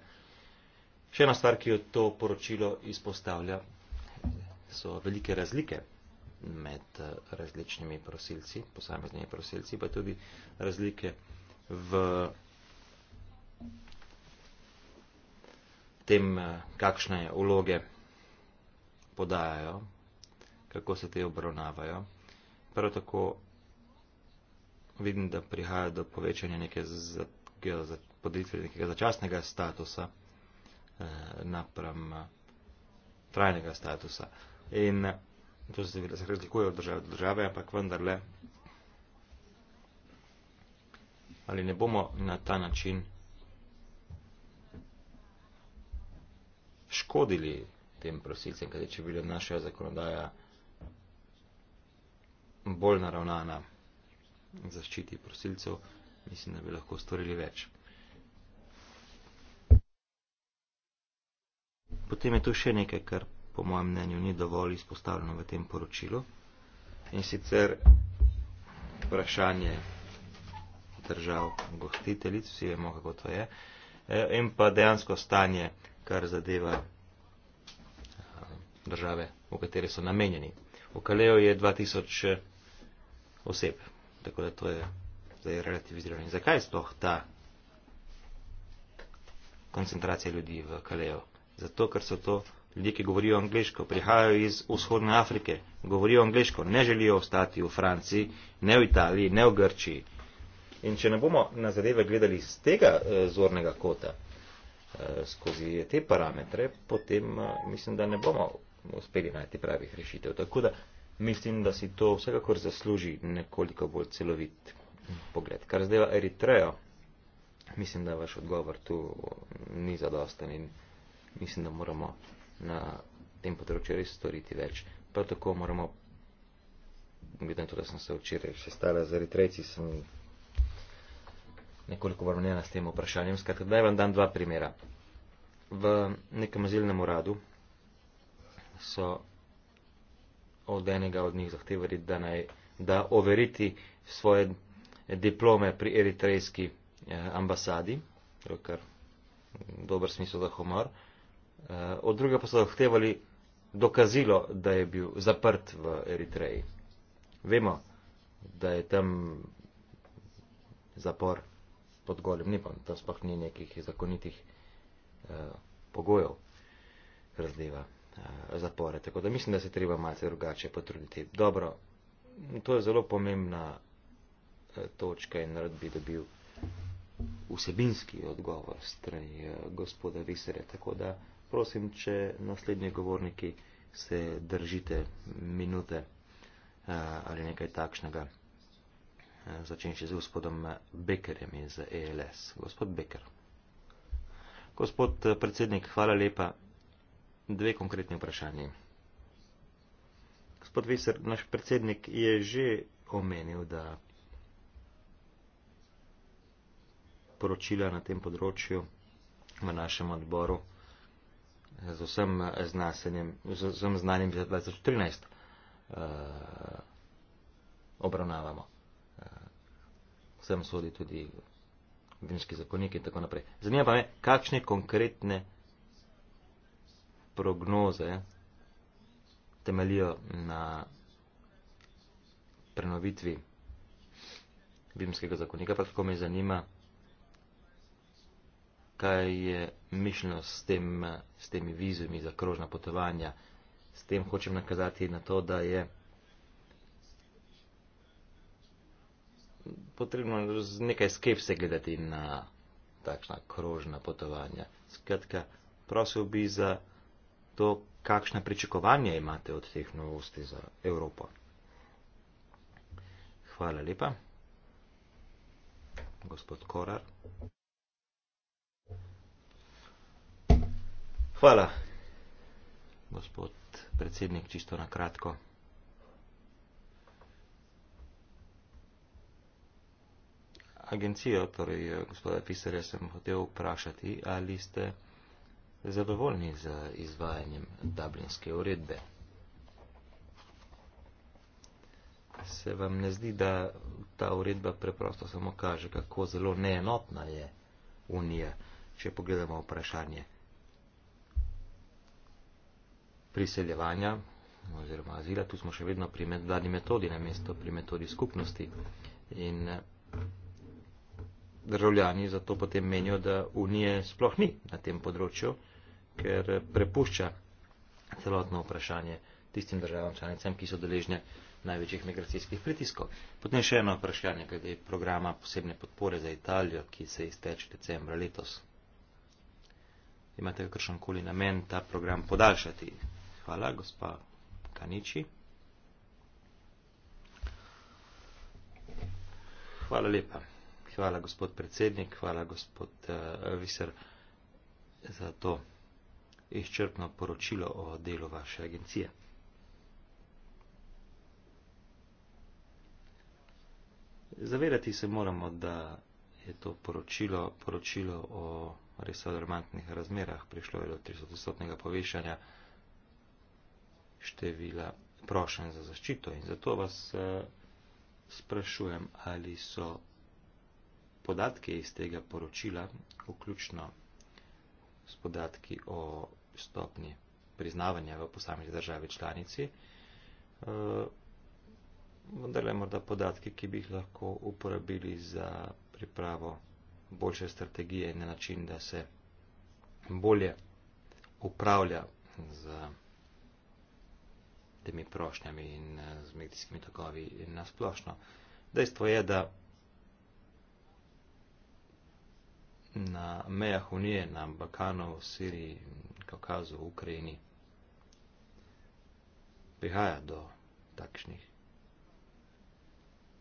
še ena stvar, ki jo to poročilo izpostavlja, so velike razlike med eh, različnimi prosilci, posameznimi prosilci, pa tudi razlike v tem, eh, kakšne vloge podajajo, kako se te obravnavajo. Prav tako vidim, da prihaja do povečanja nekega podelitve nekega začasnega statusa eh, napram eh, trajnega statusa. In to se seveda razlikuje od države do države, ampak vendarle ali ne bomo na ta način škodili tem prosilcem, kajti če bi bila naša zakonodaja bolj naravnana zaščiti prosilcev, mislim, da bi lahko storili več. Potem je tu še nekaj, kar po mojem mnenju ni dovolj izpostavljeno v tem poročilu in sicer vprašanje držav gostiteljic, vsi vemo, kako to je, e, in pa dejansko stanje, kar zadeva e, države, v katere so namenjeni. V Kalejo je 2000 oseb, tako da to je zdaj relativizirano. In zakaj je sploh ta koncentracija ljudi v Kalejo? Zato, ker so to ljudje, ki govorijo angliško, prihajajo iz vzhodne Afrike, govorijo angliško, ne želijo ostati v Franciji, ne v Italiji, ne v Grčiji. In če ne bomo na zadeve gledali z tega eh, zornega kota, eh, skozi te parametre, potem eh, mislim, da ne bomo uspeli najti pravih rešitev. Tako da mislim, da si to vsekakor zasluži nekoliko bolj celovit pogled. Kar zdaj Eritrejo, mislim, da vaš odgovor tu ni zadosten in mislim, da moramo na tem področju res storiti več. Prav tako moramo, glede na to, da sem se včeraj sestala z Eritrejci, sem nekoliko obrnjena s tem vprašanjem. Skratka, daj vam dan dva primera. V nekem azilnem uradu so od enega od njih zahtevali, da naj da overiti svoje diplome pri eritrejski eh, ambasadi, torej kar dober smisel za humor. Eh, od druga pa so zahtevali dokazilo, da je bil zaprt v Eritreji. Vemo, da je tam zapor pod golem ni, pa tam sploh ni nekih zakonitih eh, pogojev razdeva eh, zapore. Tako da mislim, da se treba malce drugače potruditi. Dobro, to je zelo pomembna eh, točka in rad bi dobil vsebinski odgovor strani eh, gospoda Visere. Tako da prosim, če naslednji govorniki se držite minute eh, ali nekaj takšnega začenši z gospodom Bekerjem iz ELS. Gospod Beker. Gospod eh, predsednik, hvala lepa. Dve konkretni vprašanji. Gospod Viser, naš predsednik je že omenil, da poročila na tem področju v našem odboru eh, z vsem, eh, znasenjem, z vsem znanjem 2013 eh, obravnavamo vsem sodi tudi vinski zakonik in tako naprej. Zanima pa me, kakšne konkretne prognoze temelijo na prenovitvi vinskega zakonika, pa tako me zanima, kaj je mišljeno s, tem, s temi vizumi za krožna potovanja. S tem hočem nakazati na to, da je potrebno z nekaj skepse gledati na takšna krožna potovanja. Skratka, prosil bi za to, kakšna pričakovanja imate od teh novosti za Evropo. Hvala lepa. Gospod Korar. Hvala. Gospod predsednik, čisto na kratko. agencijo, torej eh, gospoda Fisarja, sem hotel vprašati, ali ste zadovoljni z izvajanjem Dublinske uredbe. Se vam ne zdi, da ta uredba preprosto samo kaže, kako zelo neenotna je Unija, če pogledamo vprašanje priseljevanja oziroma azila, tu smo še vedno pri med, vladni metodi na mesto pri metodi skupnosti. In eh, državljani zato potem menijo, da Unije sploh ni na tem področju, ker prepušča celotno vprašanje tistim državam članicam, ki so deležne največjih migracijskih pritiskov. Potem še eno vprašanje, glede programa posebne podpore za Italijo, ki se izteče decembra letos. Imate kakršen koli namen ta program podaljšati? Hvala, gospa Kaniči. Hvala lepa hvala gospod predsednik, hvala gospod uh, Viser za to izčrpno poročilo o delu vaše agencije. Zavedati se moramo, da je to poročilo, poročilo o res alarmantnih razmerah, prišlo je do 300-stotnega povešanja števila prošen za zaščito in zato vas eh, sprašujem, ali so podatke iz tega poročila, vključno s podatki o stopni priznavanja v posamezni državi članici, eh, vendar le morda podatke, ki bi jih lahko uporabili za pripravo boljše strategije na način, da se bolje upravlja z temi prošnjami in eh, z medijskimi tokovi in nasplošno. Dejstvo je, da na mejah Unije, na Balkanu, v Siriji, Kaukazu, Ukrajini, prihaja do takšnih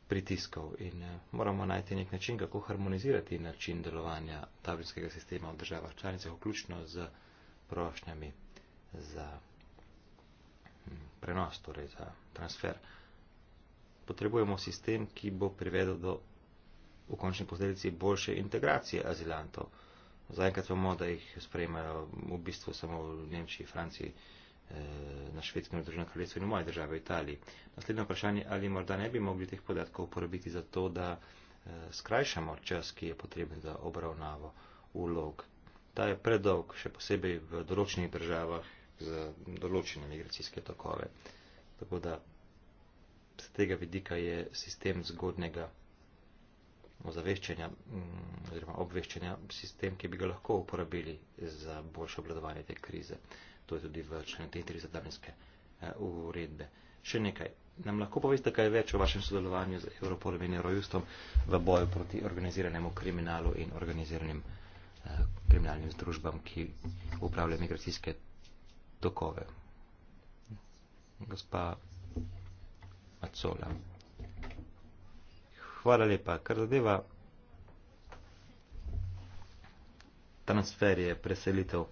pritiskov in eh, moramo najti nek način, kako harmonizirati način delovanja tablinskega sistema v državah članicah, vključno z prošnjami za hm, prenos, torej za transfer. Potrebujemo sistem, ki bo privedel do v končni posledici boljše integracije azilantov. Zaenkrat vemo, da jih sprejemajo v bistvu samo v Nemčiji, Franciji, eh, na Švedskem, na Združenem kraljestvu in v moji državi, v Italiji. Naslednje vprašanje, ali morda ne bi mogli teh podatkov uporabiti za to, da eh, skrajšamo čas, ki je potreben za obravnavo vlog. Ta je predolg, še posebej v določenih državah z določene migracijske tokove. Tako da z tega vidika je sistem zgodnega ozaveščanja mm, oziroma obveščanja sistem, ki bi ga lahko uporabili za boljše obladovanje te krize. To je tudi v členu 33 danske eh, uredbe. Še nekaj. Nam lahko poveste kaj več o vašem sodelovanju z Europolem in Eurojustom v boju proti organiziranemu kriminalu in organiziranim eh, kriminalnim združbam, ki upravljajo migracijske tokove. Gospa Macola hvala lepa. Kar zadeva transferje, preselitev.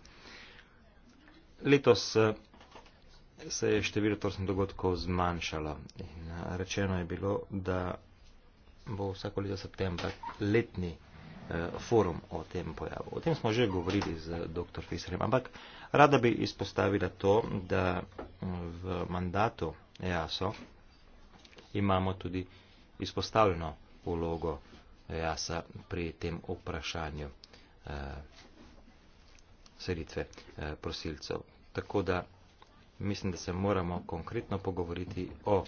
Letos eh, se je število torsnih dogodkov zmanjšalo in eh, rečeno je bilo, da bo vsako leto septembra letni eh, forum o tem pojavu. O tem smo že govorili z dr. Fiserjem, ampak rada bi izpostavila to, da mm, v mandatu EASO imamo tudi izpostavljeno vlogo jasa pri tem vprašanju eh, selitve eh, prosilcev. Tako da mislim, da se moramo konkretno pogovoriti o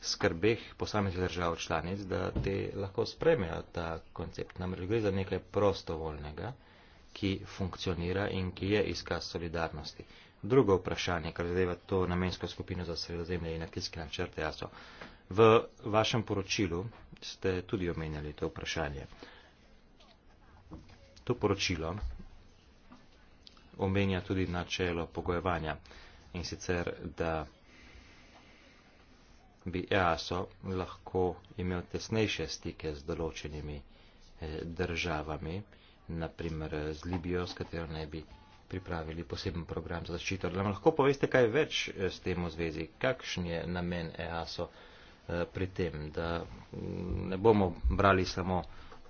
skrbeh posameznih držav članic, da te lahko spremejo ta koncept. Namreč gre za nekaj prostovoljnega, ki funkcionira in ki je izkaz solidarnosti. Drugo vprašanje, kar zadeva to namensko skupino za sredozemlje in akcijske načrte, jasno, V vašem poročilu ste tudi omenjali to vprašanje. To poročilo omenja tudi načelo pogojevanja in sicer, da bi EASO lahko imel tesnejše stike z določenimi eh, državami, naprimer z Libijo, s katero ne bi pripravili poseben program za zaščito. Lahko poveste kaj več eh, s tem v zvezi, kakšen je namen EASO? Eh, pri tem, da mm, ne bomo brali samo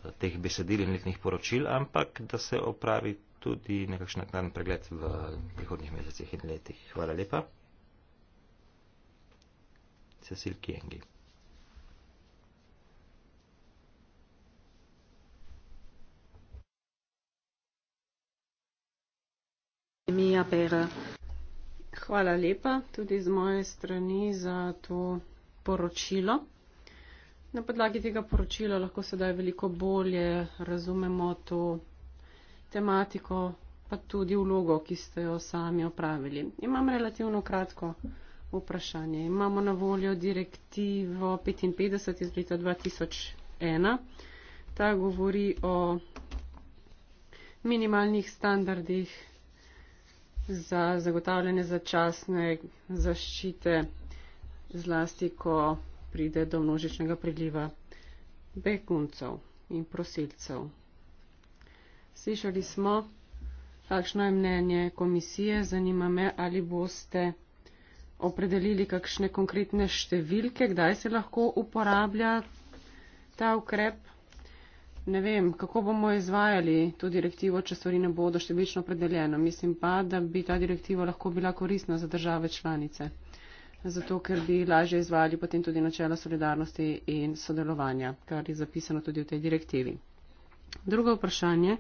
eh, teh besedil in letnih poročil, ampak da se opravi tudi nekakšen naknadni pregled v prihodnjih mesecih in letih. Hvala lepa. Cecil Kiengi. Hvala lepa tudi z moje strani za to poročilo. Na podlagi tega poročila lahko sedaj veliko bolje razumemo to tematiko, pa tudi vlogo, ki ste jo sami opravili. Imam relativno kratko vprašanje. Imamo na voljo direktivo 55 iz leta 2001. Ta govori o minimalnih standardih za zagotavljanje začasne zaščite zlasti, ko pride do množičnega priliva beguncev in prosilcev. Slišali smo, kakšno je mnenje komisije, zanima me, ali boste opredelili kakšne konkretne številke, kdaj se lahko uporablja ta ukrep. Ne vem, kako bomo izvajali to direktivo, če stvari ne bodo številčno opredeljeno. Mislim pa, da bi ta direktiva lahko bila koristna za države članice. Zato, ker bi lažje izvali potem tudi načela solidarnosti in sodelovanja, kar je zapisano tudi v tej direktivi. Drugo vprašanje.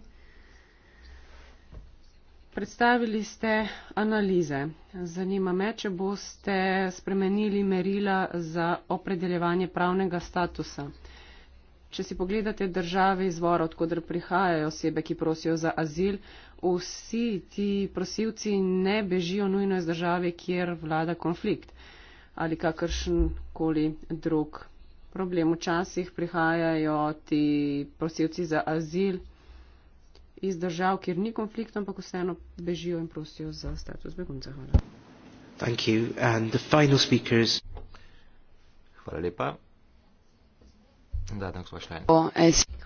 Predstavili ste analize. Zanima me, če boste spremenili merila za opredeljevanje pravnega statusa. Če si pogledate države izvora, odkudr prihajajo osebe, ki prosijo za azil, vsi ti prosilci ne bežijo nujno iz države, kjer vlada konflikt ali kakršen koli drug problem. Včasih prihajajo ti prosilci za azil iz držav, kjer ni konflikt, ampak vseeno bežijo in prosijo za status begunca. Hvala. Thank you. And the final speakers. Hvala lepa. Da, danks,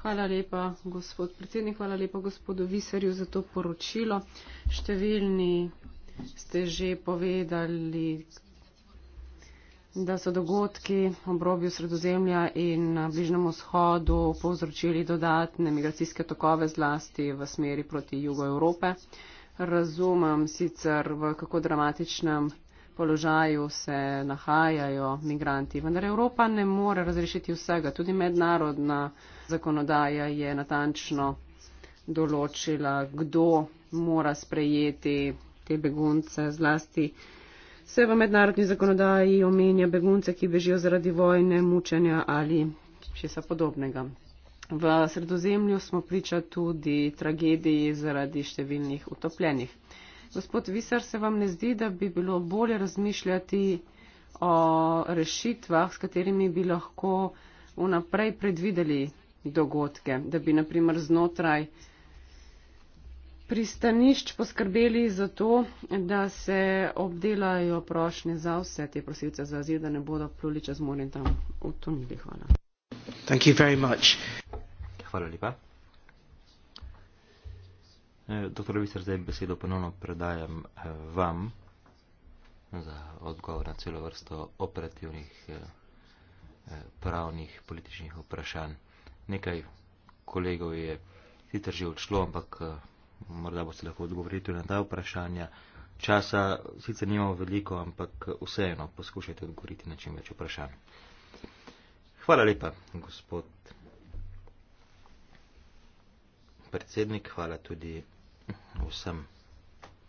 hvala lepa, gospod predsednik, hvala lepa gospodu Viserju za to poročilo. Številni ste že povedali, da so dogodki obrobju sredozemlja in na Bližnjem vzhodu povzročili dodatne migracijske tokove zlasti v smeri proti jugo Evrope. Razumem sicer, v kako dramatičnem položaju se nahajajo migranti. Vendar Evropa ne more razrešiti vsega. Tudi mednarodna zakonodaja je natančno določila, kdo mora sprejeti te begunce zlasti. Se v mednarodni zakonodaji omenja begunce, ki bežijo zaradi vojne, mučenja ali česa podobnega. V sredozemlju smo priča tudi tragediji zaradi številnih utopljenih. Gospod Visar, se vam ne zdi, da bi bilo bolje razmišljati o rešitvah, s katerimi bi lahko vnaprej predvideli dogodke, da bi naprimer znotraj pristanišč poskrbeli za to, da se obdelajo prošnje za vse te prosilce za azil, da ne bodo pluli čez morje tam v Tunidi. Hvala. Thank you very much. Hvala lepa. Eh, doktor Viser, zdaj besedo ponovno predajam eh, vam za odgovor na celo vrsto operativnih eh, pravnih političnih vprašanj. Nekaj kolegov je sicer že odšlo, ampak morda boste lahko odgovorili tudi na ta vprašanja. Časa sicer nimamo veliko, ampak vseeno poskušajte odgovoriti na čim več vprašanj. Hvala lepa, gospod predsednik. Hvala tudi vsem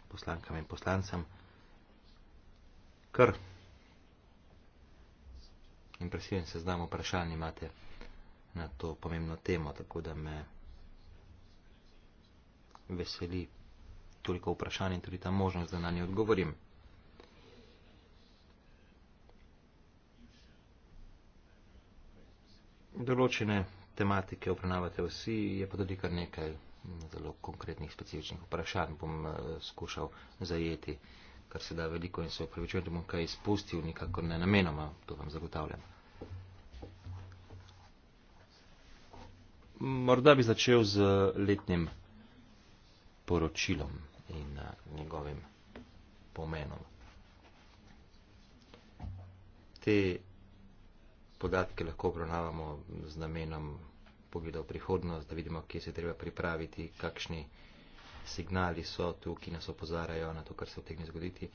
poslankam in poslancem kar impresiven seznam vprašanj imate na to pomembno temo, tako da me veseli toliko vprašanj in tudi ta možnost, da na nje odgovorim. Določene tematike obravnavate vsi, je pa tudi kar nekaj zelo konkretnih specifičnih vprašanj. Bom eh, skušal zajeti, kar se da veliko in se upravičujem, da bom kaj izpustil, nikakor ne namenoma, to vam zagotavljam. Morda bi začel z letnim poročilom in eh, njegovim pomenom. Te podatke lahko obravnavamo z namenom pogleda v prihodnost, da vidimo, kje se treba pripraviti, kakšni signali so tu, ki nas opozarajo na to, kar se vtegne zgoditi.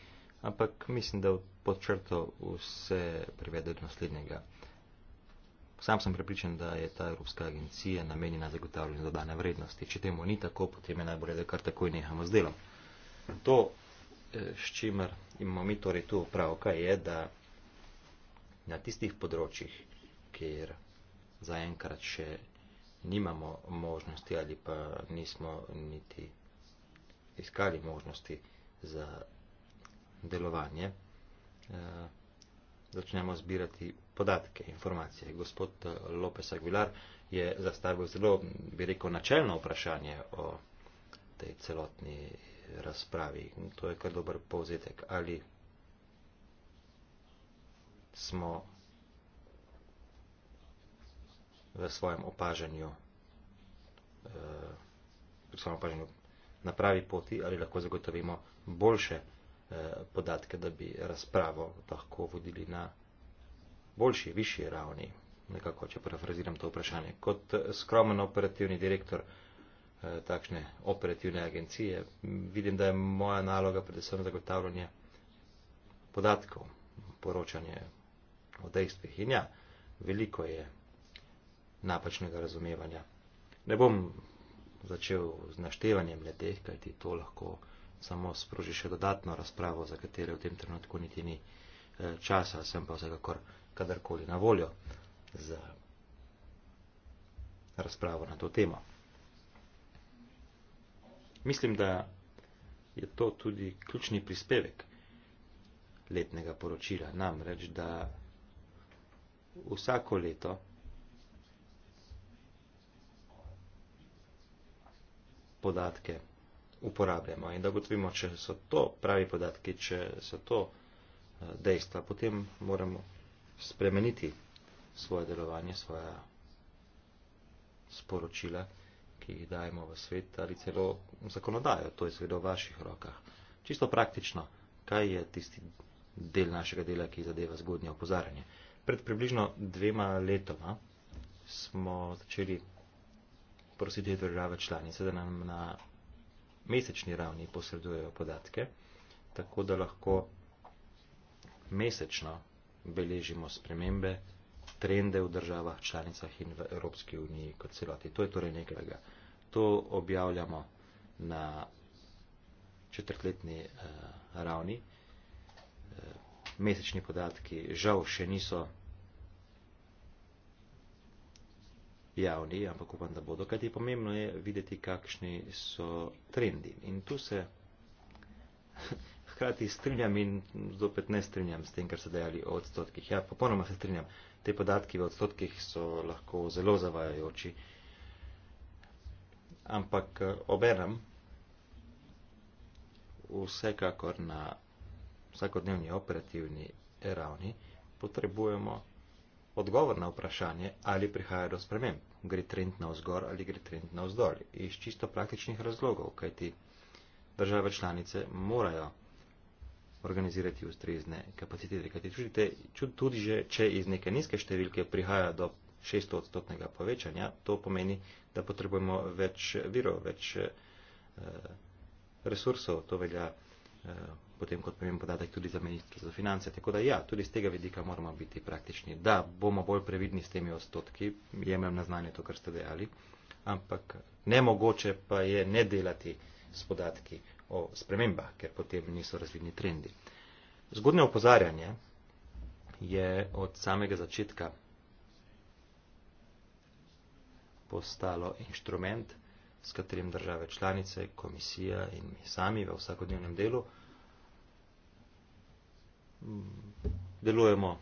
Ampak mislim, da pod črto vse privede do naslednjega. Sam sem prepričan, da je ta Evropska agencija namenjena zagotavljanju dodane vrednosti. Če temu ni tako, potem je najbolje, da kar takoj nehamo z delom. To, eh, s čimer imamo mi torej tu opravka, je, da na tistih področjih, kjer zaenkrat še nimamo možnosti ali pa nismo niti iskali možnosti za delovanje, eh, začnemo zbirati podatke, informacije. Gospod eh, Lopes Aguilar je zastavil zelo, bi rekel, načelno vprašanje o tej celotni razpravi. To je kar dober povzetek. Ali smo v svojem opažanju, pri eh, svojem opažanju na pravi poti ali lahko zagotovimo boljše eh, podatke, da bi razpravo lahko vodili na boljši, višji ravni, nekako, če parafraziram to vprašanje. Kot eh, skromen operativni direktor takšne operativne agencije, vidim, da je moja naloga predvsem zagotavljanje podatkov, poročanje o dejstvih. In ja, veliko je napačnega razumevanja. Ne bom začel z naštevanjem le teh, kajti to lahko samo sproži še dodatno razpravo, za katero v tem trenutku niti ni eh, časa, sem pa vsekakor kadarkoli na voljo za razpravo na to temo. Mislim, da je to tudi ključni prispevek letnega poročila, namreč, da vsako leto podatke uporabljamo in da ugotovimo, če so to pravi podatki, če so to eh, dejstva, potem moramo spremeniti svoje delovanje, svoja sporočila, ki jih dajemo v svet ali celo zakonodajo. To je seveda v vaših rokah. Čisto praktično, kaj je tisti del našega dela, ki zadeva zgodnje opozarjanje. Pred približno dvema letoma smo začeli prosi te države članice, da nam na mesečni ravni posredujejo podatke, tako da lahko mesečno beležimo spremembe, trende v državah članicah in v Evropski uniji kot celoti. To je torej nekaj. To objavljamo na četrtletni eh, ravni. Eh, mesečni podatki žal še niso javni, ampak upam, da bodo, kajti pomembno je videti, kakšni so trendi. In tu se hkrati strinjam in zopet ne strinjam s tem, kar ste dejali o odstotkih. Ja, popolnoma se strinjam. Te podatki v odstotkih so lahko zelo zavajajoči. Ampak eh, oberam vsekakor na vsakodnevni operativni ravni potrebujemo odgovor na vprašanje, ali prihaja do sprememb gre trend na vzgor ali gre trend na vzdol. Iz čisto praktičnih razlogov, kajti države članice morajo organizirati ustrezne kapacitete. Kajti tudi, te, tudi že, če iz neke nizke številke prihaja do 600 odstotnega povečanja, to pomeni, da potrebujemo več virov, več eh, resursov. To velja eh, potem kot pomemben podatek tudi za ministrstvo za finance. Tako da ja, tudi z tega vidika moramo biti praktični. Da, bomo bolj previdni s temi odstotki, jemljem na znanje to, kar ste dejali, ampak nemogoče pa je ne delati s podatki o spremembah, ker potem niso razvidni trendi. Zgodne opozarjanje je od samega začetka postalo inštrument, s katerim države članice, komisija in mi sami v vsakodnevnem delu Mm, delujemo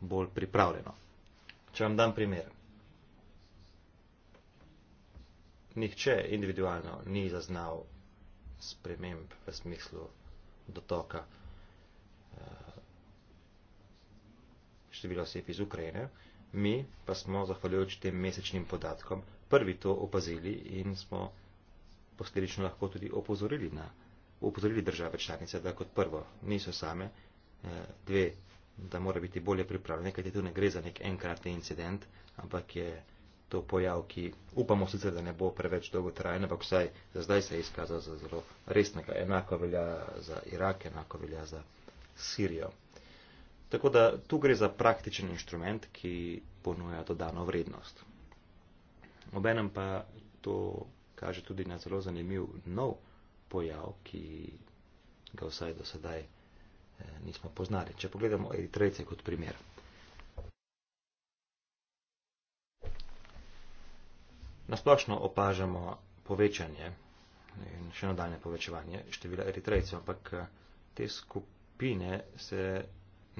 bolj pripravljeno. Če vam dam primer. Nihče individualno ni zaznal sprememb v smislu dotoka eh, število sef iz Ukrajine. Mi pa smo, zahvaljujoč tem mesečnim podatkom, prvi to opazili in smo posledično lahko tudi opozorili, na, opozorili države članice, da kot prvo niso same, Eh, dve, da mora biti bolje pripravljen, kajti tu ne gre za nek enkratni incident, ampak je to pojav, ki upamo sicer, da ne bo preveč dolgotrajen, ampak vsaj za zdaj se je izkazal za zelo resnega. Enako velja za Irak, enako velja za Sirijo. Tako da tu gre za praktičen inštrument, ki ponuja dodano vrednost. Obenem pa to kaže tudi na zelo zanimiv nov pojav, ki ga vsaj do sedaj Eh, nismo poznali. Če pogledamo Eritrejce kot primer. Nasplošno opažamo povečanje in še nadaljne povečevanje števila Eritrejcev, ampak eh, te skupine se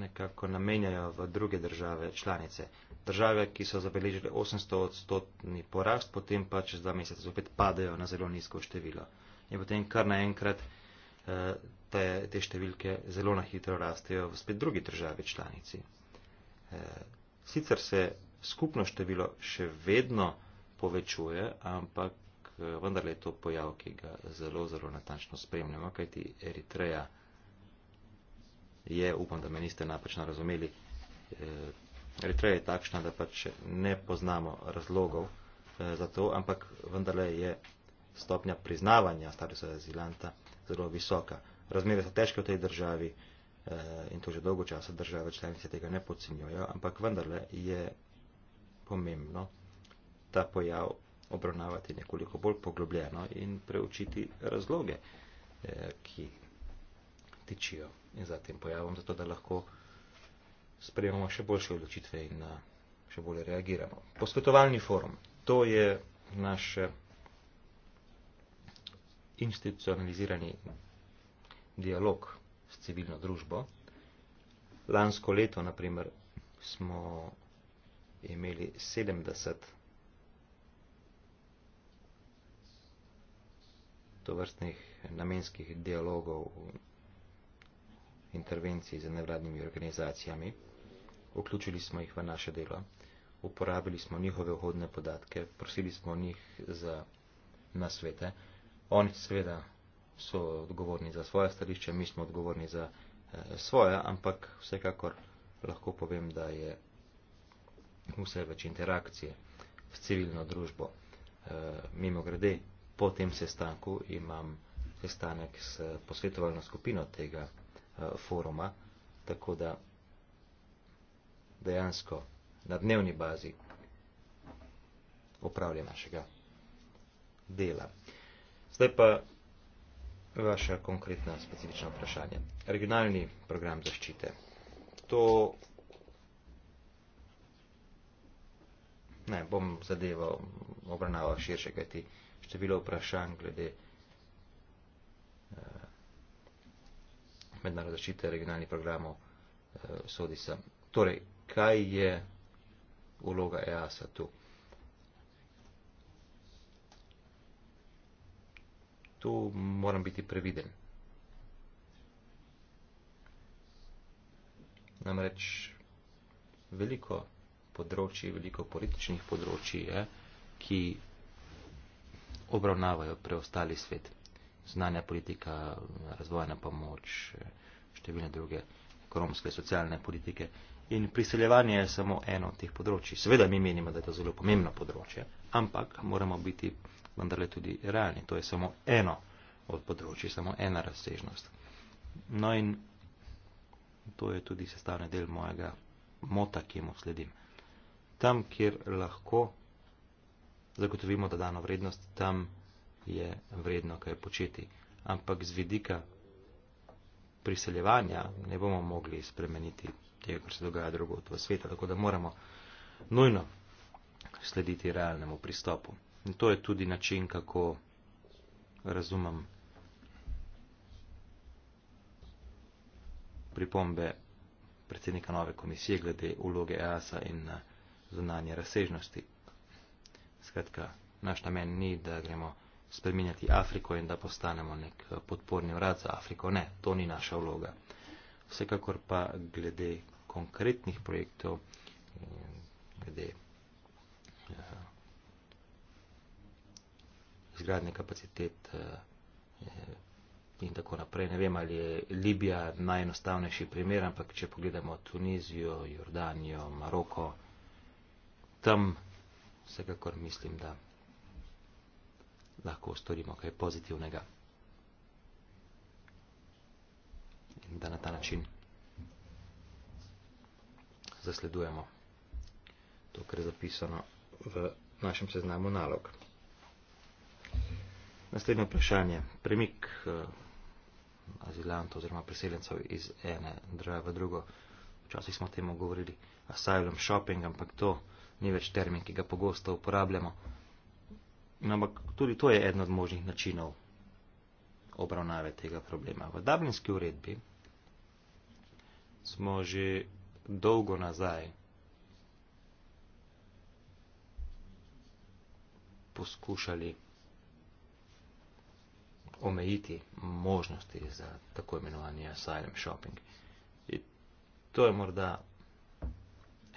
nekako namenjajo v druge države članice. Države, ki so zabeležile 800 odstotni porast, potem pa čez dva meseca zopet padajo na zelo nizko število. In potem kar naenkrat eh, te, te številke zelo na hitro rastejo v spet drugi državi članici. Eh, sicer se skupno število še vedno povečuje, ampak eh, vendarle je to pojav, ki ga zelo, zelo natančno spremljamo, kajti Eritreja je, upam, da me niste napačno razumeli, eh, Eritreja je takšna, da pač ne poznamo razlogov za to, ampak vendarle je stopnja priznavanja starega azilanta zelo visoka razmere so težke v tej državi eh, in to že dolgo časa države članice tega ne podcenjujejo, ampak vendarle je pomembno ta pojav obravnavati nekoliko bolj poglobljeno in preučiti razloge, eh, ki tičijo in za tem pojavom, zato da lahko sprejemamo še boljše odločitve in eh, še bolje reagiramo. Posvetovalni forum, to je naš institucionalizirani dialog s civilno družbo. Lansko leto, naprimer, smo imeli 70 tovrstnih namenskih dialogov, intervencij z nevladnimi organizacijami. Vključili smo jih v naše delo, uporabili smo njihove vhodne podatke, prosili smo njih za nasvete. Oni seveda so odgovorni za svoje stališče, mi smo odgovorni za eh, svoje, ampak vsekakor lahko povem, da je vse več interakcije s civilno družbo. Eh, Mimo grede, po tem sestanku imam sestanek s posvetovalno skupino tega eh, foruma, tako da dejansko na dnevni bazi opravlja našega dela. Zdaj pa vaše konkretno specifično vprašanje. Regionalni program zaščite. To ne, bom zadeval obravnava širše, kaj ti število vprašanj glede eh, mednarodne zaščite regionalnih programov eh, sodi sem. Torej, kaj je vloga EASA tu? tu moram biti previden. Namreč veliko področji, veliko političnih področji je, ki obravnavajo preostali svet. Znanja politika, razvojna pomoč, številne druge ekonomske, socialne politike. In priseljevanje je samo eno od teh področji. Seveda mi menimo, da je to zelo pomembno področje, ampak moramo biti vendarle tudi realni. To je samo eno od področji, samo ena razsežnost. No in to je tudi sestavni del mojega mota, ki mu sledim. Tam, kjer lahko zagotovimo dodano vrednost, tam je vredno kaj početi. Ampak z vidika priseljevanja ne bomo mogli spremeniti tega, kar se dogaja drugot v svetu, tako da moramo nujno slediti realnemu pristopu. In to je tudi način, kako razumem pripombe predsednika nove komisije glede uloge EASA in eh, zunanje razsežnosti. Skratka, naš namen ni, da gremo spreminjati Afriko in da postanemo nek eh, podporni vrat za Afriko. Ne, to ni naša vloga. Vsekakor pa glede konkretnih projektov, glede eh, izgradnje kapacitet eh, eh, in tako naprej. Ne vem, ali je Libija najenostavnejši primer, ampak če pogledamo Tunizijo, Jordanijo, Maroko, tam vsekakor mislim, da lahko ustvarimo kaj pozitivnega. In da na ta način zasledujemo to, kar je zapisano v našem seznamu nalog. Naslednje vprašanje. Premik eh, azilantov oziroma priseljencev iz ene države v drugo. Včasih smo temu govorili asylum shopping, ampak to ni več termin, ki ga pogosto uporabljamo. In no, ampak tudi to je eden od možnih načinov obravnave tega problema. V Dublinski uredbi smo že dolgo nazaj poskušali omejiti možnosti za tako imenovani asylum shopping. In to je morda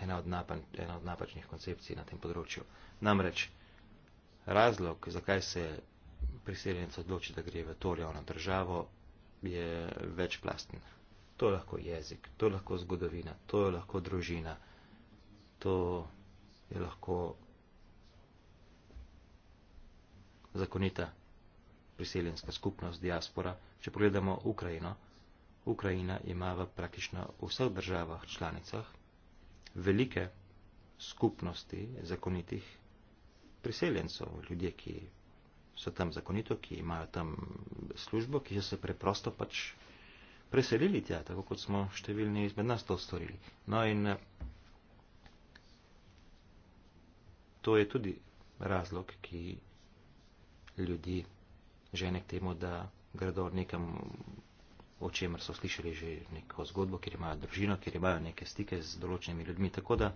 ena od, napan, ena od napačnih koncepcij na tem področju. Namreč razlog, zakaj se priseljenec odloči, da gre v to ali ono državo, je večplasten. To je lahko jezik, to je lahko zgodovina, to je lahko družina, to je lahko zakonita priseljenska skupnost, diaspora, če pogledamo Ukrajino, Ukrajina ima v praktično vseh državah članicah velike skupnosti zakonitih priseljencev, ljudje, ki so tam zakonito, ki imajo tam službo, ki so se preprosto pač preselili tja, tako kot smo številni izmed nas to storili. No in eh, to je tudi razlog, ki ljudi žene k temu, da gredo nekam, o čemer so slišali že neko zgodbo, kjer imajo družino, kjer imajo neke stike z določenimi ljudmi, tako da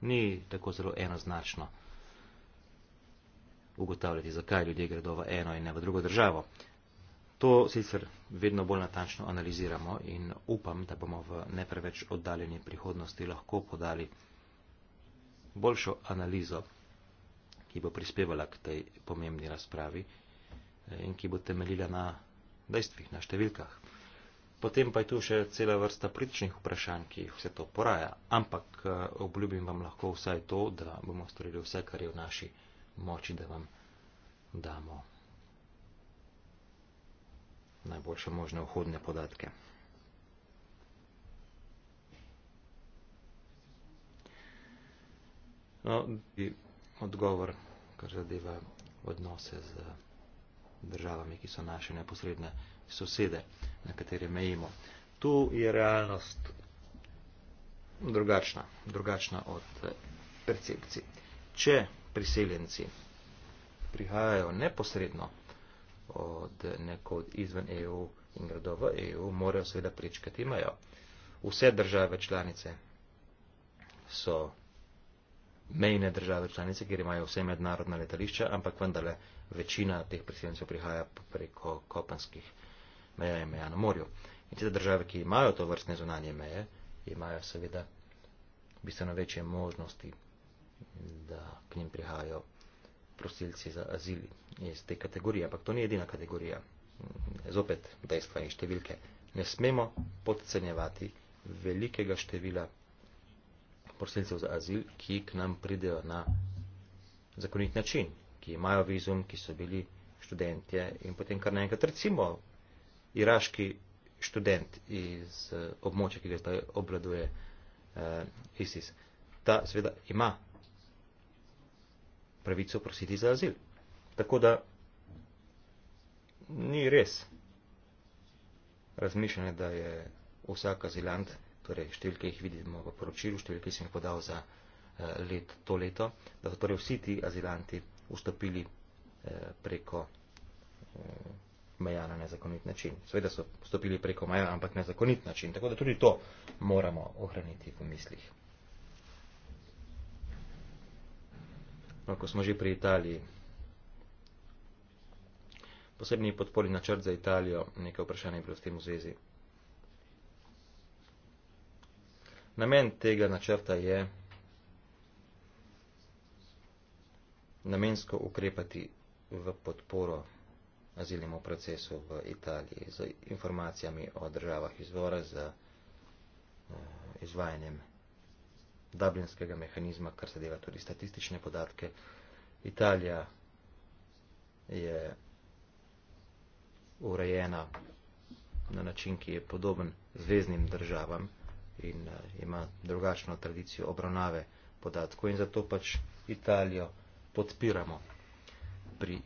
ni tako zelo enoznačno ugotavljati, zakaj ljudje gredo v eno in ne v drugo državo. To sicer vedno bolj natančno analiziramo in upam, da bomo v ne preveč oddaljeni prihodnosti lahko podali boljšo analizo, ki bo prispevala k tej pomembni razpravi in ki bo temeljila na dejstvih, na številkah. Potem pa je tu še cela vrsta pričnih vprašanj, ki jih vse to poraja, ampak eh, obljubim vam lahko vsaj to, da bomo storili vse, kar je v naši moči, da vam damo najboljše možne vhodne podatke. No, odgovor, kar zadeva odnose z državami, ki so naše neposredne sosede, na katere mejimo. Tu je realnost drugačna, drugačna od eh, percepcij. Če priseljenci prihajajo neposredno od nekod izven EU in gredo v EU, morajo seveda prečkati, imajo vse države članice so mejne države članice, kjer imajo vse mednarodna letališča, ampak vendarle večina teh priseljencev prihaja preko kopanskih meja in meja na morju. In tiste države, ki imajo to vrstne zunanje meje, imajo seveda bistveno večje možnosti, da k njim prihajajo prosilci za azil iz te kategorije. Ampak to ni edina kategorija. Zopet dejstva in številke. Ne smemo podcenjevati velikega števila prosilcev za azil, ki k nam pridejo na zakonit način, ki imajo vizum, ki so bili študentje in potem kar naenkrat recimo iraški študent iz eh, območja, ki ga zdaj obladuje eh, ISIS. Ta seveda ima pravico prositi za azil. Tako da ni res razmišljanje, da je vsak azilant torej številke jih vidimo v poročilu, številke sem jih podal za eh, let, to leto, da so torej vsi ti azilanti vstopili eh, preko eh, meja na nezakonit način. Seveda so vstopili preko meja, ampak na nezakonit način. Tako da tudi to moramo ohraniti v mislih. No, ko smo že pri Italiji, posebni podporni načrt za Italijo, nekaj vprašanje je bilo s tem v zvezi. Namen tega načrta je namensko ukrepati v podporo azilnemu procesu v Italiji z informacijami o državah izvora za eh, izvajanjem dublinskega mehanizma, kar se deva tudi statistične podatke. Italija je urejena na način, ki je podoben zveznim državam, in eh, ima drugačno tradicijo obravnave podatkov in zato pač Italijo podpiramo pri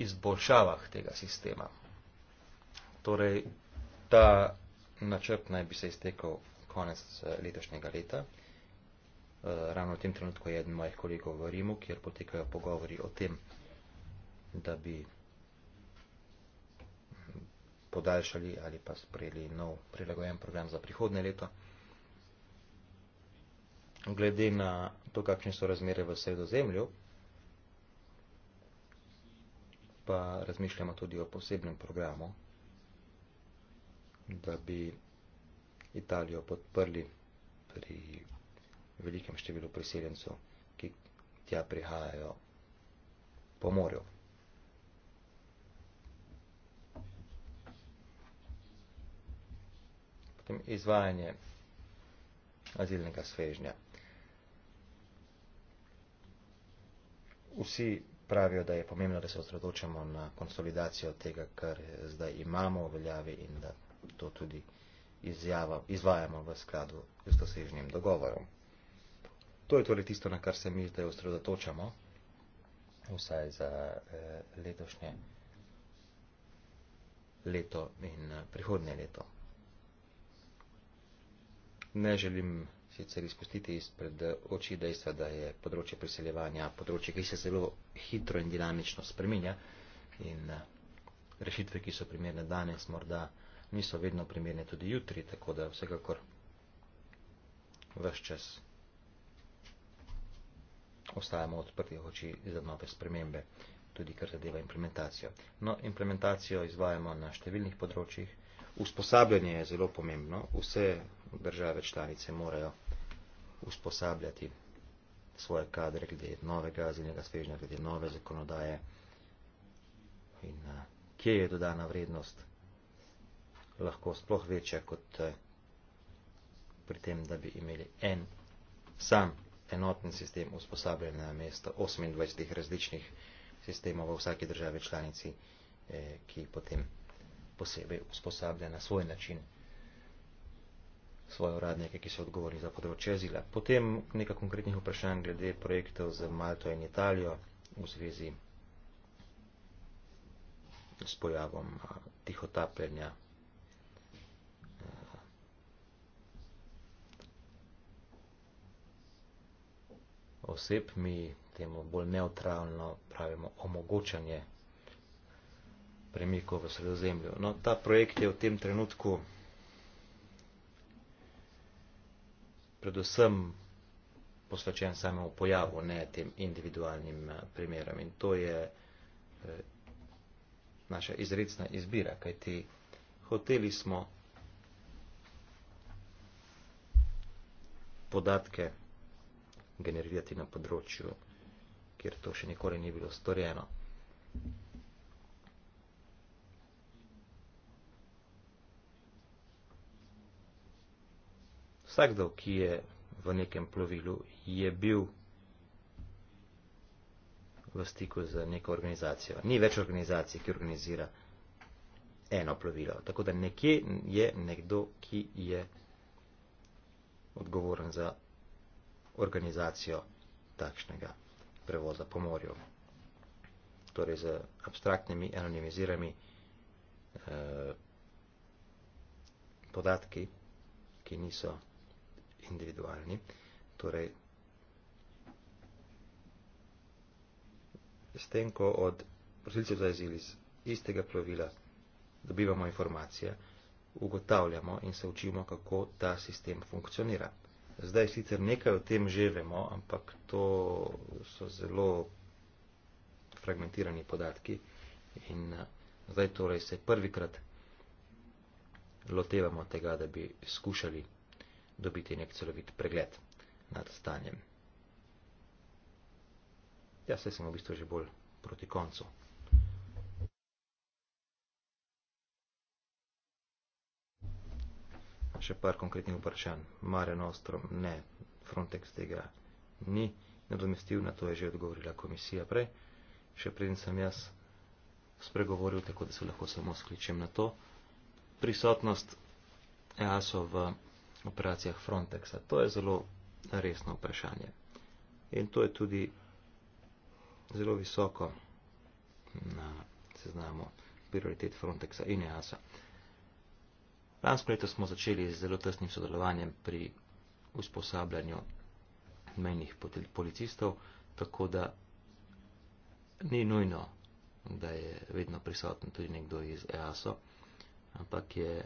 izboljšavah tega sistema. Torej, ta načrt naj bi se iztekel konec eh, letošnjega leta. Eh, ravno v tem trenutku je eden mojih kolegov v Rimu, kjer potekajo pogovori o tem, da bi podaljšali ali pa sprejeli nov prilagojen program za prihodne leto. Glede na to, kakšne so razmere v sredozemlju, pa razmišljamo tudi o posebnem programu, da bi Italijo podprli pri velikem številu priseljencev, ki tja prihajajo po morju. zahtjem izvajanje azilnega svežnja. Vsi pravijo, da je pomembno, da se osredočamo na konsolidacijo tega, kar zdaj imamo v veljavi in da to tudi izjava, izvajamo v skladu z dosežnim dogovorom. To je torej tisto, na kar se mi zdaj osredotočamo, vsaj za eh, letošnje leto in eh, prihodnje leto. Ne želim sicer izpustiti izpred oči dejstva, da je področje priseljevanja področje, ki se zelo hitro in dinamično spreminja in eh, rešitve, ki so primerne danes, morda niso vedno primerne tudi jutri, tako da vsekakor vse čas ostajamo odprti oči za nove spremembe, tudi kar zadeva implementacijo. No, implementacijo izvajamo na številnih področjih, usposabljanje je zelo pomembno, vse države članice morajo usposabljati svoje kadre glede novega azilnega svežnja, glede nove zakonodaje in eh, kje je dodana vrednost lahko sploh večja kot eh, pri tem, da bi imeli en sam enoten sistem usposabljanja na mesto 28 različnih sistemov v vsaki državi članici, eh, ki potem posebej usposablja na svoj način svoje uradnike, ki so odgovorni za področje azila. Potem nekaj konkretnih vprašanj glede projektov z Malto in Italijo v zvezi s pojavom tihotapljenja oseb. Mi temu bolj neutralno pravimo omogočanje premikov v sredozemlju. No, ta projekt je v tem trenutku predvsem posvečen samemu pojavu, ne tem individualnim eh, primerom. In to je eh, naša izredna izbira, kajti hoteli smo podatke generirati na področju, kjer to še nikoli ni bilo storjeno. Vsakdo, ki je v nekem plovilu, je bil v stiku z neko organizacijo. Ni več organizacij, ki organizira eno plovilo. Tako da nekje je nekdo, ki je odgovoren za organizacijo takšnega prevoza po morju. Torej z abstraktnimi, anonimiziranimi eh, podatki, ki niso individualni. Torej, s tem, ko od prosilcev za azil iz istega plovila dobivamo informacije, ugotavljamo in se učimo, kako ta sistem funkcionira. Zdaj sicer nekaj o tem že vemo, ampak to so zelo fragmentirani podatki in eh, zdaj torej se prvikrat lotevamo tega, da bi skušali dobiti nek celovit pregled nad stanjem. Ja, sedaj sem v bistvu že bolj proti koncu. Še par konkretnih vprašanj. Marjan Ostrom, ne, Frontex tega ni nadomestil, na to je že odgovorila komisija prej. Še preden sem jaz spregovoril, tako da se lahko samo skličem na to. Prisotnost EASO v operacijah Frontexa. To je zelo resno vprašanje. In to je tudi zelo visoko na seznamu prioritet Frontexa in EASA. Lansko leto smo začeli z zelo tesnim sodelovanjem pri usposabljanju mejnih policistov, tako da ni nujno, da je vedno prisoten tudi nekdo iz EASO, ampak je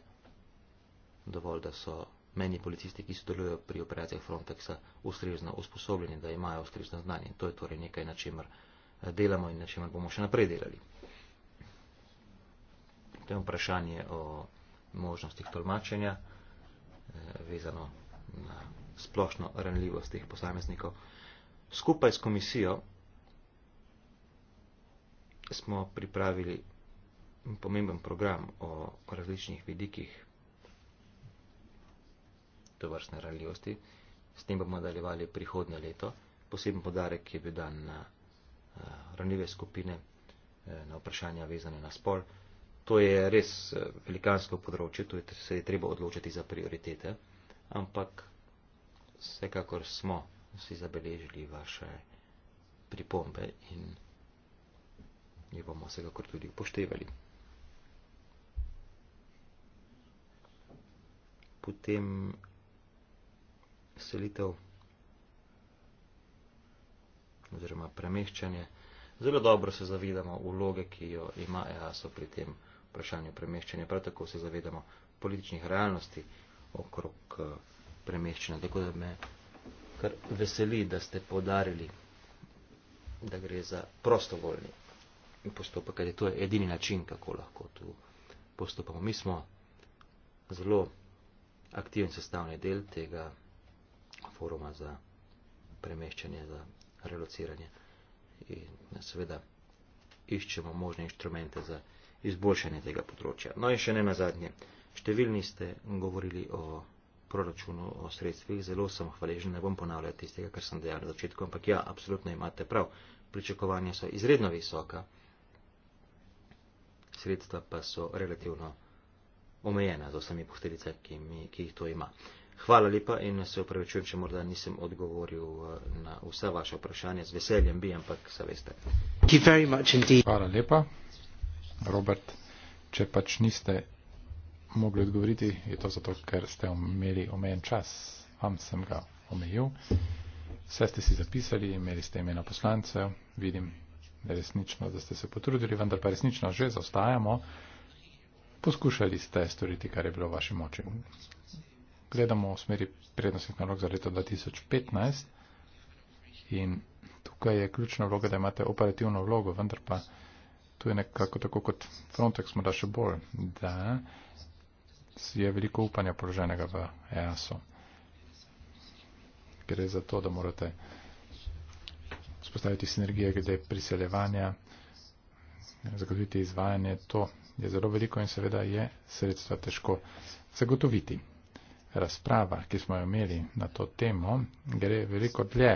dovolj, da so meni policisti, ki sodelujejo pri operacijah Frontexa, ustrezno usposobljeni, da imajo ustrezno znanje. To je torej nekaj, na čemer eh, delamo in na čemer bomo še naprej delali. To je vprašanje o možnostih tolmačenja, eh, vezano na splošno ranljivost teh posameznikov. Skupaj s komisijo smo pripravili pomemben program o različnih vidikih to vrstne ranljivosti. S tem bomo nadaljevali prihodne leto. Poseben podarek je bil dan na eh, ranljive skupine, eh, na vprašanja vezane na spol. To je res eh, velikansko področje, tu se je treba odločiti za prioritete, ampak vsekakor smo vsi zabeležili vaše pripombe in jih bomo vsekakor tudi upoštevali. Potem selitev oziroma premeščanje. Zelo dobro se zavedamo vloge, ki jo ima EASO pri tem vprašanju premeščanja. Prav tako se zavedamo političnih realnosti okrog eh, premeščanja. Tako da me kar veseli, da ste podarili, da gre za prostovoljni postopek, ker je to edini način, kako lahko tu postopamo. Mi smo zelo aktiven sestavni del tega foruma za premeščanje, za relociranje. In ja, seveda iščemo možne inštrumente za izboljšanje tega področja. No in še ne na zadnje. Številni ste govorili o proračunu, o sredstvih. Zelo sem hvaležen, ne bom ponavljal tistega, kar sem dejal na začetku, ampak ja, absolutno imate prav. Pričakovanja so izredno visoka, sredstva pa so relativno omejena z vsemi posledicami, ki, ki jih to ima. Hvala lepa in se upravičujem, če morda nisem odgovoril eh, na vsa vaša vprašanja. Z veseljem bi, ampak se veste. Hvala lepa, Robert. Če pač niste mogli odgovoriti, je to zato, ker ste imeli omejen čas. Vam sem ga omejil. Vse ste si zapisali, imeli ste imena poslancev. Vidim resnično, da ste se potrudili, vendar pa resnično že zaostajamo. Poskušali ste storiti, kar je bilo v vaši moči gledamo v smeri prednostnih nalog za leto 2015 in tukaj je ključna vloga, da imate operativno vlogo, vendar pa tu je nekako tako kot Frontex morda še bolj, da je veliko upanja položenega v EASO. Gre za to, da morate spostaviti sinergije glede priseljevanja, zagotoviti izvajanje, to je zelo veliko in seveda je sredstva težko zagotoviti razprava, ki smo jo imeli na to temo, gre veliko dlje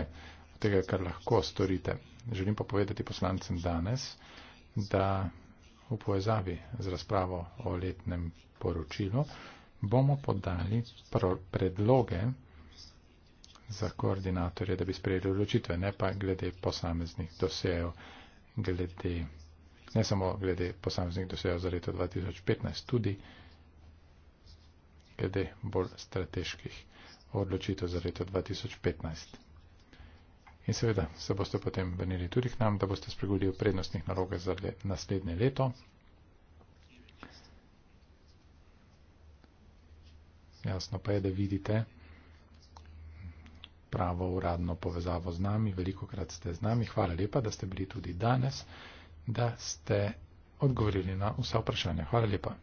od tega, kar lahko storite. Želim pa povedati poslancem danes, da v povezavi z razpravo o letnem poročilu bomo podali predloge za koordinatorje, da bi sprejeli odločitve, ne pa glede posameznih dosejev, glede, ne samo glede posameznih dosejev za leto 2015, tudi glede bolj strateških odločitev za leto 2015. In seveda se boste potem vrnili tudi k nam, da boste spregovorili o prednostnih nalogah za le, naslednje leto. Jasno pa je, da vidite pravo uradno povezavo z nami, veliko krat ste z nami. Hvala lepa, da ste bili tudi danes, da ste odgovorili na vsa vprašanja. Hvala lepa.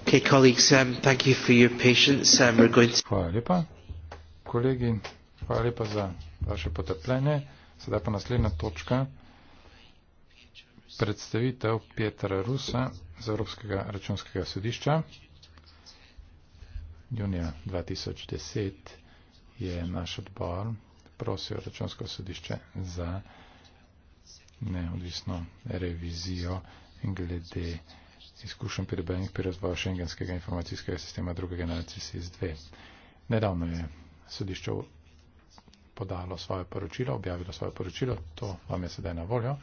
Okay, colleagues, um, thank you for your patience. Um, we're going to... Hvala lepa, kolegi. Hvala lepa za vaše potrpljenje. Sedaj pa naslednja točka. Predstavitev Petra Rusa z Evropskega računskega sodišča. Junija 2010 je naš odbor prosil računsko sodišče za neodvisno revizijo glede izkušenj pridobljenih pri razvoju šengenskega informacijskega sistema druge generacije SIS-2. Nedavno je sodišče podalo svoje poročilo, objavilo svoje poročilo, to vam je sedaj na voljo.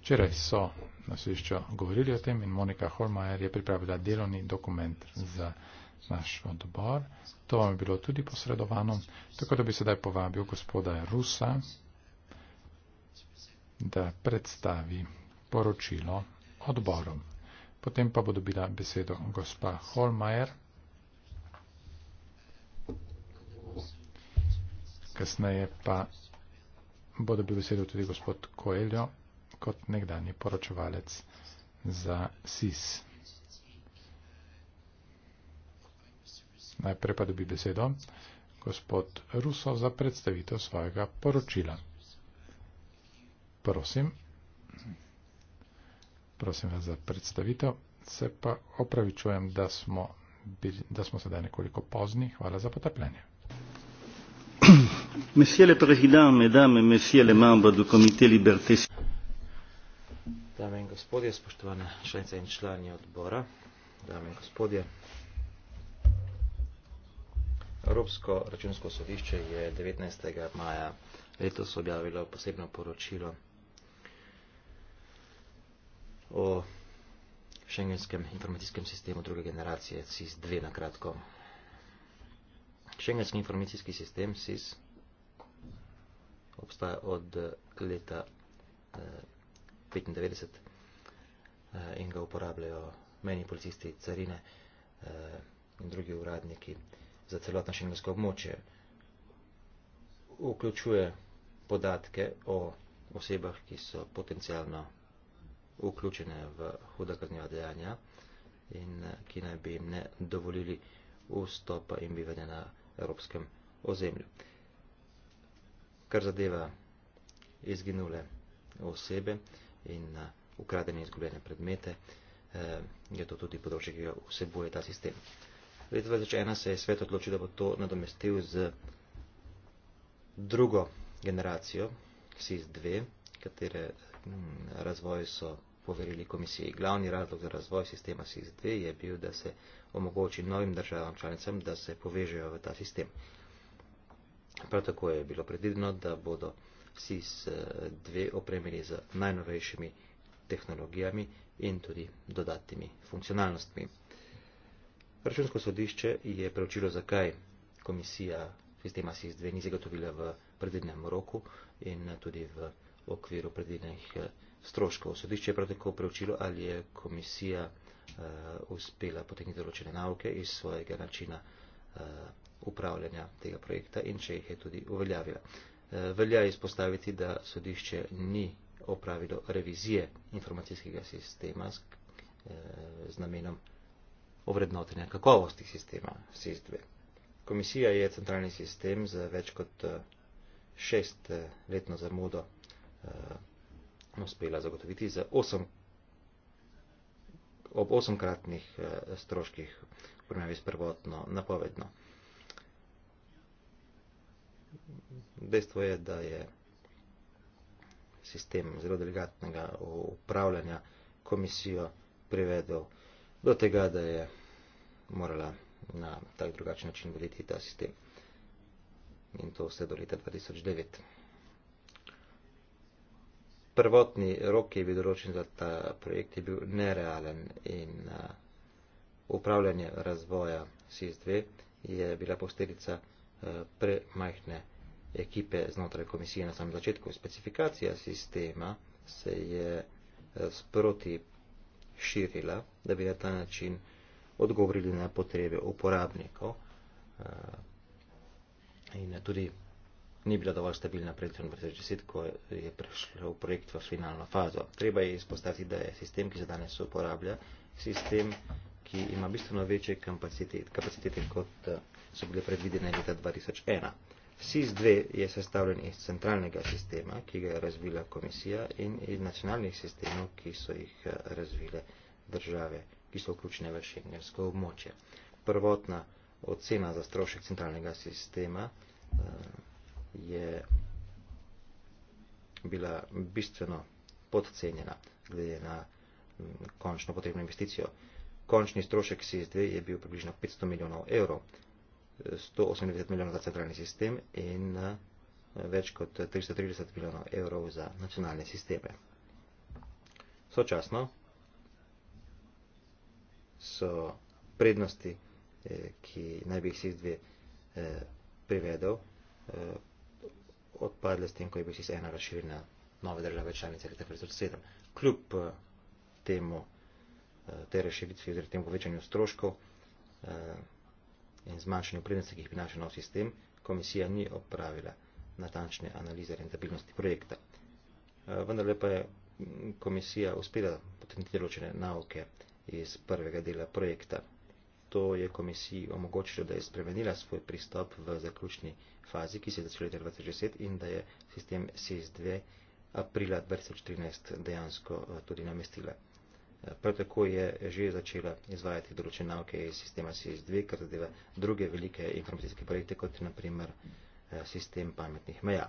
Včeraj so na sodišču govorili o tem in Monika Holmajer je pripravila delovni dokument za naš odbor. To vam je bilo tudi posredovano, tako da bi sedaj povabil gospoda Rusa, da predstavi poročilo odborom. Potem pa bo dobila besedo gospa Holmajer. Kasneje pa bo dobil besedo tudi gospod Koeljo kot nekdani poročevalec za SIS. Najprej pa dobi besedo gospod Ruso za predstavitev svojega poročila. Prosim prosim vas za predstavitev. Se pa opravičujem, da smo, bili, da smo sedaj nekoliko pozni. Hvala za potrpljenje. Monsieur le Président, mesdames et messieurs les membres du Comité Liberté. Dame in gospodje, spoštovane članice in člani odbora, dame in gospodje, Evropsko računsko sodišče je 19. maja letos objavilo posebno poročilo o šengenskem informacijskem sistemu druge generacije CIS-2 na kratko. Šengenski informacijski sistem CIS obstaja od leta 1995 eh, eh, in ga uporabljajo meni policisti carine eh, in drugi uradniki za celotno šengensko območje. Vključuje podatke o osebah, ki so potencijalno vsega vključene v huda kaznjiva dejanja in ki naj bi jim ne dovolili vstopa in bivanja na evropskem ozemlju. Kar zadeva izginule osebe in ukradene in izgubljene predmete, eh, je to tudi področje, ki ga vsebuje ta sistem. Leta 2001 se je svet odločil, da bo to nadomestil z drugo generacijo, SIS-2, katere hm, razvoj so poverili komisiji. Glavni razlog za razvoj sistema SIS-2 je bil, da se omogoči novim državam članicam, da se povežejo v ta sistem. Prav tako je bilo predvideno, da bodo SIS-2 opremili z najnovejšimi tehnologijami in tudi dodatnimi funkcionalnostmi. Računsko sodišče je preučilo, zakaj komisija sistema SIS-2 ni zagotovila v predvidenem roku in tudi v okviru predvidenih eh, stroškov. Sodišče je prav tako preučilo, ali je komisija uh, uspela potegniti določene nauke iz svojega načina uh, upravljanja tega projekta in če jih je tudi uveljavila. Uh, velja izpostaviti, da sodišče ni opravilo revizije informacijskega sistema z, uh, z namenom ovrednotenja kakovosti sistema SIS-2. Komisija je centralni sistem za več kot šest letno zamudo uh, uspela zagotoviti z osem, ob osemkratnih eh, stroških v primerjavi s prvotno napovedno. Dejstvo je, da je sistem zelo delegatnega upravljanja komisijo privedel do tega, da je morala na tak drugačen način voditi ta sistem. In to vse do leta 2009 prvotni rok, ki je bil določen za ta projekt, je bil nerealen in uh, upravljanje razvoja SIS-2 je bila posledica uh, premajhne ekipe znotraj komisije na samem začetku. Specifikacija sistema se je uh, sproti širila, da bi na ta način odgovorili na potrebe uporabnikov uh, in tudi ni bila dovolj stabilna pred 2010, ko je prišel projekt v finalno fazo. Treba je izpostaviti, da je sistem, ki se danes uporablja, sistem, ki ima bistveno večje kapacitete, kapacitete kot eh, so bile predvidene leta 2001. SIS-2 je sestavljen iz centralnega sistema, ki ga je razvila komisija, in iz nacionalnih sistemov, ki so jih eh, razvile države, ki so vključene v šengensko območje. Prvotna ocena za strošek centralnega sistema eh, je bila bistveno podcenjena glede na mm, končno potrebno investicijo. Končni strošek SIS-2 je bil približno 500 milijonov evrov, 180 milijonov za centralni sistem in eh, več kot 330 milijonov evrov za nacionalne sisteme. Sočasno so prednosti, eh, ki naj bi jih SIS-2 eh, privedel, odprle s tem, ko je BSIS ena razširila na nove države članice leta 2007. Kljub eh, temu, eh, te razširitvi oziroma temu povečanju stroškov eh, in zmanjšanju prednosti, ki jih prinaša nov sistem, komisija ni opravila natančne analize rentabilnosti projekta. Vendar pa je mm, komisija uspela potrebiti določene nauke iz prvega dela projekta to je komisiji omogočilo, da je spremenila svoj pristop v zaključni fazi, ki se je začela leta 2010 in da je sistem SIS-2 aprila 2014 dejansko eh, tudi namestila. Eh, prav tako je že začela izvajati določene nauke iz sistema SIS-2, kar zadeva druge velike informacijske projekte, kot je naprimer eh, sistem pametnih meja.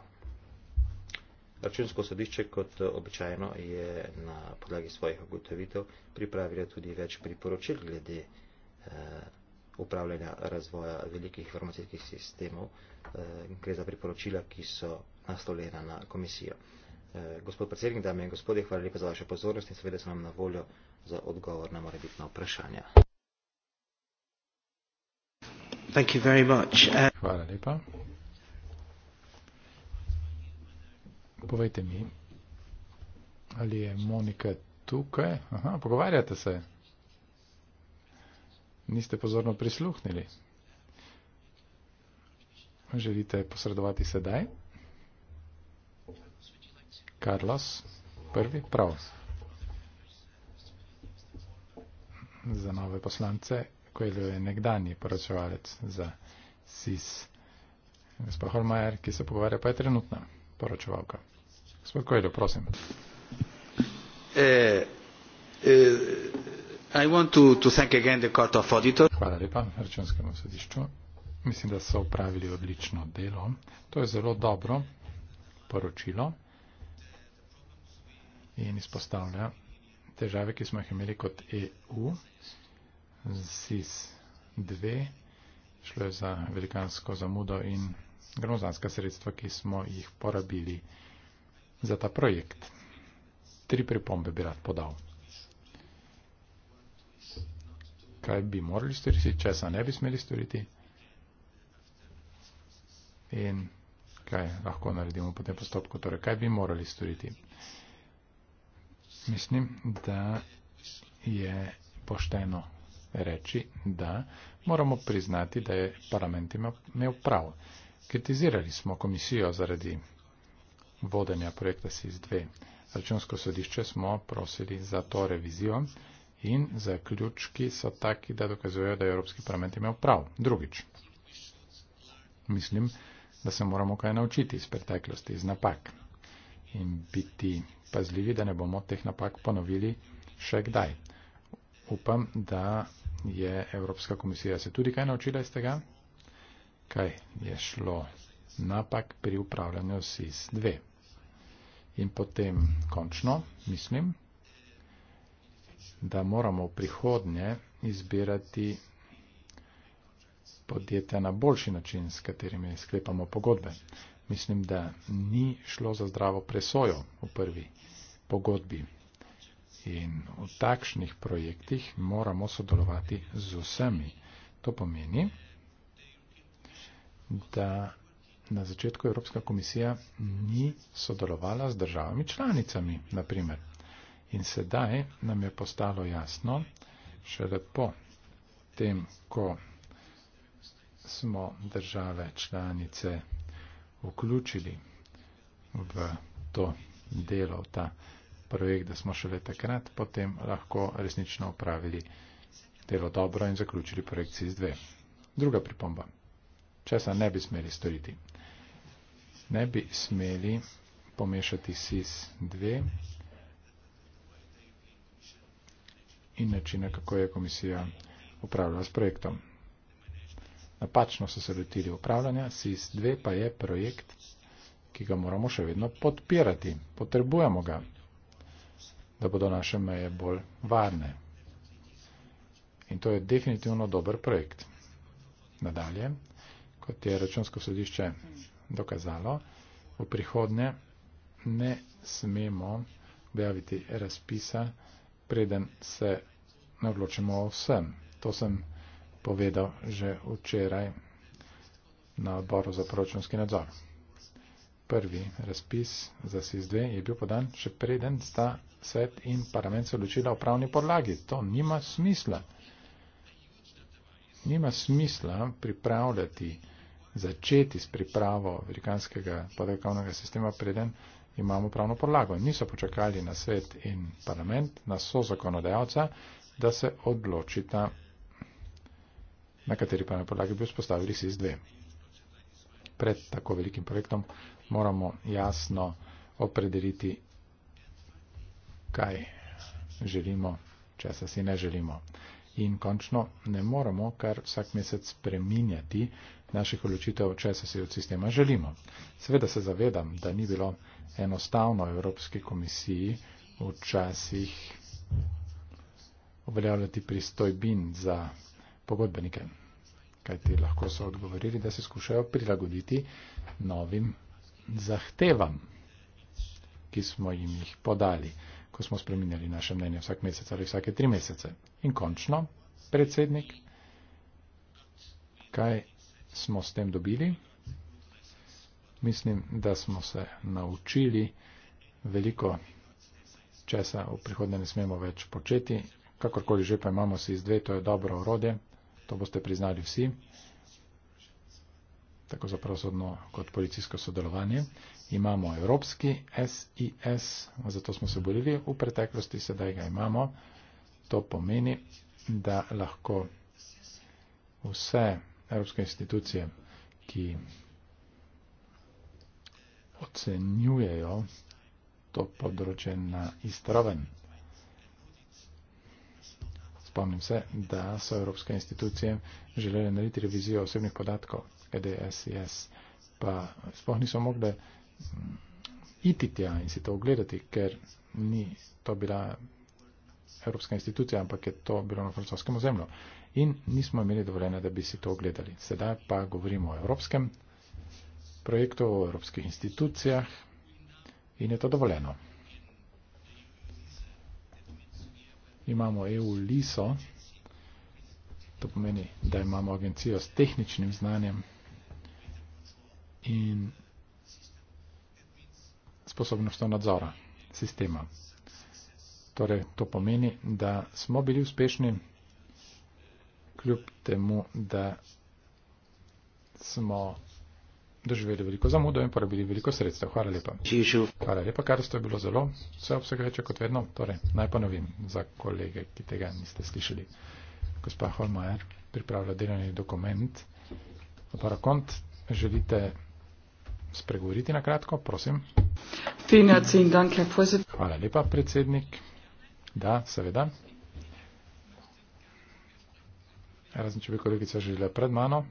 Računsko sodišče, kot običajno, je na podlagi svojih ugotovitev pripravila tudi več priporočil glede Eh, upravljanja razvoja velikih informacijskih sistemov. Eh, gre za priporočila, ki so naslovljena na komisijo. Eh, gospod predsednik, dame in gospodje, hvala lepa za vašo pozornost in seveda sem vam na voljo za odgovor na morebitna vprašanja. Thank you very much. Uh, hvala lepa. Povejte mi, ali je Monika tukaj? Aha, pogovarjate se niste pozorno prisluhnili. Želite posredovati sedaj? Carlos, prvi, prav. Za nove poslance, ko je nekdani poročevalec za SIS. Gospod Holmajer, ki se pogovarja, pa je trenutna poročevalka. Gospod Kojlo, prosim. E, e, hvala lepa računskemu sodišču mislim da so upravili odlično delo to je zelo dobro poročilo in izpostavlja težave ki smo jih imeli kot EU ZIS 2 šlo je za velikansko zamudo in gromozanska sredstva ki smo jih porabili za ta projekt tri pripombe bi rad podal kaj bi morali storiti, česa ne bi smeli storiti in kaj lahko naredimo po tem postopku, torej kaj bi morali storiti. Mislim, da je pošteno reči, da moramo priznati, da je parlament imel prav. Kritizirali smo komisijo zaradi vodenja projekta SIS-2. Računsko sodišče smo prosili za to revizijo. In zaključki so taki, da dokazujejo, da je Evropski parlament imel prav. Drugič, mislim, da se moramo kaj naučiti iz preteklosti, iz napak. In biti pazljivi, da ne bomo teh napak ponovili še kdaj. Upam, da je Evropska komisija se tudi kaj naučila iz tega, kaj je šlo napak pri upravljanju SIS-2. In potem končno, mislim, da moramo v prihodnje izbirati podjetja na boljši način, s katerimi sklepamo pogodbe. Mislim, da ni šlo za zdravo presojo v prvi pogodbi. In v takšnih projektih moramo sodelovati z vsemi. To pomeni, da na začetku Evropska komisija ni sodelovala z državami članicami, naprimer. In sedaj nam je postalo jasno, šele po tem, ko smo države članice vključili v to delo, v ta projekt, da smo šele takrat potem lahko resnično upravili delo dobro in zaključili projekt CIS-2. Druga pripomba. Česa ne bi smeli storiti? Ne bi smeli pomešati CIS-2 in načina, kako je komisija upravljala s projektom. Napačno so se lotili upravljanja, SIS-2 pa je projekt, ki ga moramo še vedno podpirati. Potrebujemo ga, da bodo naše meje bolj varne. In to je definitivno dober projekt. Nadalje, kot je računsko sodišče dokazalo, v prihodnje ne smemo objaviti razpisa, preden se ne odločimo o vsem. To sem povedal že včeraj na odboru za proračunski nadzor. Prvi razpis za SIS-2 je bil podan še preden sta svet in parlament se odločila o pravni podlagi. To nima smisla. Nima smisla pripravljati, začeti s pripravo velikanskega podatkovnega sistema, preden imamo pravno podlago. Niso počakali na svet in parlament, na so zakonodajalca, da se odločita, na kateri pravni podlagi bi vzpostavili SIS-2. Pred tako velikim projektom moramo jasno opredeliti, kaj želimo, česa si ne želimo. In končno ne moremo kar vsak mesec preminjati naših odločitev, če se si od sistema želimo. Seveda se zavedam, da ni bilo enostavno Evropski komisiji včasih uveljavljati pristojbin za pogodbenike, kaj ti lahko so odgovorili, da se skušajo prilagoditi novim zahtevam, ki smo jim jih podali, ko smo spreminjali naše mnenje vsak mesec ali vsake tri mesece. In končno, predsednik, kaj smo s tem dobili? Mislim, da smo se naučili veliko česa v prihodnje ne smemo več početi kakorkoli že pa imamo si iz dve, to je dobro orodje, to boste priznali vsi, tako za pravosodno kot policijsko sodelovanje. Imamo evropski SIS, zato smo se borili v preteklosti, sedaj ga imamo. To pomeni, da lahko vse evropske institucije, ki ocenjujejo to področje na istraven. Spomnim se, da so evropske institucije želeli narediti revizijo osebnih podatkov, EDSIS, pa sploh niso mogli mm, iti tja in si to ogledati, ker ni to bila evropska institucija, ampak je to bilo na francoskem ozemlju. In nismo imeli dovoljena, da bi si to ogledali. Sedaj pa govorimo o evropskem projektu, o evropskih institucijah in je to dovoljeno. imamo EU-LISO, to pomeni, da imamo agencijo s tehničnim znanjem in sposobnostjo nadzora sistema. Torej, to pomeni, da smo bili uspešni kljub temu, da smo doživeli veliko zamudo in porabili veliko sredstev. Hvala lepa. Hvala lepa, kar ste bilo zelo vseobsegajoče kot vedno. Torej, naj ponovim za kolege, ki tega niste slišali. Gospa Holmajer pripravlja delani dokument. Opara kont, želite spregovoriti na kratko, prosim. Hvala lepa, predsednik. Da, seveda. Razen, če bi kolegica želela pred mano.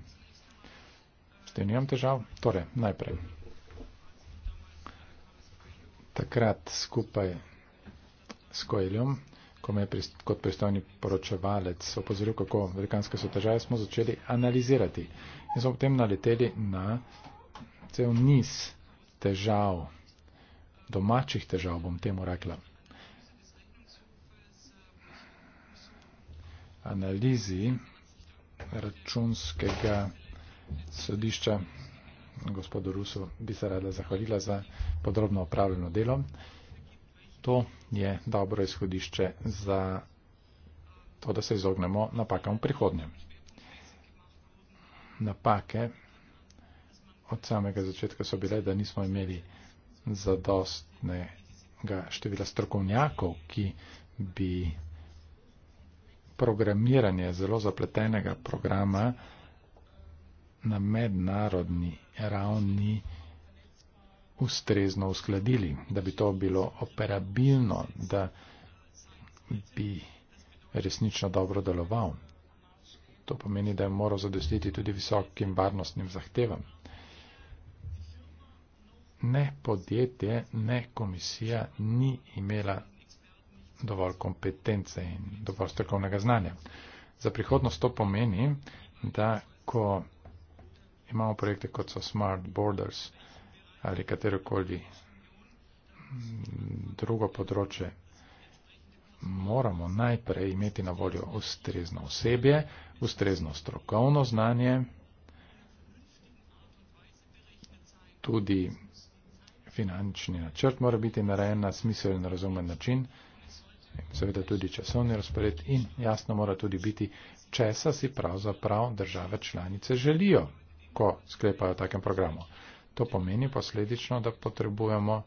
S tem nimam težav. Torej, najprej. Takrat skupaj s Koeljom, ko me je kot pristojni poročevalec opozoril, kako velikanske so težave, smo začeli analizirati. In smo potem naleteli na cel niz težav, domačih težav, bom temu rekla. Analizi računskega sodišča, gospodu Rusu, bi se rada zahvalila za podrobno opravljeno delo. To je dobro izhodišče za to, da se izognemo napakam v prihodnjem. Napake od samega začetka so bile, da nismo imeli zadostnega števila strokovnjakov, ki bi programiranje zelo zapletenega programa na mednarodni ravni ustrezno uskladili, da bi to bilo operabilno, da bi resnično dobro deloval. To pomeni, da je moral zadostiti tudi visokim varnostnim zahtevam. Ne podjetje, ne komisija ni imela dovolj kompetence in dovolj strokovnega znanja. Za prihodnost to pomeni, da ko imamo projekte kot so Smart Borders ali katerokoli drugo področje, moramo najprej imeti na voljo ustrezno osebje, ustrezno strokovno znanje, tudi finančni načrt mora biti narejen na smiseln, razumen način, seveda tudi časovni razpored in jasno mora tudi biti, česa si pravzaprav države članice želijo ko sklepajo takem programu. To pomeni posledično, da potrebujemo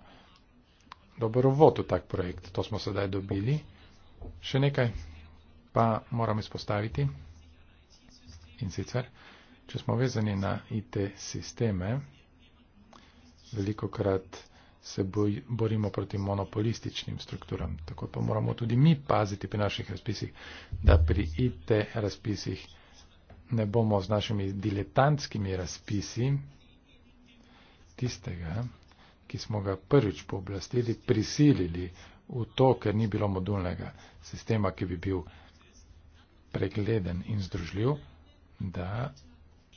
dober vod v tak projekt. To smo sedaj dobili. Še nekaj pa moram izpostaviti. In sicer, če smo vezani na IT sisteme, veliko krat se boj, borimo proti monopolističnim strukturam. Tako pa moramo tudi mi paziti pri naših razpisih, da pri IT razpisih ne bomo z našimi diletantskimi razpisi tistega, ki smo ga prvič pooblastili, prisilili v to, ker ni bilo modulnega sistema, ki bi bil pregleden in združljiv, da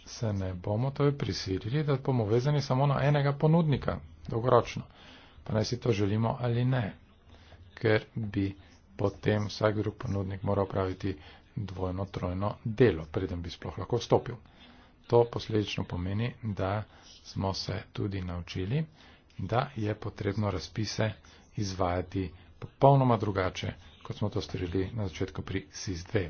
se ne bomo to torej prisilili, da bomo vezani samo na enega ponudnika, dolgoročno. Pa naj si to želimo ali ne, ker bi potem vsak drug ponudnik moral praviti dvojno, trojno delo, preden bi sploh lahko stopil. To posledično pomeni, da smo se tudi naučili, da je potrebno razpise izvajati popolnoma drugače, kot smo to storili na začetku pri SIS-2.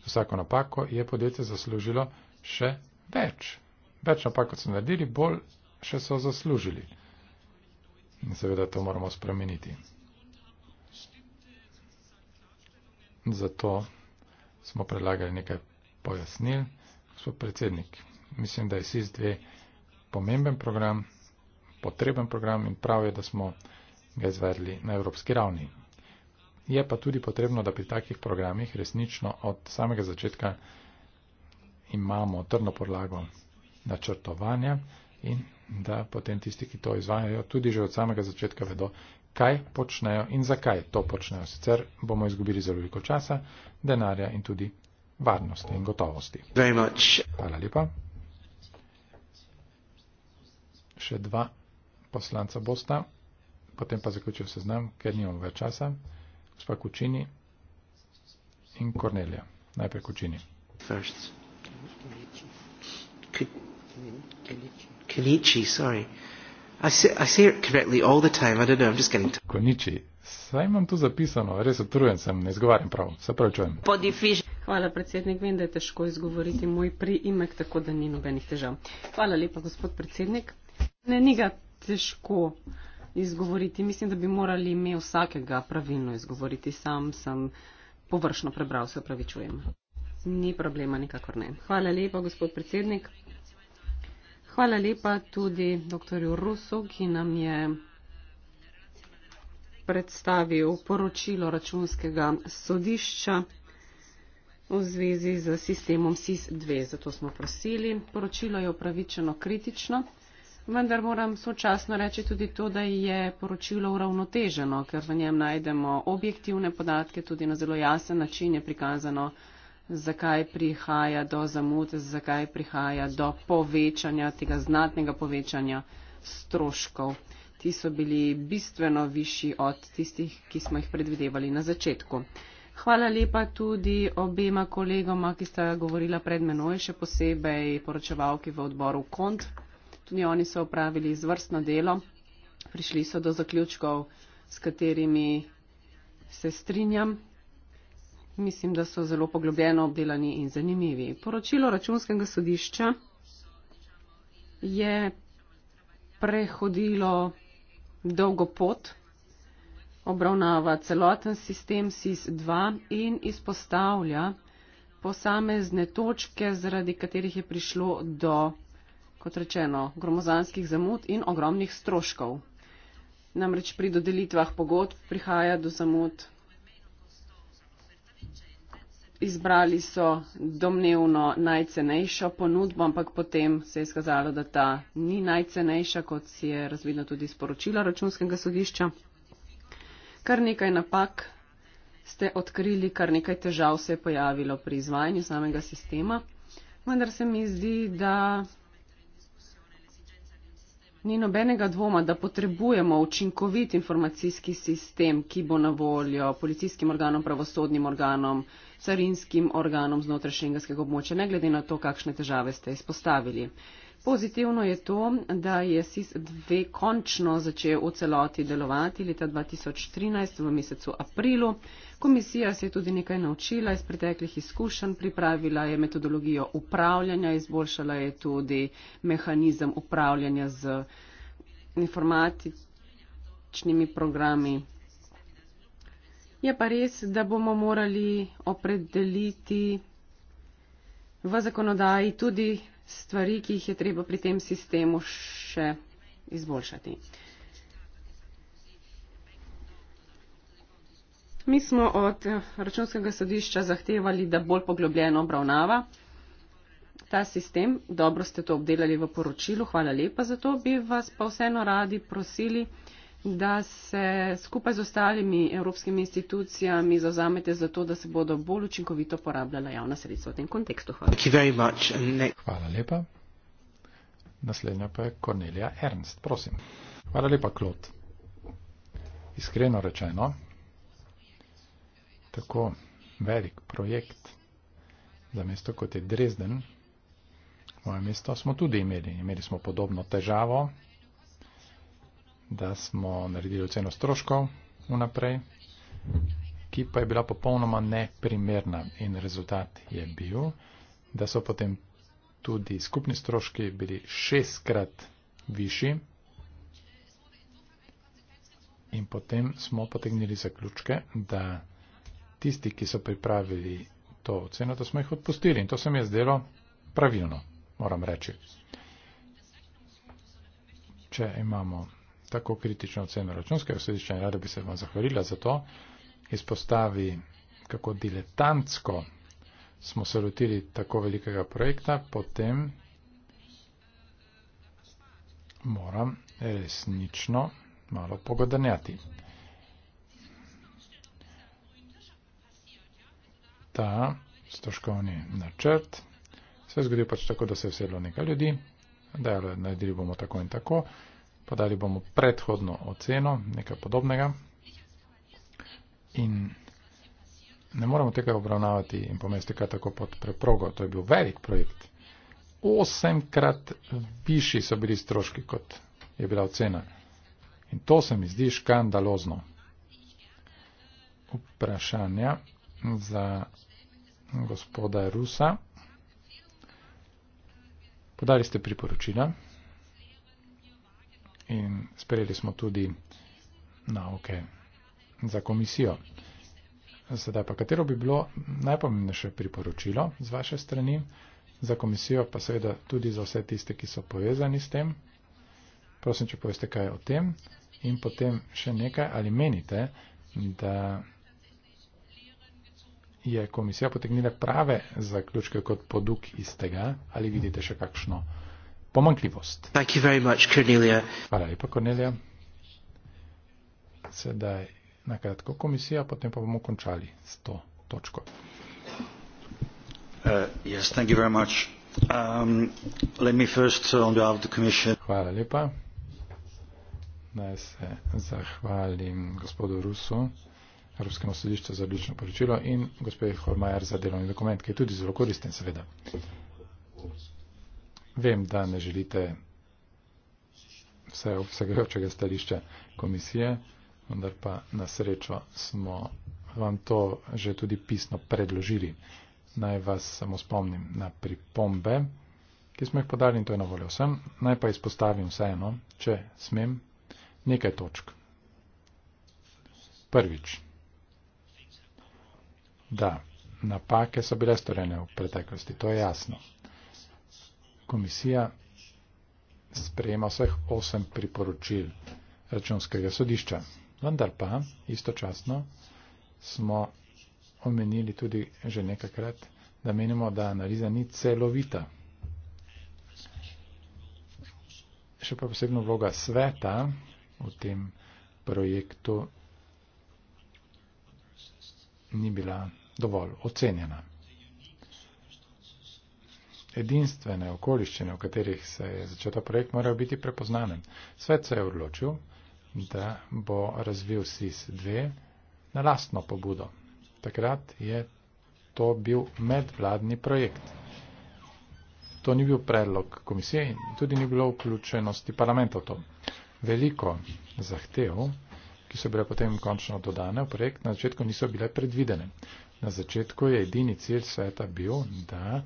Z vsako napako je podjetje zaslužilo še več. Več napak, kot so naredili, bolj še so zaslužili. In seveda to moramo spremeniti. Zato smo predlagali nekaj pojasnil. Gospod predsednik, mislim, da je SIS-2 pomemben program, potreben program in prav je, da smo ga izvedli na evropski ravni. Je pa tudi potrebno, da pri takih programih resnično od samega začetka imamo trdno podlago načrtovanja in da potem tisti, ki to izvajajo, tudi že od samega začetka vedo, kaj počnejo in zakaj to počnejo. Sicer bomo izgubili zelo veliko časa, denarja in tudi varnosti in gotovosti. Hvala lepa. Še dva poslanca bosta, potem pa zaključil seznam, ker nimamo več časa. Gospa Kučini in Kornelija. Najprej Kučini. Kličini, sorry. I say, I say it correctly all the time. I don't know. I'm just getting tired. Konichi. Saj imam tu zapisano. Res utrujen sem. Ne izgovarjam prav. Se prav čujem. Podifiž. Hvala, predsednik. Vem, da je težko izgovoriti moj priimek, tako da ni nobenih težav. Hvala lepa, gospod predsednik. Ne, ni ga težko izgovoriti. Mislim, da bi morali ime vsakega pravilno izgovoriti. Sam sem površno prebral, se opravičujem. Ni problema, nikakor ne. Hvala lepa, gospod predsednik. Hvala lepa tudi dr. Rusu, ki nam je predstavil poročilo računskega sodišča v zvezi z sistemom SIS-2. Zato smo prosili. Poročilo je upravičeno kritično, vendar moram sočasno reči tudi to, da je poročilo uravnoteženo, ker v njem najdemo objektivne podatke, tudi na zelo jasen način je prikazano zakaj prihaja do zamud, zakaj prihaja do povečanja, tega znatnega povečanja stroškov. Ti so bili bistveno višji od tistih, ki smo jih predvidevali na začetku. Hvala lepa tudi obema kolegoma, ki sta govorila pred menoj, še posebej poročevalki v odboru KONT. Tudi oni so opravili izvrstno delo, prišli so do zaključkov, s katerimi se strinjam. Mislim, da so zelo poglobljeno obdelani in zanimivi. Poročilo računskega sodišča je prehodilo dolgo pot, obravnava celoten sistem SIS-2 in izpostavlja posamezne točke, zaradi katerih je prišlo do, kot rečeno, gromozanskih zamud in ogromnih stroškov. Namreč pri dodelitvah pogodb prihaja do zamud izbrali so domnevno najcenejšo ponudbo, ampak potem se je skazalo, da ta ni najcenejša, kot si je razvidno tudi sporočila računskega sodišča. Kar nekaj napak ste odkrili, kar nekaj težav se je pojavilo pri izvajanju samega sistema, vendar se mi zdi, da Ni nobenega dvoma, da potrebujemo učinkovit informacijski sistem, ki bo na voljo policijskim organom, pravosodnim organom, carinskim organom znotraj šengenskega območja, ne glede na to, kakšne težave ste izpostavili. Pozitivno je to, da je SIS-2 končno začel v celoti delovati leta 2013 v mesecu aprilu. Komisija se je tudi nekaj naučila iz preteklih izkušenj, pripravila je metodologijo upravljanja, izboljšala je tudi mehanizem upravljanja z informatičnimi programi. Je pa res, da bomo morali opredeliti v zakonodaji tudi stvari, ki jih je treba pri tem sistemu še izboljšati. Mi smo od eh, računskega sodišča zahtevali, da bolj poglobljeno obravnava ta sistem. Dobro ste to obdelali v poročilu. Hvala lepa za to. Bi vas pa vseeno radi prosili, da se skupaj z ostalimi evropskimi institucijami zazamete za to, da se bodo bolj učinkovito porabljala javna sredstva v tem kontekstu. Hvala. Hvala lepa. Naslednja pa je Cornelia Ernst. Prosim. Hvala lepa, Klot. Iskreno rečeno, tako velik projekt za mesto kot je Dresden, moje mesto smo tudi imeli. Imeli smo podobno težavo, da smo naredili oceno stroškov vnaprej, ki pa je bila popolnoma neprimerna in rezultat je bil, da so potem tudi skupni stroški bili šestkrat višji in potem smo potegnili zaključke, da tisti, ki so pripravili to oceno, da smo jih odpustili in to se mi je zdelo pravilno, moram reči. Če imamo tako kritično oceno računskega sodišča in rada bi se vam zahvalila za to, izpostavi, kako diletantsko smo se lotili tako velikega projekta, potem moram resnično malo pogodanjati. Ta stroškovni načrt se je zgodil pač tako, da se je vselo nekaj ljudi, da je naredili bomo tako in tako podali bomo predhodno oceno, nekaj podobnega. In ne moramo tega obravnavati in pomesti kar tako pod preprogo. To je bil velik projekt. Osemkrat višji so bili stroški, kot je bila ocena. In to se mi zdi škandalozno. Vprašanja za gospoda Rusa. Podali ste priporočila in sprejeli smo tudi nauke za komisijo. Sedaj pa katero bi bilo najpomembnejše priporočilo z vaše strani za komisijo, pa seveda tudi za vse tiste, ki so povezani s tem. Prosim, če poveste kaj o tem in potem še nekaj, ali menite, da je komisija potegnila prave zaključke kot poduk iz tega, ali vidite še kakšno pomankljivost. Hvala lepa, Kornelija. Sedaj nakratko komisija, potem pa bomo končali s to točko. Uh, yes, thank you very much. Um, let me first, uh, on behalf of the Commission. Hvala lepa. Naj se zahvalim gospodu Rusu, Ruskemu sodišču za odlično poročilo in gospodinu Holmajer za delovni dokument, ki je tudi zelo koristen, seveda. Oops. Vem, da ne želite vse obsegajočega stališča komisije, vendar pa na srečo smo vam to že tudi pisno predložili. Naj vas samo spomnim na pripombe, ki smo jih podali in to je na voljo vsem. Naj pa izpostavim vseeno, če smem, nekaj točk. Prvič, da napake so bile storjene v preteklosti, to je jasno komisija sprejema vseh osem priporočil računskega sodišča. Vendar pa istočasno smo omenili tudi že nekakrat, da menimo, da analiza ni celovita. Še pa posebno vloga sveta v tem projektu ni bila dovolj ocenjena edinstvene okoliščine, v katerih se je začel ta projekt, morajo biti prepoznanen. Svet se je odločil, da bo razvil SIS-2 na lastno pobudo. Takrat je to bil medvladni projekt. To ni bil predlog komisije in tudi ni bilo vključenosti parlamenta v to. Veliko zahtev, ki so bile potem končno dodane v projekt, na začetku niso bile predvidene. Na začetku je edini cilj sveta bil, da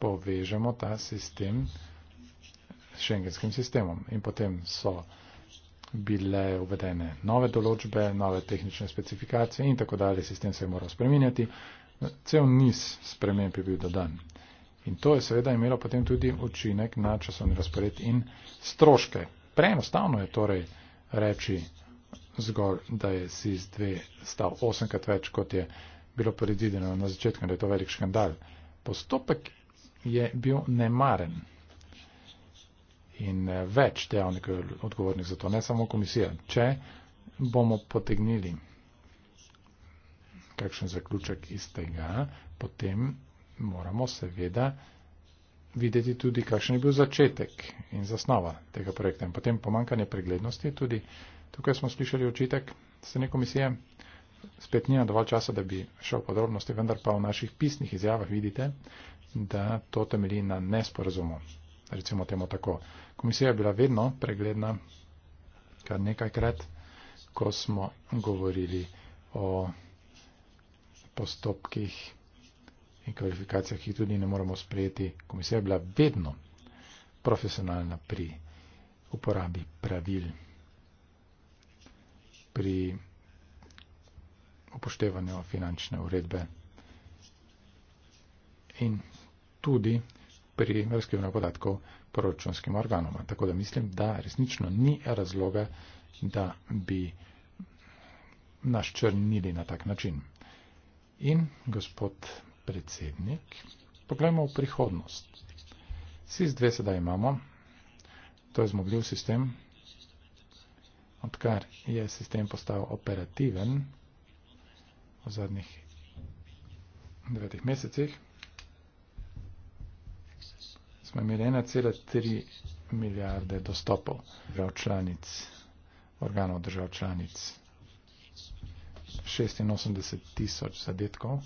povežemo ta sistem s šengenskim sistemom. In potem so bile uvedene nove določbe, nove tehnične specifikacije in tako dalje. Sistem se je moral spreminjati. Cel niz sprememb je bil dodan. In to je seveda imelo potem tudi učinek na časovni razpored in stroške. Preenostavno je torej reči zgolj, da je SIS-2 stal osemkrat več, kot je bilo predvideno na začetku, da je to velik škandal. Postopek je bil nemaren. In eh, več dejavnikov je odgovornih za to, ne samo komisija. Če bomo potegnili kakšen zaključek iz tega, potem moramo seveda videti tudi, kakšen je bil začetek in zasnova tega projekta. In potem pomankanje preglednosti, tudi tukaj smo slišali očitek strani komisije, spet nima dovolj časa, da bi šel v podrobnosti, vendar pa v naših pisnih izjavah vidite, da to temelji na nesporazumu. Recimo temu tako. Komisija je bila vedno pregledna, kar nekajkrat, ko smo govorili o postopkih in kvalifikacijah, ki jih tudi ne moremo sprejeti. Komisija je bila vedno profesionalna pri uporabi pravil, pri upoštevanju finančne uredbe in tudi pri razkrivanju podatkov proračunskim organom. Tako da mislim, da resnično ni razloga, da bi naš črnili na tak način. In, gospod predsednik, pogledajmo v prihodnost. SIS-2 sedaj imamo, to je zmogljiv sistem, odkar je sistem postal operativen v zadnjih devetih mesecih smo imeli 1,3 milijarde dostopov držav članic, organov držav članic, 86 tisoč zadetkov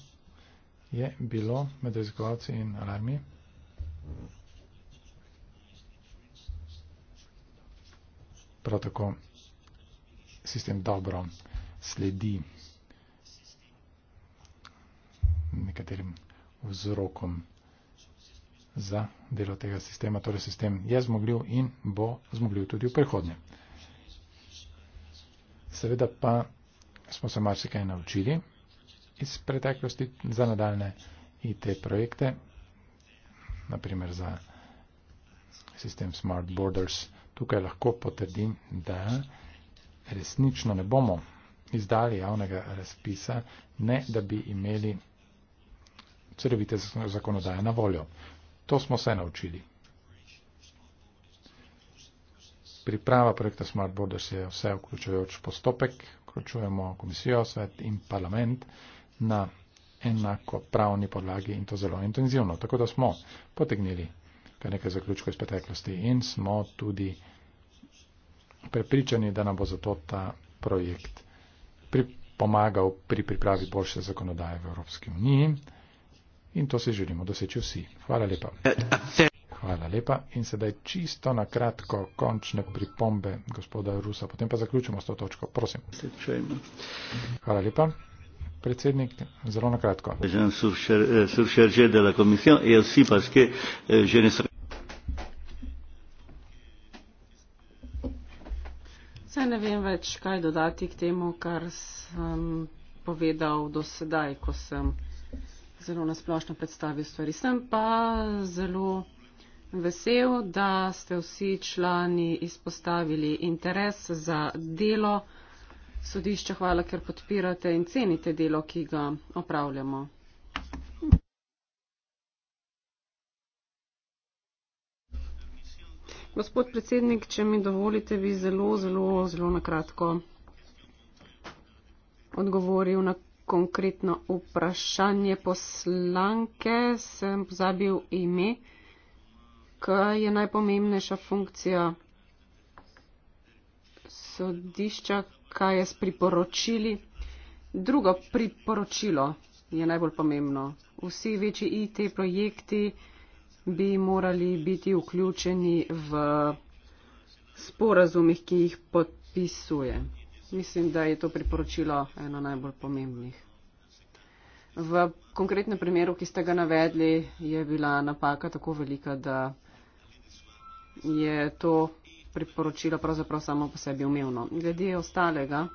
je bilo med raziskovalci in alarmi. Prav tako sistem dobro sledi nekaterim vzrokom za delo tega sistema. Torej sistem je zmogljiv in bo zmogljiv tudi v prihodnje. Seveda pa smo se marsikaj naučili iz preteklosti za nadaljne IT projekte, naprimer za sistem Smart Borders. Tukaj lahko potrdim, da resnično ne bomo izdali javnega razpisa, ne da bi imeli celovite zakonodaje na voljo. To smo se naučili. Priprava projekta Smart Borders je vse vključujoč postopek, vključujemo komisijo, svet in parlament na enako pravni podlagi in to zelo intenzivno. Tako da smo potegnili kar nekaj zaključkov iz preteklosti in smo tudi prepričani, da nam bo zato ta projekt pri, pomagal pri pripravi boljše zakonodaje v Evropski uniji. In to si želimo doseči vsi. Hvala lepa. Eh, eh, eh. Hvala lepa. In sedaj čisto na kratko končne pripombe gospoda Rusa. Potem pa zaključimo s to točko. Prosim. Hvala lepa. Predsednik, zelo na kratko. Saj ne vem več, kaj dodati k temu, kar sem povedal do sedaj, ko sem zelo nasplošno predstavil stvari. Sem pa zelo vesel, da ste vsi člani izpostavili interes za delo sodišča. Hvala, ker podpirate in cenite delo, ki ga opravljamo. Gospod predsednik, če mi dovolite, bi zelo, zelo, zelo nakratko odgovoril na konkretno vprašanje poslanke, sem pozabil ime, kaj je najpomembnejša funkcija sodišča, kaj je s priporočili. Drugo priporočilo je najbolj pomembno. Vsi večji IT projekti bi morali biti vključeni v sporazumih, ki jih podpisuje. Mislim, da je to priporočilo eno najbolj pomembnih. V konkretnem primeru, ki ste ga navedli, je bila napaka tako velika, da je to priporočilo pravzaprav samo po sebi umevno. Glede ostalega.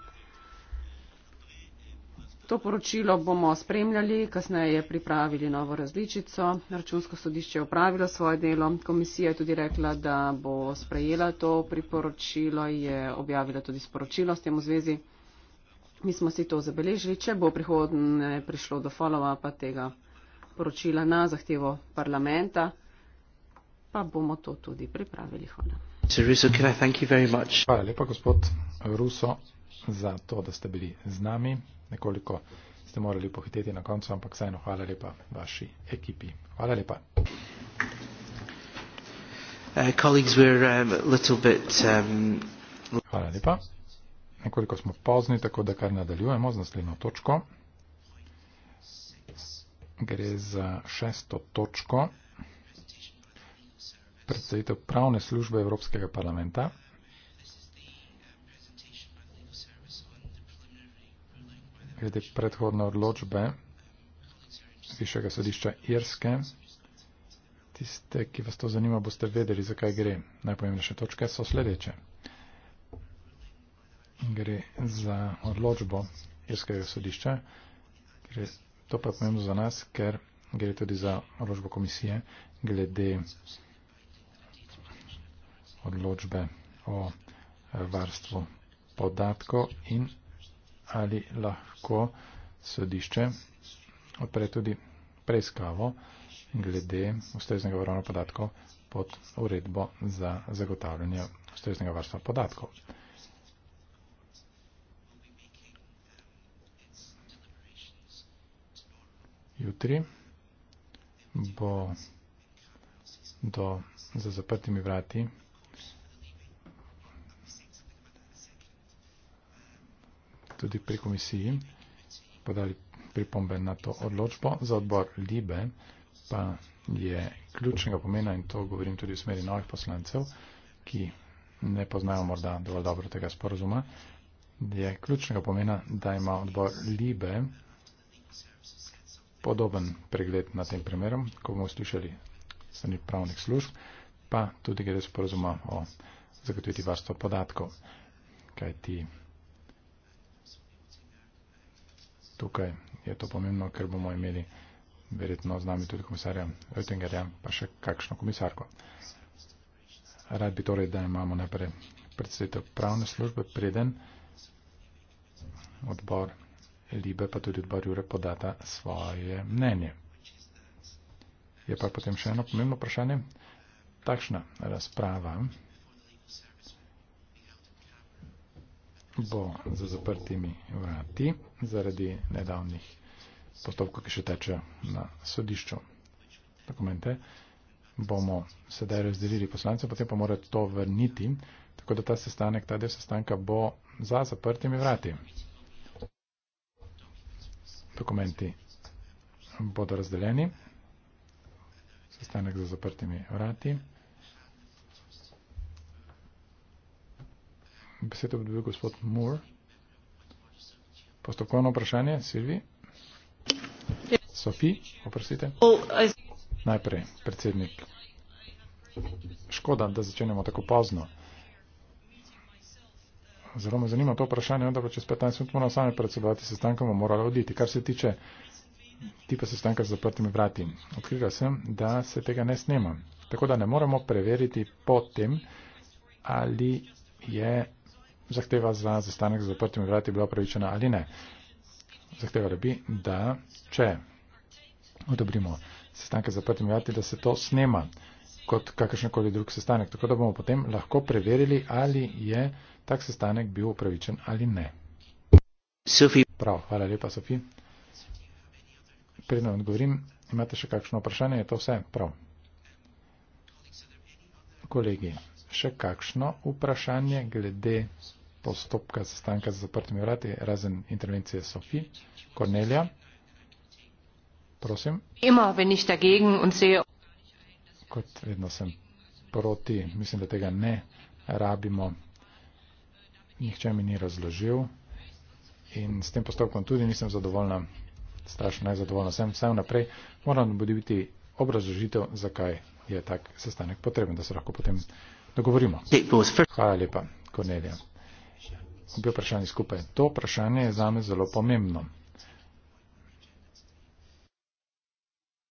To poročilo bomo spremljali, kasneje je pripravili novo različico. Računsko sodišče je upravilo svoje delo, komisija je tudi rekla, da bo sprejela to priporočilo, je objavila tudi sporočilo s tem v zvezi. Mi smo si to zabeležili, če bo prihodne prišlo do follow-upa pa tega poročila na zahtevo parlamenta, pa bomo to tudi pripravili. Hvala. Hvala lepa, gospod Ruso, za to, da ste bili z nami nekoliko ste morali pohiteti na koncu, ampak vseeno hvala lepa vaši ekipi. Hvala lepa. Uh, um, um, hvala lepa. Nekoliko smo pozni, tako da kar nadaljujemo z naslednjo točko. Gre za šesto točko predstavitev pravne službe Evropskega parlamenta. glede predhodne odločbe Višjega sodišča Irske. Tiste, ki vas to zanima, boste vedeli, zakaj gre. Najpomembnejše točke so sledeče. Gre za odločbo Irskega sodišča. Gre, to pa je pomembno za nas, ker gre tudi za odločbo komisije glede odločbe o varstvu podatkov in ali lahko sodišče odpre tudi preiskavo glede ustreznega varovanja podatkov pod uredbo za zagotavljanje ustreznega varstva podatkov. Jutri bo do, za zaprtimi vrati tudi pri komisiji podali pripombe na to odločbo. Za odbor Libe pa je ključnega pomena in to govorim tudi v smeri novih poslancev, ki ne poznajo morda dovolj dobro tega sporozuma, da je ključnega pomena, da ima odbor Libe podoben pregled na tem primeru, ko bomo slišali strani pravnih služb, pa tudi glede sporozuma o zagotoviti varstvo podatkov, kajti tukaj je to pomembno, ker bomo imeli verjetno z nami tudi komisarja Oettingerja, pa še kakšno komisarko. Rad bi torej, da imamo najprej predstavitev pravne službe, preden odbor Libe, pa tudi odbor Jure podata svoje mnenje. Je pa potem še eno pomembno vprašanje. Takšna razprava. bo za zaprtimi vrati zaradi nedavnih postopkov, ki še teče na sodišču. Dokumente bomo sedaj razdelili poslance, potem pa morajo to vrniti, tako da ta sestanek, ta del sestanka bo za zaprtimi vrati. Dokumenti bodo razdeljeni. Sestanek za zaprtimi vrati. besedo dobil gospod Moore. Postopkovno vprašanje, Silvi. Sofi, oprostite. Najprej, predsednik. Škoda, da začenjamo tako pozno. Zelo me zanima to vprašanje, vendar pa čez 15 minut moramo sami predsedovati sestankom, bomo morali oditi. Kar se tiče tipa sestanka z zaprtimi vrati, odkrila sem, da se tega ne snema. Tako da ne moremo preveriti po tem, ali je zahteva za zastanek za zaprtimi vrati bila pravičena ali ne. Zahtevali bi, da če odobrimo sestanke za zaprtimi vrati, da se to snema kot kakršenkoli drug sestanek, tako da bomo potem lahko preverili, ali je tak sestanek bil upravičen ali ne. Sophie. Prav, hvala lepa, Sofi. Predno odgovorim, imate še kakšno vprašanje, je to vse? Prav. Kolegi, še kakšno vprašanje glede postopka sestanka z zaprtimi vrati, razen intervencije Sofi. Kornelija, prosim. Kot vedno sem proti, mislim, da tega ne rabimo. Nihče mi ni razložil in s tem postopkom tudi nisem zadovoljna, strašno najzadovoljna sem, vse vnaprej. Moram bodi biti obrazložitev, zakaj je tak sestanek potreben, da se lahko potem dogovorimo. Hvala lepa, Kornelija obje vprašanje skupaj. To vprašanje je zame zelo pomembno.